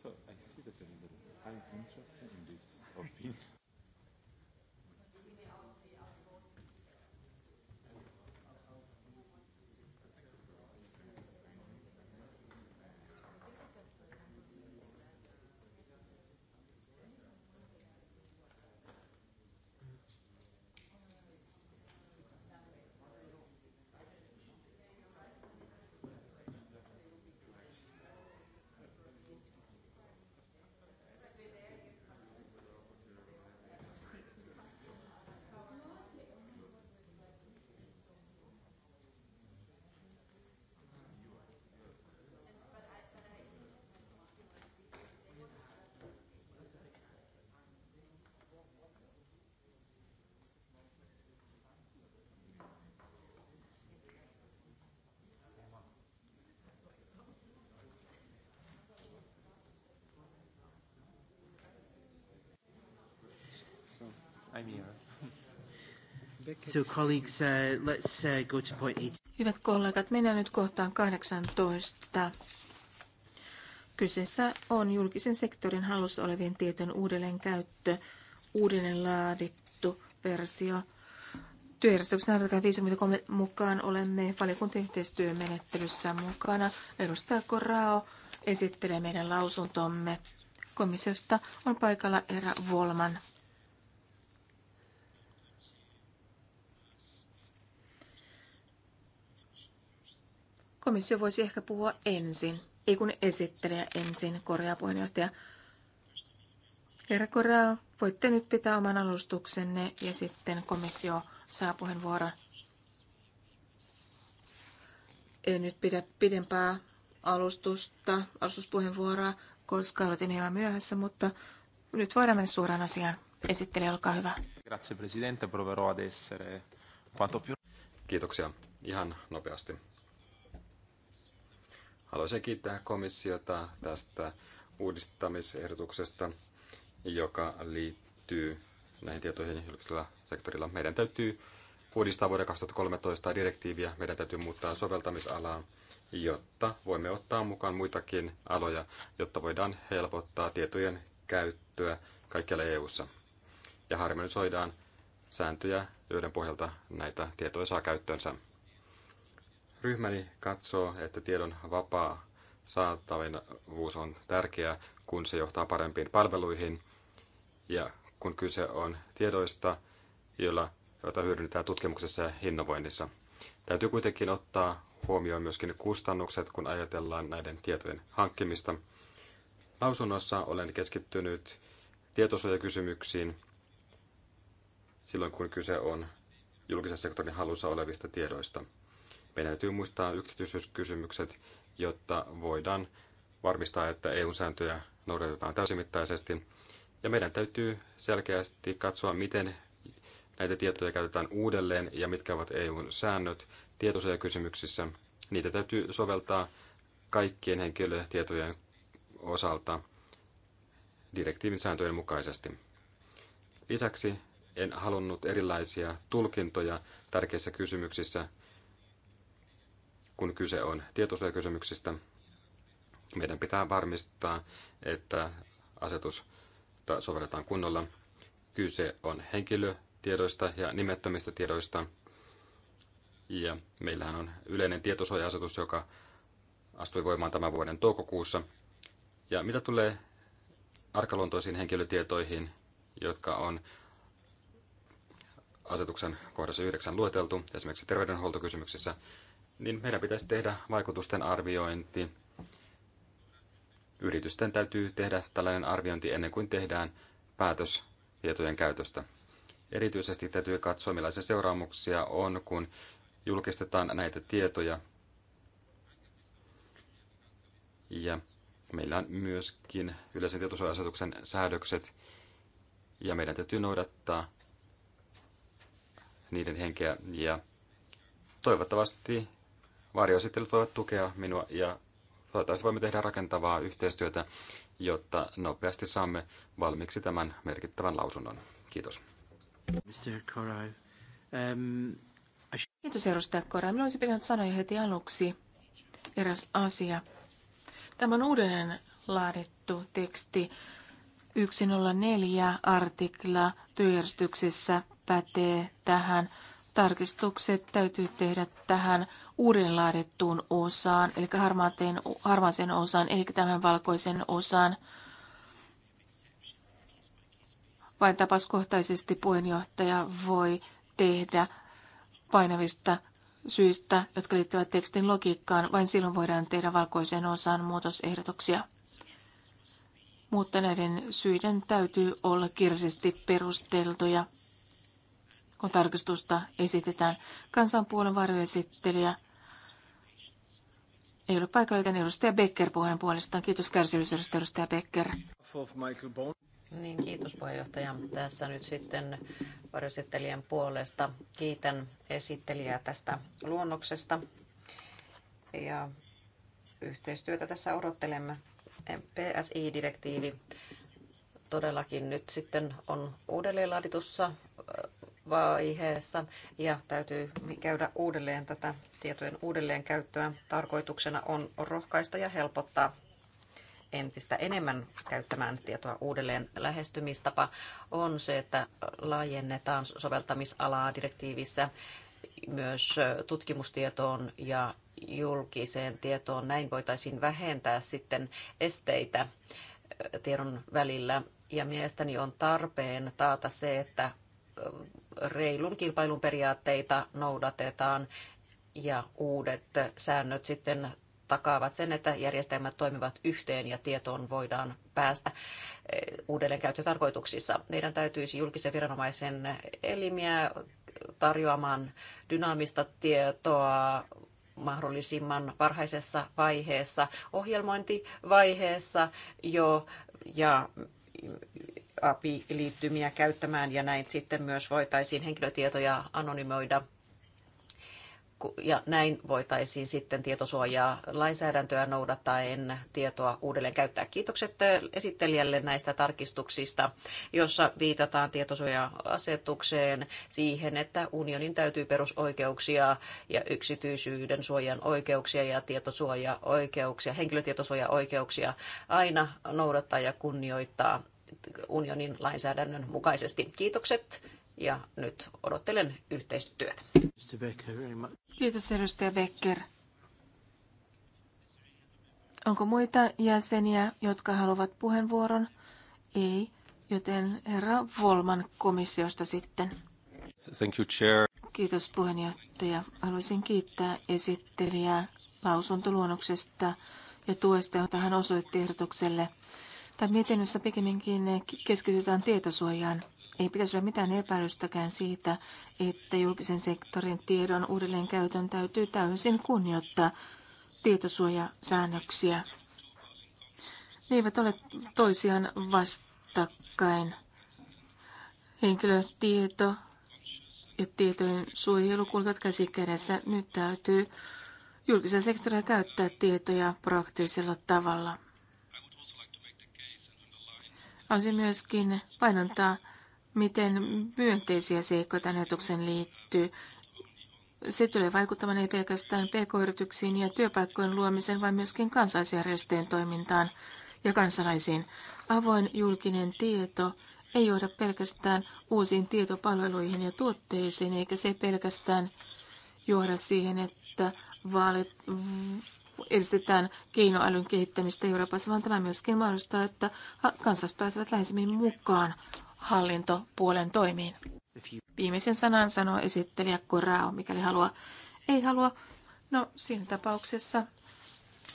So I see that there is an, I'm interested in this opinion I'm here. So colleagues, uh, let's uh, go to point Hyvät kollegat, mennään nyt kohtaan 18. Kyseessä on julkisen sektorin hallussa olevien tietojen uudelleenkäyttö, uudelleen laadittu versio. Työjärjestöksen artikla 53 mukaan olemme valiokuntien yhteistyömenettelyssä mukana. Edustaja Korao esittelee meidän lausuntomme. Komissiosta on paikalla Erä Volman. Komissio voisi ehkä puhua ensin, ei kun esittelijä ensin, korjaa puheenjohtaja. Herra Korea, voitte nyt pitää oman alustuksenne ja sitten komissio saa puheenvuoron. En nyt pidä pidempää alustusta, alustuspuheenvuoroa, koska aloitin hieman myöhässä, mutta nyt voidaan mennä suoraan asiaan. Esittelijä, olkaa hyvä. Grazie Presidente, proverò ad essere quanto più... Kiitoksia. Ihan nopeasti. Haluaisin kiittää komissiota tästä uudistamisehdotuksesta, joka liittyy näihin tietoihin julkisella sektorilla. Meidän täytyy uudistaa vuoden 2013 direktiiviä, meidän täytyy muuttaa soveltamisalaa, jotta voimme ottaa mukaan muitakin aloja, jotta voidaan helpottaa tietojen käyttöä kaikkialla EU:ssa. Ja harmonisoidaan sääntöjä, joiden pohjalta näitä tietoja saa käyttöönsä. Ryhmäni katsoo, että tiedon vapaa saatavuus on tärkeää, kun se johtaa parempiin palveluihin ja kun kyse on tiedoista, joilla, joita hyödynnetään tutkimuksessa ja innovoinnissa. Täytyy kuitenkin ottaa huomioon myöskin kustannukset, kun ajatellaan näiden tietojen hankkimista. Lausunnossa olen keskittynyt tietosuojakysymyksiin silloin, kun kyse on julkisen sektorin halussa olevista tiedoista. Meidän täytyy muistaa yksityisyyskysymykset, jotta voidaan varmistaa, että EU-sääntöjä noudatetaan täysimittaisesti. Ja meidän täytyy selkeästi katsoa, miten näitä tietoja käytetään uudelleen ja mitkä ovat EUn säännöt tietosuojakysymyksissä. Niitä täytyy soveltaa kaikkien henkilötietojen osalta direktiivin sääntöjen mukaisesti. Lisäksi en halunnut erilaisia tulkintoja tärkeissä kysymyksissä, kun kyse on tietosuojakysymyksistä. Meidän pitää varmistaa, että asetus sovelletaan kunnolla. Kyse on henkilötiedoista ja nimettömistä tiedoista. Ja meillähän on yleinen tietosuoja-asetus, joka astui voimaan tämän vuoden toukokuussa. Ja mitä tulee arkaluontoisiin henkilötietoihin, jotka on asetuksen kohdassa yhdeksän lueteltu, esimerkiksi terveydenhuoltokysymyksissä, niin meidän pitäisi tehdä vaikutusten arviointi. Yritysten täytyy tehdä tällainen arviointi ennen kuin tehdään päätös tietojen käytöstä. Erityisesti täytyy katsoa, millaisia seuraamuksia on, kun julkistetaan näitä tietoja. Ja meillä on myöskin yleisen tietosuoja-asetuksen säädökset, ja meidän täytyy noudattaa niiden henkeä. Ja toivottavasti Varjoesittelyt voivat tukea minua ja toivottavasti voimme tehdä rakentavaa yhteistyötä, jotta nopeasti saamme valmiiksi tämän merkittävän lausunnon. Kiitos. Um, Kiitos edustaja Kora. Minä olisin pitänyt sanoa jo heti aluksi eräs asia. Tämä on uudelleen laadittu teksti 104 artikla työjärjestyksessä pätee tähän tarkistukset täytyy tehdä tähän uudenlaadettuun osaan, eli harmaaseen, osaan, eli tämän valkoisen osaan. Vain tapauskohtaisesti puheenjohtaja voi tehdä painavista syistä, jotka liittyvät tekstin logiikkaan. Vain silloin voidaan tehdä valkoiseen osaan muutosehdotuksia. Mutta näiden syiden täytyy olla kirjallisesti perusteltuja kun tarkistusta esitetään. Kansanpuolen varjoesittelijä ei ole paikalla, joten edustaja Becker puheen puolestaan. Kiitos kärsivällisyydestä, edustaja Becker. Niin, kiitos puheenjohtaja. Tässä nyt sitten varjoesittelijän puolesta kiitän esittelijää tästä luonnoksesta. Ja yhteistyötä tässä odottelemme. PSI-direktiivi todellakin nyt sitten on uudelleen vaiheessa ja täytyy käydä uudelleen tätä tietojen uudelleen käyttöä. Tarkoituksena on rohkaista ja helpottaa entistä enemmän käyttämään tietoa uudelleen. Lähestymistapa on se, että laajennetaan soveltamisalaa direktiivissä myös tutkimustietoon ja julkiseen tietoon. Näin voitaisiin vähentää sitten esteitä tiedon välillä. Ja mielestäni on tarpeen taata se, että reilun kilpailun periaatteita noudatetaan ja uudet säännöt sitten takaavat sen, että järjestelmät toimivat yhteen ja tietoon voidaan päästä eh, uudelleenkäyttötarkoituksissa. Meidän täytyisi julkisen viranomaisen elimiä tarjoamaan dynaamista tietoa mahdollisimman varhaisessa vaiheessa, ohjelmointivaiheessa jo ja API-liittymiä käyttämään ja näin sitten myös voitaisiin henkilötietoja anonymoida ja näin voitaisiin sitten tietosuojaa lainsäädäntöä noudattaen tietoa uudelleen käyttää. Kiitokset esittelijälle näistä tarkistuksista, jossa viitataan tietosuoja-asetukseen siihen, että unionin täytyy perusoikeuksia ja yksityisyyden suojan oikeuksia ja tietosuoja-oikeuksia, henkilötietosuoja-oikeuksia aina noudattaa ja kunnioittaa unionin lainsäädännön mukaisesti. Kiitokset ja nyt odottelen yhteistyötä. Kiitos edustaja Becker. Onko muita jäseniä, jotka haluavat puheenvuoron? Ei, joten herra Volman komissiosta sitten. Thank you, chair. Kiitos puheenjohtaja. Haluaisin kiittää esittelijää lausuntoluonnoksesta ja tuesta, jota hän osoitti ehdotukselle tai mietinnössä pikemminkin keskitytään tietosuojaan. Ei pitäisi olla mitään epäilystäkään siitä, että julkisen sektorin tiedon uudelleenkäytön täytyy täysin kunnioittaa tietosuojasäännöksiä. Ne eivät ole toisiaan vastakkain. Henkilötieto ja tietojen suojelu kulkevat käsi kädessä. Nyt täytyy julkisen sektorin käyttää tietoja proaktiivisella tavalla. On se myöskin painottaa, miten myönteisiä seikkoja tämän ajatuksen liittyy. Se tulee vaikuttamaan ei pelkästään pk-yrityksiin ja työpaikkojen luomiseen, vaan myöskin kansalaisjärjestöjen toimintaan ja kansalaisiin. Avoin julkinen tieto ei johda pelkästään uusiin tietopalveluihin ja tuotteisiin, eikä se pelkästään johda siihen, että vaalit, edistetään keinoälyn kehittämistä Euroopassa, vaan tämä myöskin mahdollistaa, että kansalaiset pääsevät läheisemmin mukaan hallintopuolen toimiin. Viimeisen sanan sanoo esittelijä Korao, mikäli haluaa. Ei halua. No, siinä tapauksessa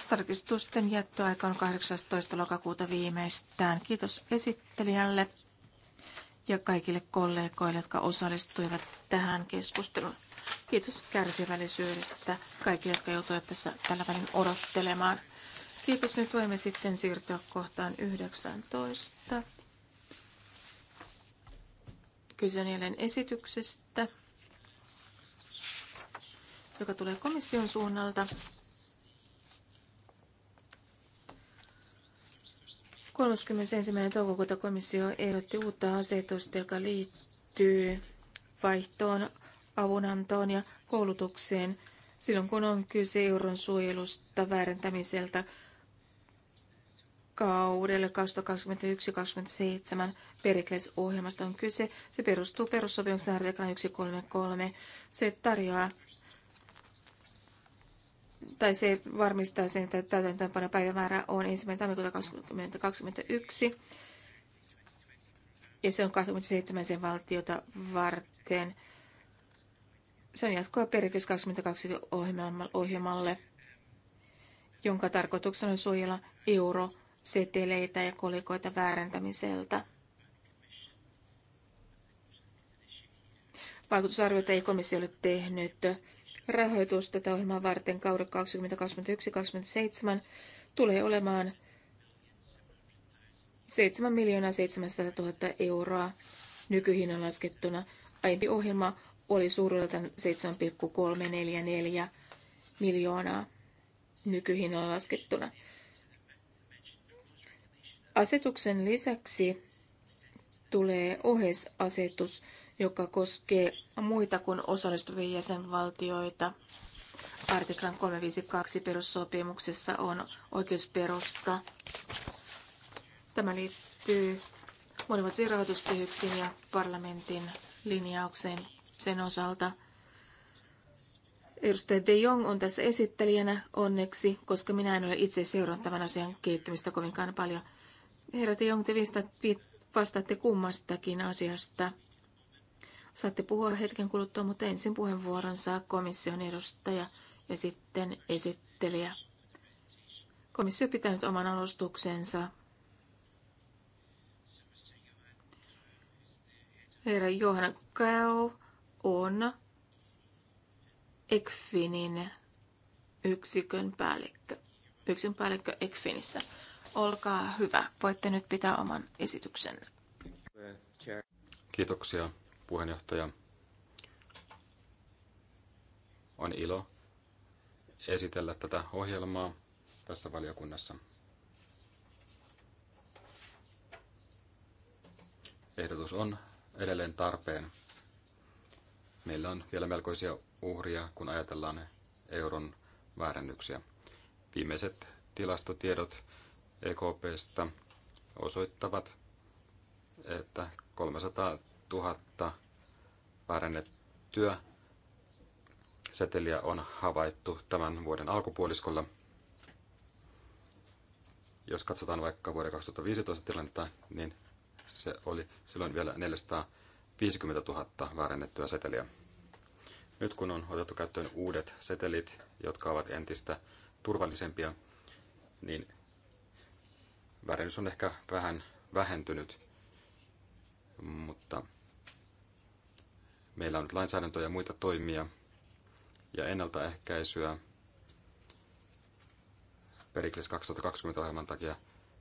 tarkistusten jättöaika on 18. lokakuuta viimeistään. Kiitos esittelijälle ja kaikille kollegoille, jotka osallistuivat tähän keskusteluun. Kiitos kärsivällisyydestä kaikille, jotka joutuivat tässä tällä välin odottelemaan. Kiitos. Nyt voimme sitten siirtyä kohtaan 19. Kysynielen esityksestä, joka tulee komission suunnalta. 31. toukokuuta komissio ehdotti uutta asetusta, joka liittyy vaihtoon avunantoon ja koulutukseen silloin, kun on kyse euron suojelusta väärentämiseltä kaudelle 2021-2027 Perikles-ohjelmasta on kyse. Se perustuu perussopimuksen artiklaan 133. Se tarjoaa tai se varmistaa sen, että täytäntöönpano päivämäärä on 1. tammikuuta 2021 ja se on 27 valtiota varten – se on jatkoa Perikles 22 ohjelmalle, jonka tarkoituksena on suojella euroseteleitä ja kolikoita väärentämiseltä. Vaikutusarvioita ei komissio ole tehnyt. Rahoitus tätä ohjelmaa varten kauden 2021-2027 tulee olemaan 7 700 000 euroa nykyhinnan laskettuna. Aiempi ohjelma oli suuruudeltaan 7,344 miljoonaa on laskettuna. Asetuksen lisäksi tulee ohesasetus, joka koskee muita kuin osallistuvia jäsenvaltioita. Artiklan 352 perussopimuksessa on oikeusperusta. Tämä liittyy monivuotisiin rahoituskehyksiin ja parlamentin linjaukseen sen osalta. Edustaja De Jong on tässä esittelijänä onneksi, koska minä en ole itse seurannut tämän asian kehittymistä kovinkaan paljon. Herra De Jong, te vastaatte kummastakin asiasta. Saatte puhua hetken kuluttua, mutta ensin puheenvuoron saa komission edustaja ja sitten esittelijä. Komissio pitää nyt oman alustuksensa. Herra Johanna Kau on ECFINin yksikön päällikkö. Yksikön päällikkö ECFINissä. Olkaa hyvä. Voitte nyt pitää oman esityksen. Kiitoksia puheenjohtaja. On ilo esitellä tätä ohjelmaa tässä valiokunnassa. Ehdotus on edelleen tarpeen meillä on vielä melkoisia uhria, kun ajatellaan euron väärännyksiä. Viimeiset tilastotiedot EKPstä osoittavat, että 300 000 väärännettyä seteliä on havaittu tämän vuoden alkupuoliskolla. Jos katsotaan vaikka vuoden 2015 tilannetta, niin se oli silloin vielä 400 50 000 väärennettyä seteliä. Nyt kun on otettu käyttöön uudet setelit, jotka ovat entistä turvallisempia, niin väärennys on ehkä vähän vähentynyt, mutta meillä on nyt lainsäädäntöä ja muita toimia ja ennaltaehkäisyä Perikles 2020-ohjelman takia.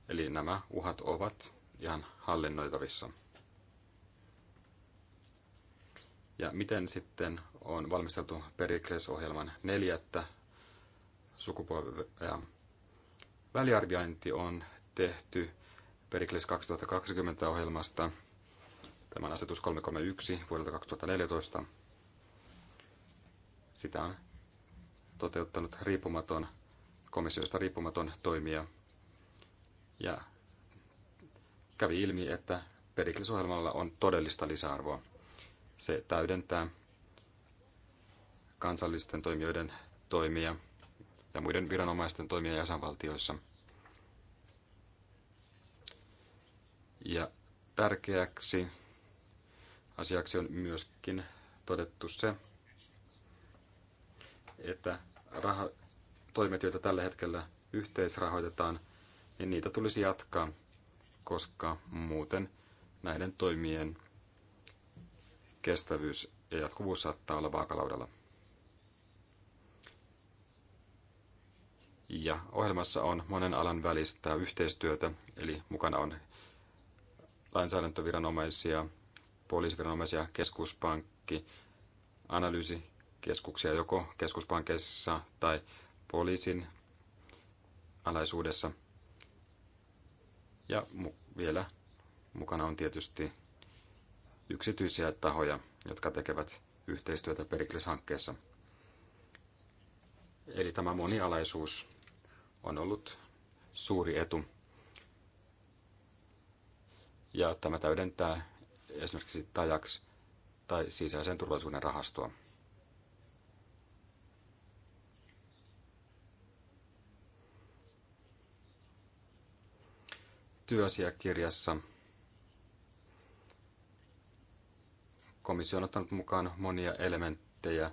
Eli nämä uhat ovat ihan hallinnoitavissa. Ja miten sitten on valmisteltu Pericles-ohjelman neljättä sukupolvea? Väliarviointi on tehty Pericles 2020-ohjelmasta, tämän asetus 331 vuodelta 2014. Sitä on toteuttanut riippumaton, komissiosta riippumaton toimija. Ja kävi ilmi, että Perikles-ohjelmalla on todellista lisäarvoa. Se täydentää kansallisten toimijoiden toimia ja muiden viranomaisten toimia jäsenvaltioissa. Ja tärkeäksi asiaksi on myöskin todettu se, että raha, toimet, joita tällä hetkellä yhteisrahoitetaan, niin niitä tulisi jatkaa, koska muuten näiden toimien kestävyys ja jatkuvuus saattaa olla vaakalaudalla. Ja ohjelmassa on monen alan välistä yhteistyötä, eli mukana on lainsäädäntöviranomaisia, poliisiviranomaisia, keskuspankki, analyysikeskuksia joko keskuspankissa tai poliisin alaisuudessa. Ja mu- vielä mukana on tietysti yksityisiä tahoja, jotka tekevät yhteistyötä Perikles-hankkeessa. Eli tämä monialaisuus on ollut suuri etu. Ja tämä täydentää esimerkiksi tajaksi tai sisäisen turvallisuuden rahastoa. Työasiakirjassa komissio on ottanut mukaan monia elementtejä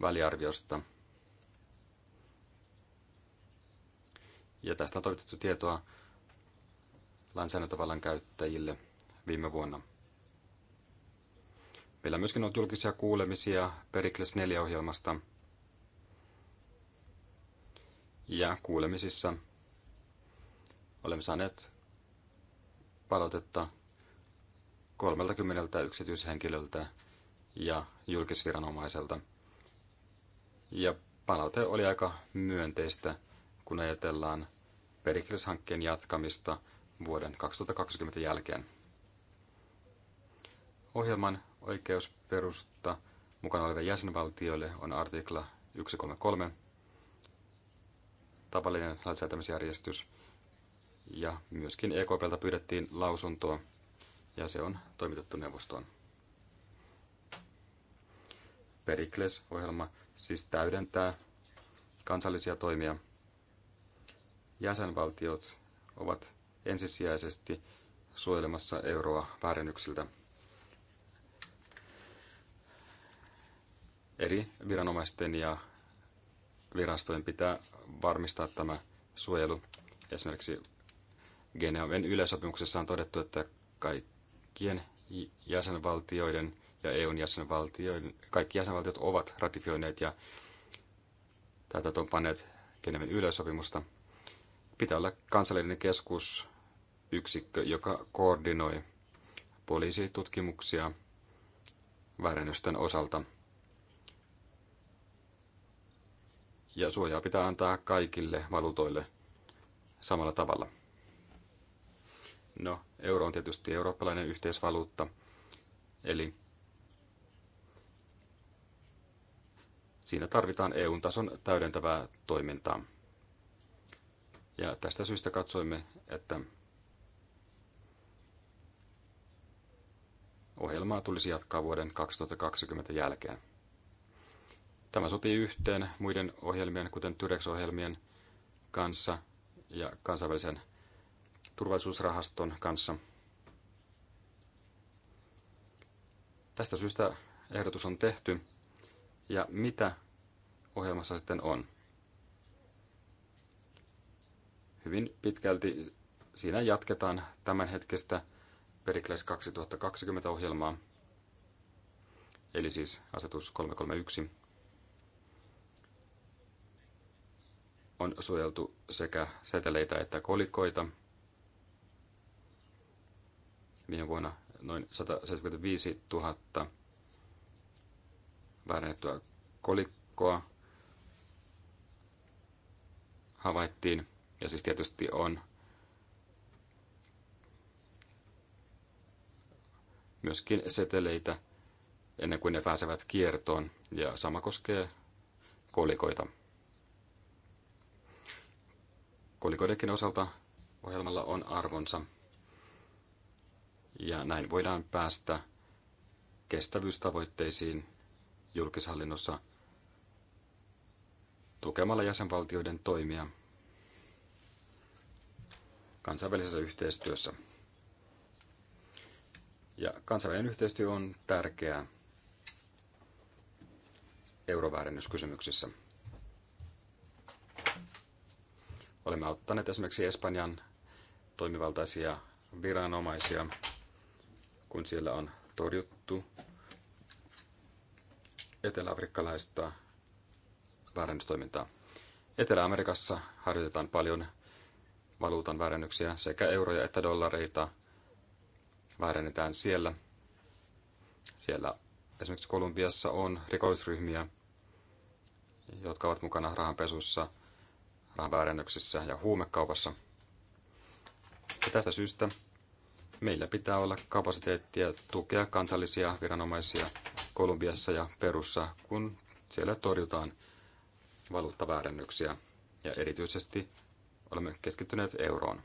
väliarviosta. Ja tästä on toimitettu tietoa lainsäädäntövallan käyttäjille viime vuonna. Meillä on myöskin on julkisia kuulemisia Perikles 4-ohjelmasta. Ja kuulemisissa olemme saaneet palautetta 30 yksityishenkilöltä ja julkisviranomaiselta. Ja palaute oli aika myönteistä, kun ajatellaan Perikles-hankkeen jatkamista vuoden 2020 jälkeen. Ohjelman oikeusperusta mukana oleville jäsenvaltioille on artikla 133, tavallinen lainsäätämisjärjestys, ja myöskin EKPltä pyydettiin lausuntoa – ja se on toimitettu neuvostoon. Perikles-ohjelma siis täydentää kansallisia toimia. Jäsenvaltiot ovat ensisijaisesti suojelemassa euroa väärennyksiltä. Eri viranomaisten ja virastojen pitää varmistaa tämä suojelu. Esimerkiksi Geneven yleisopimuksessa on todettu, että kaikki kaikkien jäsenvaltioiden ja EUn jäsenvaltioiden, kaikki jäsenvaltiot ovat ratifioineet ja tätä paneet Geneven yleissopimusta. Pitää olla kansallinen keskusyksikkö, joka koordinoi poliisitutkimuksia väärennösten osalta. Ja suojaa pitää antaa kaikille valuutoille samalla tavalla. No, Euro on tietysti eurooppalainen yhteisvaluutta, eli siinä tarvitaan EU-tason täydentävää toimintaa. Ja tästä syystä katsoimme, että ohjelmaa tulisi jatkaa vuoden 2020 jälkeen. Tämä sopii yhteen muiden ohjelmien, kuten Tyrex-ohjelmien kanssa ja kansainvälisen turvallisuusrahaston kanssa. Tästä syystä ehdotus on tehty ja mitä ohjelmassa sitten on. Hyvin pitkälti siinä jatketaan tämänhetkistä Pericles 2020 ohjelmaa, eli siis asetus 331. On suojeltu sekä seteleitä että kolikoita – viime vuonna noin 175 000 väärennettyä kolikkoa havaittiin. Ja siis tietysti on myöskin seteleitä ennen kuin ne pääsevät kiertoon. Ja sama koskee kolikoita. Kolikoidenkin osalta ohjelmalla on arvonsa ja näin voidaan päästä kestävyystavoitteisiin julkishallinnossa tukemalla jäsenvaltioiden toimia kansainvälisessä yhteistyössä. Ja kansainvälinen yhteistyö on tärkeää euroväärennyskysymyksissä. Olemme auttaneet esimerkiksi Espanjan toimivaltaisia viranomaisia kun siellä on torjuttu eteläafrikkalaista väärennystoimintaa. Etelä-Amerikassa harjoitetaan paljon valuutan väärennyksiä, sekä euroja että dollareita väärennetään siellä. Siellä esimerkiksi Kolumbiassa on rikollisryhmiä, jotka ovat mukana rahanpesussa, rahan ja huumekaupassa. Ja tästä syystä meillä pitää olla kapasiteettia tukea kansallisia viranomaisia Kolumbiassa ja Perussa, kun siellä torjutaan valuuttaväärännyksiä ja erityisesti olemme keskittyneet euroon.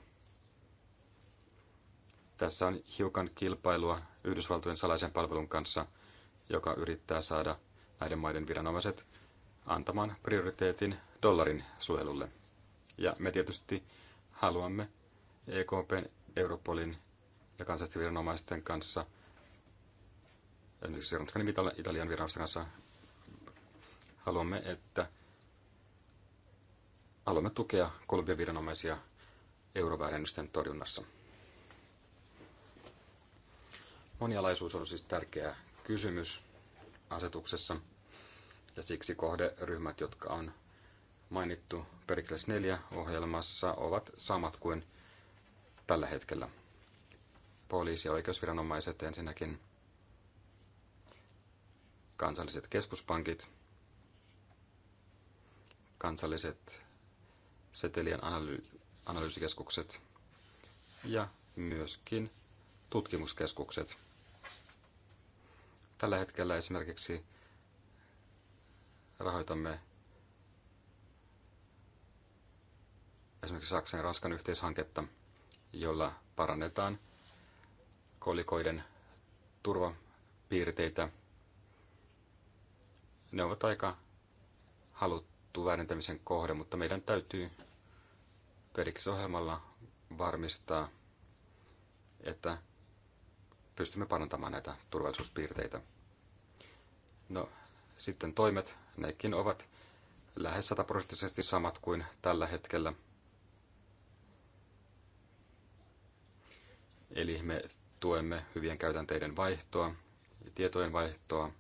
Tässä on hiukan kilpailua Yhdysvaltojen salaisen palvelun kanssa, joka yrittää saada näiden maiden viranomaiset antamaan prioriteetin dollarin suojelulle. Ja me tietysti haluamme EKPn, Europolin ja kansallisten viranomaisten kanssa, esimerkiksi Ranskan ja Italian viranomaisten kanssa, haluamme, että haluamme tukea Kolumbian viranomaisia euroväärennysten torjunnassa. Monialaisuus on siis tärkeä kysymys asetuksessa ja siksi kohderyhmät, jotka on mainittu Perikles 4 ohjelmassa, ovat samat kuin tällä hetkellä poliisi- ja oikeusviranomaiset ensinnäkin, kansalliset keskuspankit, kansalliset setelien analy- analyysikeskukset ja myöskin tutkimuskeskukset. Tällä hetkellä esimerkiksi rahoitamme esimerkiksi Saksan ja Ranskan yhteishanketta, jolla parannetaan – kolikoiden turvapiirteitä. Ne ovat aika haluttu väärentämisen kohde, mutta meidän täytyy periksi ohjelmalla varmistaa, että pystymme parantamaan näitä turvallisuuspiirteitä. No, sitten toimet, nekin ovat lähes sataprosenttisesti samat kuin tällä hetkellä. Eli me tuemme hyvien käytänteiden vaihtoa, tietojen vaihtoa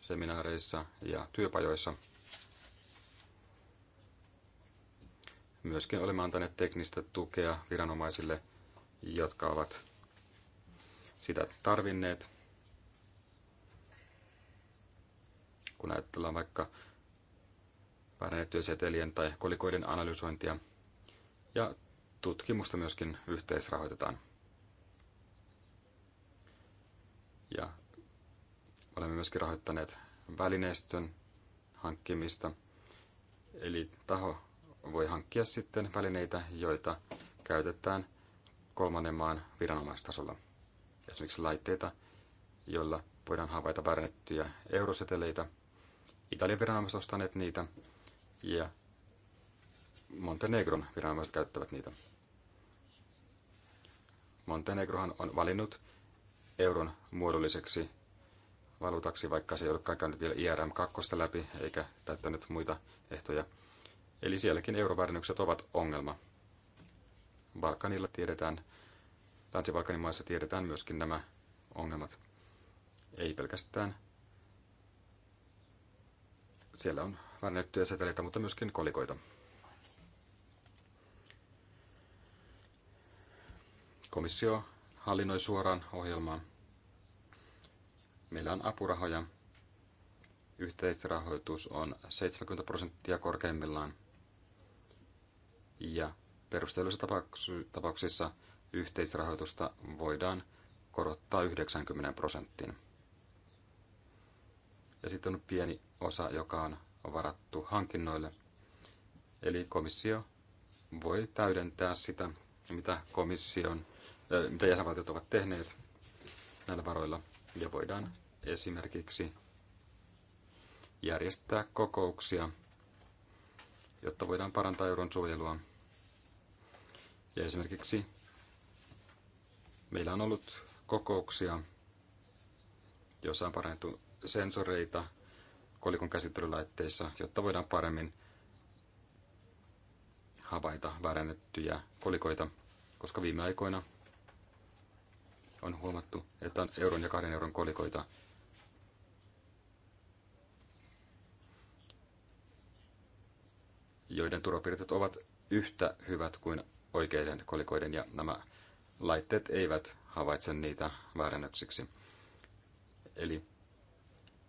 seminaareissa ja työpajoissa. Myöskin olemme antaneet teknistä tukea viranomaisille, jotka ovat sitä tarvinneet. Kun ajatellaan vaikka väärennettyjen setelien tai kolikoiden analysointia ja tutkimusta myöskin yhteisrahoitetaan. Ja olemme myöskin rahoittaneet välineistön hankkimista. Eli taho voi hankkia sitten välineitä, joita käytetään kolmannen maan viranomaistasolla. Esimerkiksi laitteita, joilla voidaan havaita väärennettyjä euroseteleitä. Italian viranomaiset ostaneet niitä ja Montenegron viranomaiset käyttävät niitä. Montenegrohan on valinnut euron muodolliseksi valuutaksi, vaikka se ei ollutkaan käynyt vielä IRM 2 läpi eikä täyttänyt muita ehtoja. Eli sielläkin euroväärennykset ovat ongelma. Balkanilla tiedetään, Länsi-Balkanin maissa tiedetään myöskin nämä ongelmat. Ei pelkästään siellä on väärennettyjä seteleitä, mutta myöskin kolikoita. Komissio hallinnoi suoraan ohjelmaan Meillä on apurahoja. Yhteisrahoitus on 70 prosenttia korkeimmillaan. Ja perusteellisissa tapauksissa yhteisrahoitusta voidaan korottaa 90 prosenttiin. Ja sitten on pieni osa, joka on varattu hankinnoille. Eli komissio voi täydentää sitä, mitä komission, äh, mitä jäsenvaltiot ovat tehneet näillä varoilla, ja voidaan esimerkiksi järjestää kokouksia, jotta voidaan parantaa euron suojelua. Ja esimerkiksi meillä on ollut kokouksia, joissa on parannettu sensoreita kolikon käsittelylaitteissa, jotta voidaan paremmin havaita väärännettyjä kolikoita, koska viime aikoina on huomattu, että on euron ja kahden euron kolikoita, joiden turvapiirteet ovat yhtä hyvät kuin oikeiden kolikoiden ja nämä laitteet eivät havaitse niitä väärännöksiksi. Eli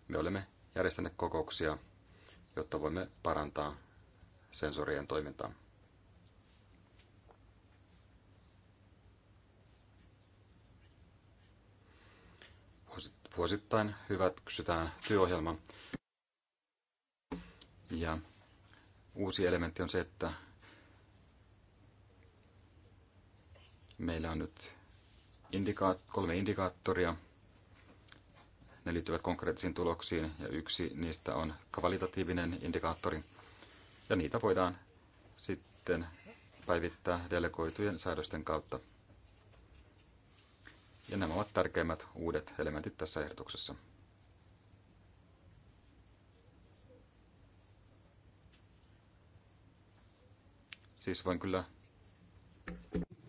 me olemme järjestäneet kokouksia, jotta voimme parantaa sensorien toimintaa. Vuosittain hyväksytään työohjelma ja uusi elementti on se, että meillä on nyt indikaat, kolme indikaattoria. Ne liittyvät konkreettisiin tuloksiin ja yksi niistä on kvalitatiivinen indikaattori. Ja niitä voidaan sitten päivittää delegoitujen säädösten kautta. Ja nämä ovat tärkeimmät uudet elementit tässä ehdotuksessa. Siis voin kyllä...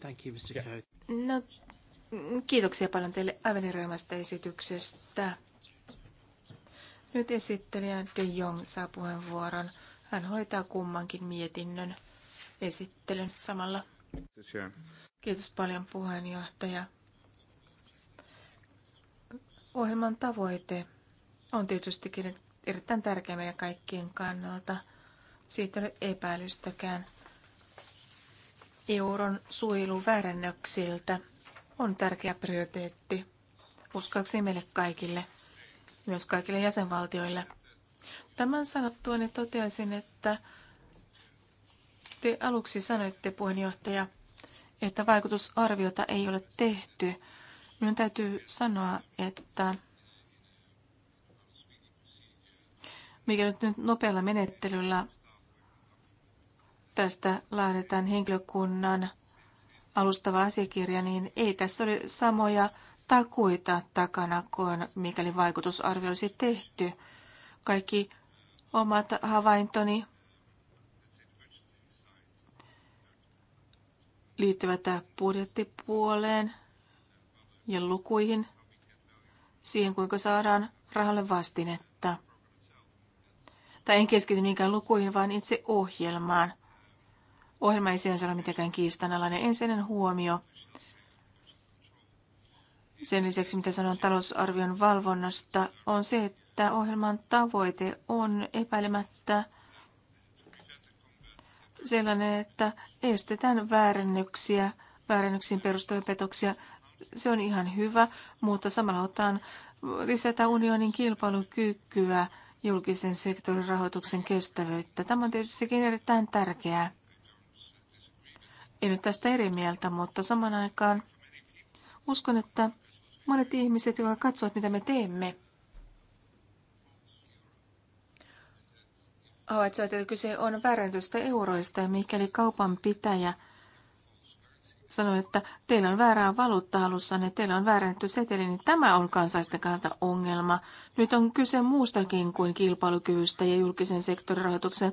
Thank you, Mr. Yeah. No, mm, kiitoksia paljon teille aivan erilaisesta esityksestä. Nyt esittelijä De Jong saa puheenvuoron. Hän hoitaa kummankin mietinnön esittelyn samalla. Kiitos paljon puheenjohtaja. Ohjelman tavoite on tietystikin erittäin tärkeä meidän kaikkien kannalta. Siitä ei ole epäilystäkään euron suojelu on tärkeä prioriteetti, uskoakseni meille kaikille, myös kaikille jäsenvaltioille. Tämän sanottua niin toteaisin, että te aluksi sanoitte, puheenjohtaja, että vaikutusarviota ei ole tehty. Minun täytyy sanoa, että mikä nyt, nyt nopealla menettelyllä tästä laaditaan henkilökunnan alustava asiakirja, niin ei tässä ole samoja takuita takana kuin mikäli vaikutusarvio olisi tehty. Kaikki omat havaintoni liittyvät budjettipuoleen ja lukuihin, siihen kuinka saadaan rahalle vastinetta. Tai en keskity niinkään lukuihin, vaan itse ohjelmaan – Ohjelma ei sinänsä ole mitenkään kiistanalainen. Ensinnäkin huomio. Sen lisäksi, mitä sanon talousarvion valvonnasta, on se, että ohjelman tavoite on epäilemättä sellainen, että estetään väärännyksiä, väärännyksiin perustuvia petoksia. Se on ihan hyvä, mutta samalla otetaan lisätä unionin kilpailukykyä, julkisen sektorin rahoituksen kestävyyttä. Tämä on tietysti erittäin tärkeää. En nyt tästä eri mieltä, mutta saman aikaan uskon, että monet ihmiset, jotka katsovat, mitä me teemme, havaitsevat, että kyse on väärentystä euroista, ja mikäli kaupan pitäjä sanoi, että teillä on väärää valuutta niin teillä on väärennetty seteli, niin tämä on kansalaisten kannalta ongelma. Nyt on kyse muustakin kuin kilpailukyvystä ja julkisen sektorin rahoituksen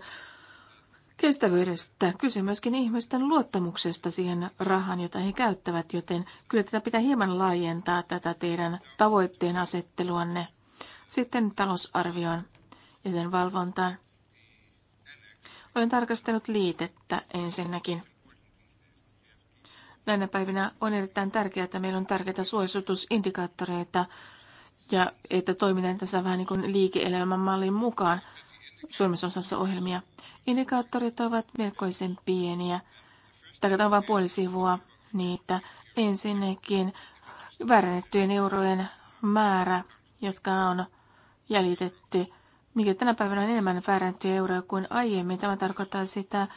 kestävyydestä. Kyse myöskin ihmisten luottamuksesta siihen rahan, jota he käyttävät, joten kyllä tätä pitää hieman laajentaa tätä teidän tavoitteen asetteluanne. Sitten talousarvioon ja sen valvontaan. Olen tarkastellut liitettä ensinnäkin. Näinä päivinä on erittäin tärkeää, että meillä on tärkeitä suositusindikaattoreita ja että toimitaan tässä vähän niin kuin liike-elämän mallin mukaan suurimmassa osassa ohjelmia. Indikaattorit ovat melkoisen pieniä, tai on vain puoli sivua niitä. Ensinnäkin väärännettyjen eurojen määrä, jotka on jäljitetty, mikä tänä päivänä on enemmän väärännettyjä euroja kuin aiemmin. Tämä tarkoittaa sitä,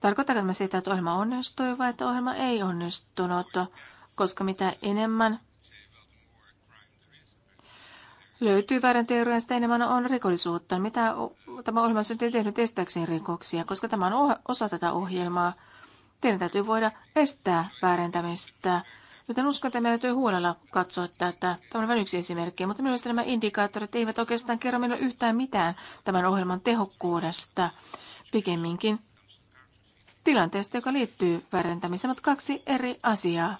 tarkoittaa, tämä sitä, että ohjelma onnistui vai että ohjelma ei onnistunut, koska mitä enemmän löytyy väärentöjä sitä enemmän on rikollisuutta. Mitä tämä ohjelma on tehnyt estääkseen rikoksia, koska tämä on osa tätä ohjelmaa. Teidän täytyy voida estää väärentämistä. Joten uskon, että meidän täytyy huolella katsoa tätä. Tämä on vain yksi esimerkki, mutta mielestäni nämä indikaattorit eivät oikeastaan kerro minulle yhtään mitään tämän ohjelman tehokkuudesta. Pikemminkin tilanteesta, joka liittyy väärentämiseen, mutta kaksi eri asiaa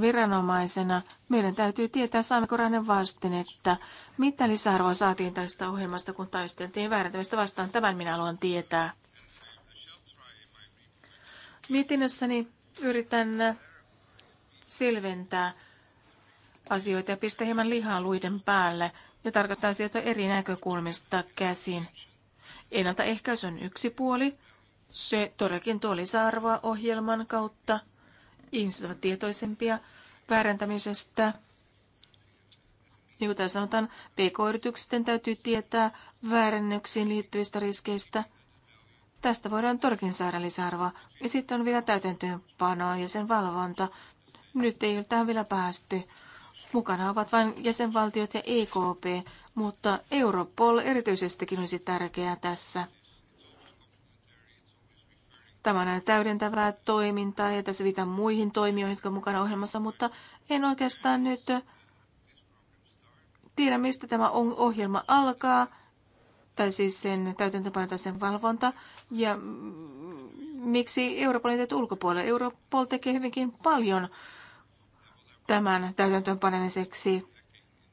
viranomaisena. meidän täytyy tietää, saammeko rahan vastinetta. Mitä lisäarvoa saatiin tästä ohjelmasta, kun taisteltiin väärätämistä vastaan? Tämän minä haluan tietää. Mietinnössäni yritän selventää asioita ja pistää hieman lihaa luiden päälle ja tarkastaa sieltä eri näkökulmista käsin. Ennaltaehkäisy on yksi puoli. Se todellakin tuo lisäarvoa ohjelman kautta – Ihmiset ovat tietoisempia väärentämisestä. Niin kuin täällä sanotaan, PK-yritysten täytyy tietää väärennyksiin liittyvistä riskeistä. Tästä voidaan torkin saada lisäarvoa. Ja sitten on vielä täytäntöönpanoa ja sen valvonta. Nyt ei ole tähän vielä päästy. Mukana ovat vain jäsenvaltiot ja EKP, mutta Europol erityisestikin olisi tärkeää tässä. Tämä on aina täydentävää toimintaa ja tässä viitan muihin toimijoihin, jotka mukana ohjelmassa, mutta en oikeastaan nyt tiedä, mistä tämä ohjelma alkaa, tai siis sen täytäntöpano tai sen valvonta, ja miksi Europol on ulkopuolelle. Europol tekee hyvinkin paljon tämän täytäntöönpanemiseksi,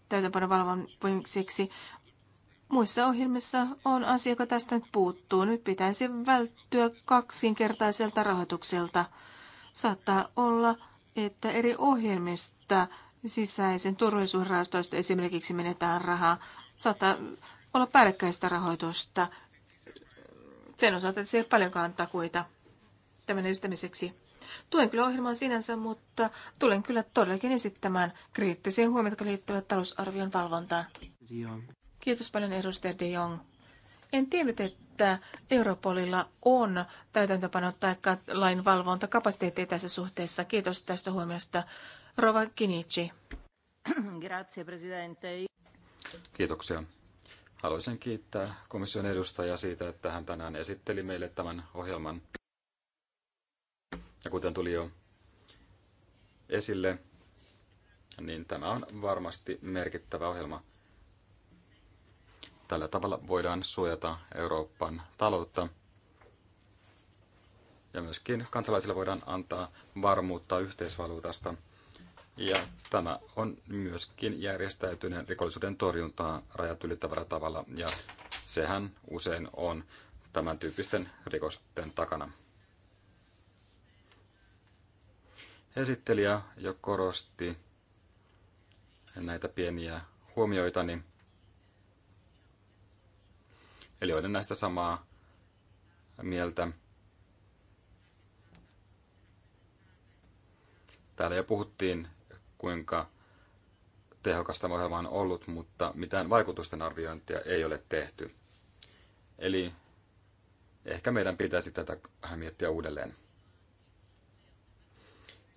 täytäntöönpanon valvomiseksi. Muissa ohjelmissa on asia, joka tästä nyt puuttuu. Nyt pitäisi välttyä kaksinkertaiselta rahoitukselta. Saattaa olla, että eri ohjelmista sisäisen turvallisuusrahastoista esimerkiksi menetään rahaa. Saattaa olla päällekkäistä rahoitusta. Sen osalta, että se ei ole paljonkaan takuita tämän edistämiseksi. Tuen kyllä ohjelmaa sinänsä, mutta tulen kyllä todellakin esittämään kriittisiä huomioita, jotka liittyvät talousarvion valvontaan. Kiitos paljon edustaja De Jong. En tiennyt, että Europolilla on täytäntöpano tai lainvalvontakapasiteettia tässä suhteessa. Kiitos tästä huomiosta. Rova Kinici. Grazie, presidente. Kiitoksia. Haluaisin kiittää komission edustajaa siitä, että hän tänään esitteli meille tämän ohjelman. Ja kuten tuli jo esille, niin tämä on varmasti merkittävä ohjelma Tällä tavalla voidaan suojata Euroopan taloutta ja myöskin kansalaisille voidaan antaa varmuutta yhteisvaluutasta. Ja tämä on myöskin järjestäytyneen rikollisuuden torjuntaa rajat ylittävällä tavalla ja sehän usein on tämän tyyppisten rikosten takana. Esittelijä jo korosti näitä pieniä huomioitani. Niin Eli olen näistä samaa mieltä. Täällä jo puhuttiin, kuinka tehokas tämä ohjelma on ollut, mutta mitään vaikutusten arviointia ei ole tehty. Eli ehkä meidän pitäisi tätä miettiä uudelleen.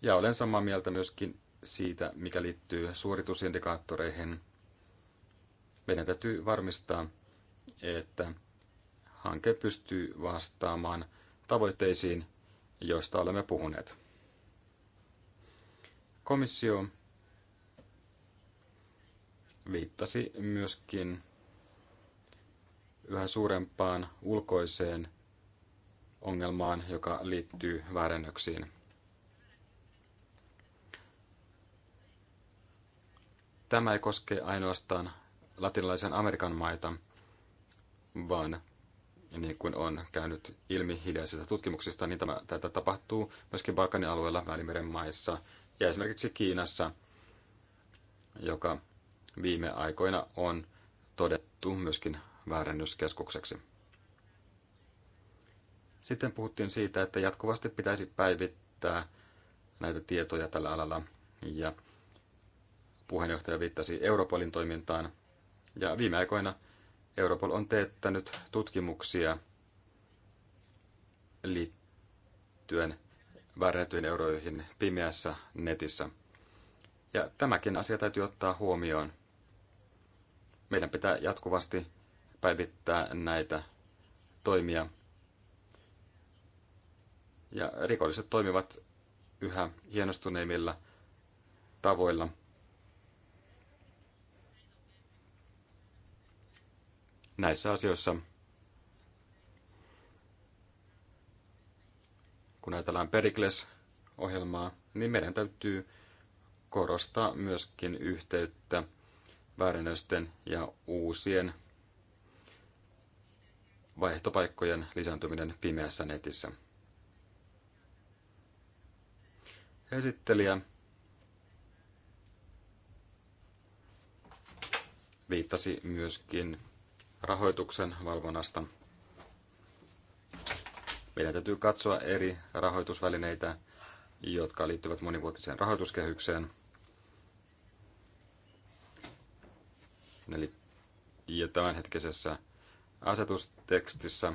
Ja olen samaa mieltä myöskin siitä, mikä liittyy suoritusindikaattoreihin. Meidän täytyy varmistaa, että hanke pystyy vastaamaan tavoitteisiin, joista olemme puhuneet. Komissio viittasi myöskin yhä suurempaan ulkoiseen ongelmaan, joka liittyy väärennöksiin. Tämä ei koske ainoastaan latinalaisen Amerikan maita – vaan niin kuin on käynyt ilmi hiljaisista tutkimuksista, niin tämä, tätä tapahtuu myöskin Balkanin alueella, Välimeren maissa ja esimerkiksi Kiinassa, joka viime aikoina on todettu myöskin väärännyskeskukseksi. Sitten puhuttiin siitä, että jatkuvasti pitäisi päivittää näitä tietoja tällä alalla ja puheenjohtaja viittasi Europolin toimintaan ja viime aikoina – Europol on teettänyt tutkimuksia liittyen väärennettyihin euroihin pimeässä netissä. Ja tämäkin asia täytyy ottaa huomioon. Meidän pitää jatkuvasti päivittää näitä toimia. Ja rikolliset toimivat yhä hienostuneimmilla tavoilla – näissä asioissa, kun ajatellaan Perikles-ohjelmaa, niin meidän täytyy korostaa myöskin yhteyttä väärinöisten ja uusien vaihtopaikkojen lisääntyminen pimeässä netissä. Esittelijä viittasi myöskin rahoituksen valvonnasta. Meidän täytyy katsoa eri rahoitusvälineitä, jotka liittyvät monivuotiseen rahoituskehykseen. Eli ja tämänhetkisessä asetustekstissä.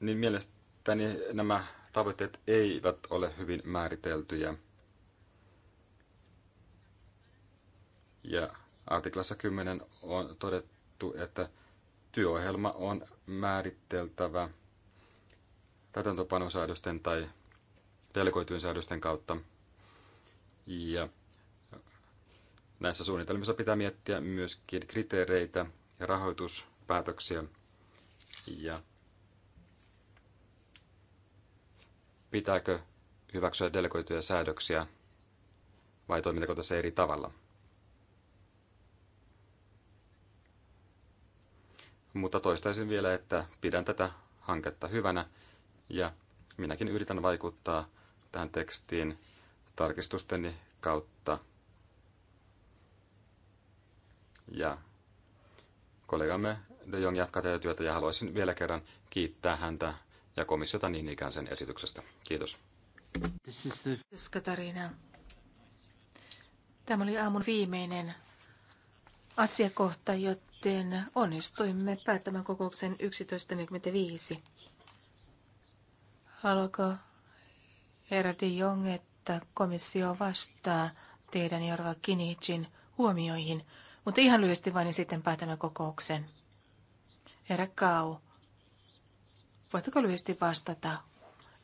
Niin mielestäni nämä tavoitteet eivät ole hyvin määriteltyjä. Ja artiklassa 10 on todettu, että työohjelma on määriteltävä täytäntöpanosäädösten tai delegoitujen säädösten kautta. Ja näissä suunnitelmissa pitää miettiä myöskin kriteereitä ja rahoituspäätöksiä. Ja pitääkö hyväksyä delegoituja säädöksiä vai toimitako tässä eri tavalla? Mutta toistaisin vielä, että pidän tätä hanketta hyvänä ja minäkin yritän vaikuttaa tähän tekstiin tarkistusteni kautta. Ja kollegamme De Jong jatkaa tätä työtä ja haluaisin vielä kerran kiittää häntä ja komissiota niin ikään sen esityksestä. Kiitos. This is the... Katarina. Tämä oli aamun viimeinen asiakohta, joten onnistuimme päättämään kokouksen 11.45. Haluaako herra de Jong, että komissio vastaa teidän Jorva Kinichin huomioihin, mutta ihan lyhyesti vain sitten päätämme kokouksen. Herra Kau, voitteko lyhyesti vastata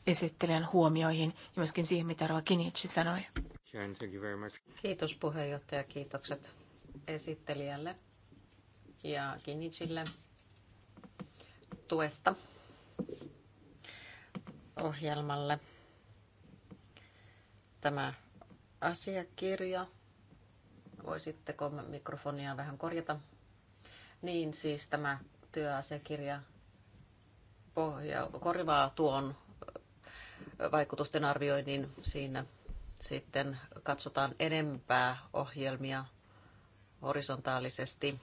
esittelijän huomioihin ja myöskin siihen, mitä Rova Kinichi sanoi? Kiitos puheenjohtaja, kiitokset esittelijälle ja Kinichille tuesta ohjelmalle. Tämä asiakirja, voisitteko mikrofonia vähän korjata? Niin siis tämä työasiakirja pohja, korvaa tuon vaikutusten arvioinnin. Siinä sitten katsotaan enempää ohjelmia horisontaalisesti.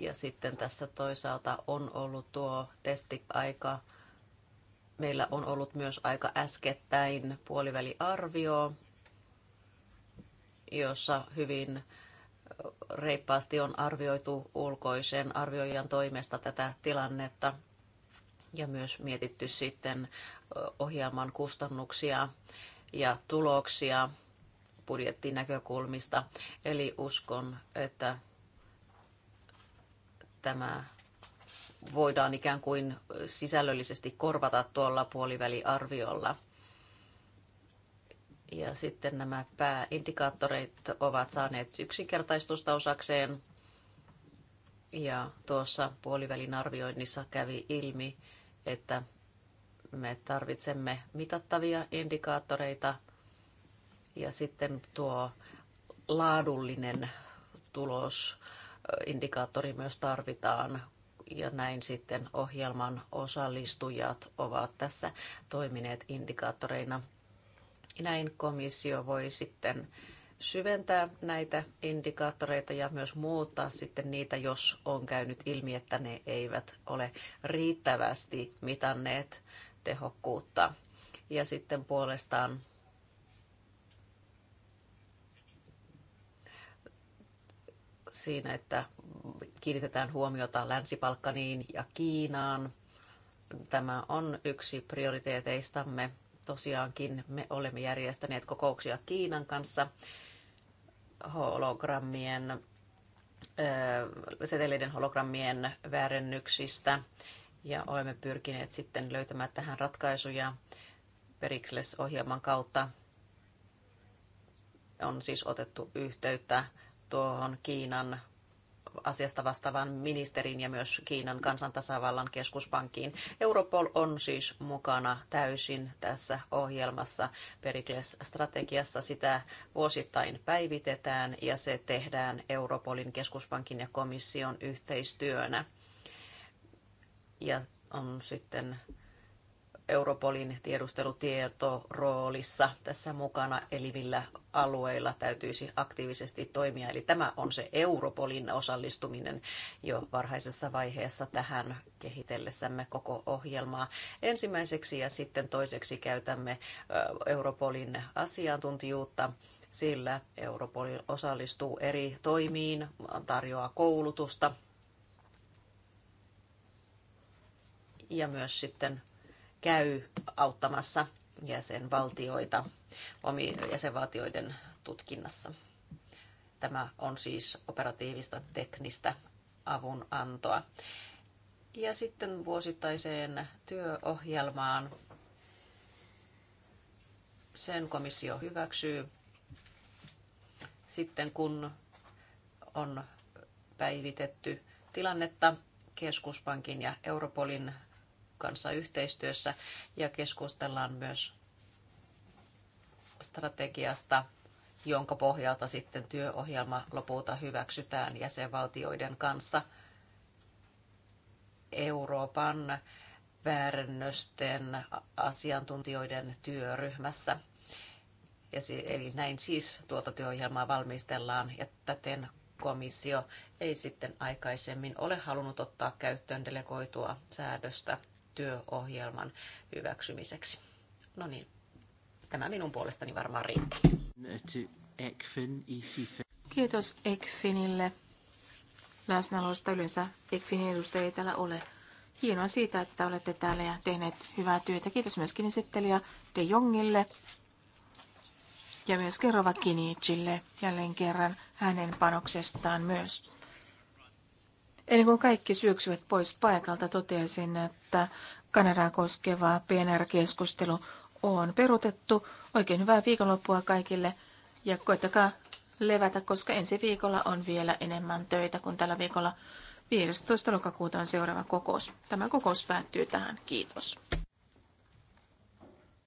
Ja sitten tässä toisaalta on ollut tuo testiaika. Meillä on ollut myös aika äskettäin puoliväliarvio, jossa hyvin reippaasti on arvioitu ulkoisen arvioijan toimesta tätä tilannetta ja myös mietitty sitten ohjaamaan kustannuksia ja tuloksia budjettinäkökulmista. Eli uskon, että tämä voidaan ikään kuin sisällöllisesti korvata tuolla puoliväliarviolla. Ja sitten nämä pääindikaattoreit ovat saaneet yksinkertaistusta osakseen. Ja tuossa puolivälin arvioinnissa kävi ilmi, että me tarvitsemme mitattavia indikaattoreita ja sitten tuo laadullinen tulosindikaattori myös tarvitaan, ja näin sitten ohjelman osallistujat ovat tässä toimineet indikaattoreina. Näin komissio voi sitten syventää näitä indikaattoreita ja myös muuttaa sitten niitä, jos on käynyt ilmi, että ne eivät ole riittävästi mitanneet tehokkuutta. Ja sitten puolestaan siinä, että kiinnitetään huomiota Länsi-Balkaniin ja Kiinaan. Tämä on yksi prioriteeteistamme. Tosiaankin me olemme järjestäneet kokouksia Kiinan kanssa hologrammien, seteleiden hologrammien väärennyksistä ja olemme pyrkineet sitten löytämään tähän ratkaisuja Perikles-ohjelman kautta on siis otettu yhteyttä tuohon Kiinan asiasta vastaavan ministerin ja myös Kiinan kansantasavallan keskuspankkiin. Europol on siis mukana täysin tässä ohjelmassa Pericles-strategiassa. Sitä vuosittain päivitetään ja se tehdään Europolin keskuspankin ja komission yhteistyönä. Ja on sitten Europolin tiedustelutietoroolissa tässä mukana, eli millä alueilla täytyisi aktiivisesti toimia. Eli tämä on se Europolin osallistuminen jo varhaisessa vaiheessa tähän kehitellessämme koko ohjelmaa. Ensimmäiseksi ja sitten toiseksi käytämme Europolin asiantuntijuutta sillä Europol osallistuu eri toimiin, tarjoaa koulutusta ja myös sitten käy auttamassa jäsenvaltioita omien jäsenvaltioiden tutkinnassa. Tämä on siis operatiivista teknistä avunantoa. Ja sitten vuosittaiseen työohjelmaan. Sen komissio hyväksyy sitten kun on päivitetty tilannetta keskuspankin ja Europolin kanssa yhteistyössä ja keskustellaan myös strategiasta, jonka pohjalta sitten työohjelma lopulta hyväksytään jäsenvaltioiden kanssa Euroopan väärännösten asiantuntijoiden työryhmässä. Ja eli näin siis tuota työohjelmaa valmistellaan ja täten komissio ei sitten aikaisemmin ole halunnut ottaa käyttöön delegoitua säädöstä työohjelman hyväksymiseksi. No niin, tämä minun puolestani varmaan riittää. Kiitos ECFINille. Läsnäolosta yleensä ECFINin edustajia ei täällä ole. Hienoa siitä, että olette täällä ja tehneet hyvää työtä. Kiitos myöskin esittelijä De Jongille ja myös Kerova Kinichille jälleen kerran hänen panoksestaan myös. Ennen kuin kaikki syöksyvät pois paikalta, toteaisin, että Kanadaa koskeva PNR-keskustelu on perutettu. Oikein hyvää viikonloppua kaikille ja koittakaa levätä, koska ensi viikolla on vielä enemmän töitä kuin tällä viikolla. 15. lokakuuta on seuraava kokous. Tämä kokous päättyy tähän. Kiitos.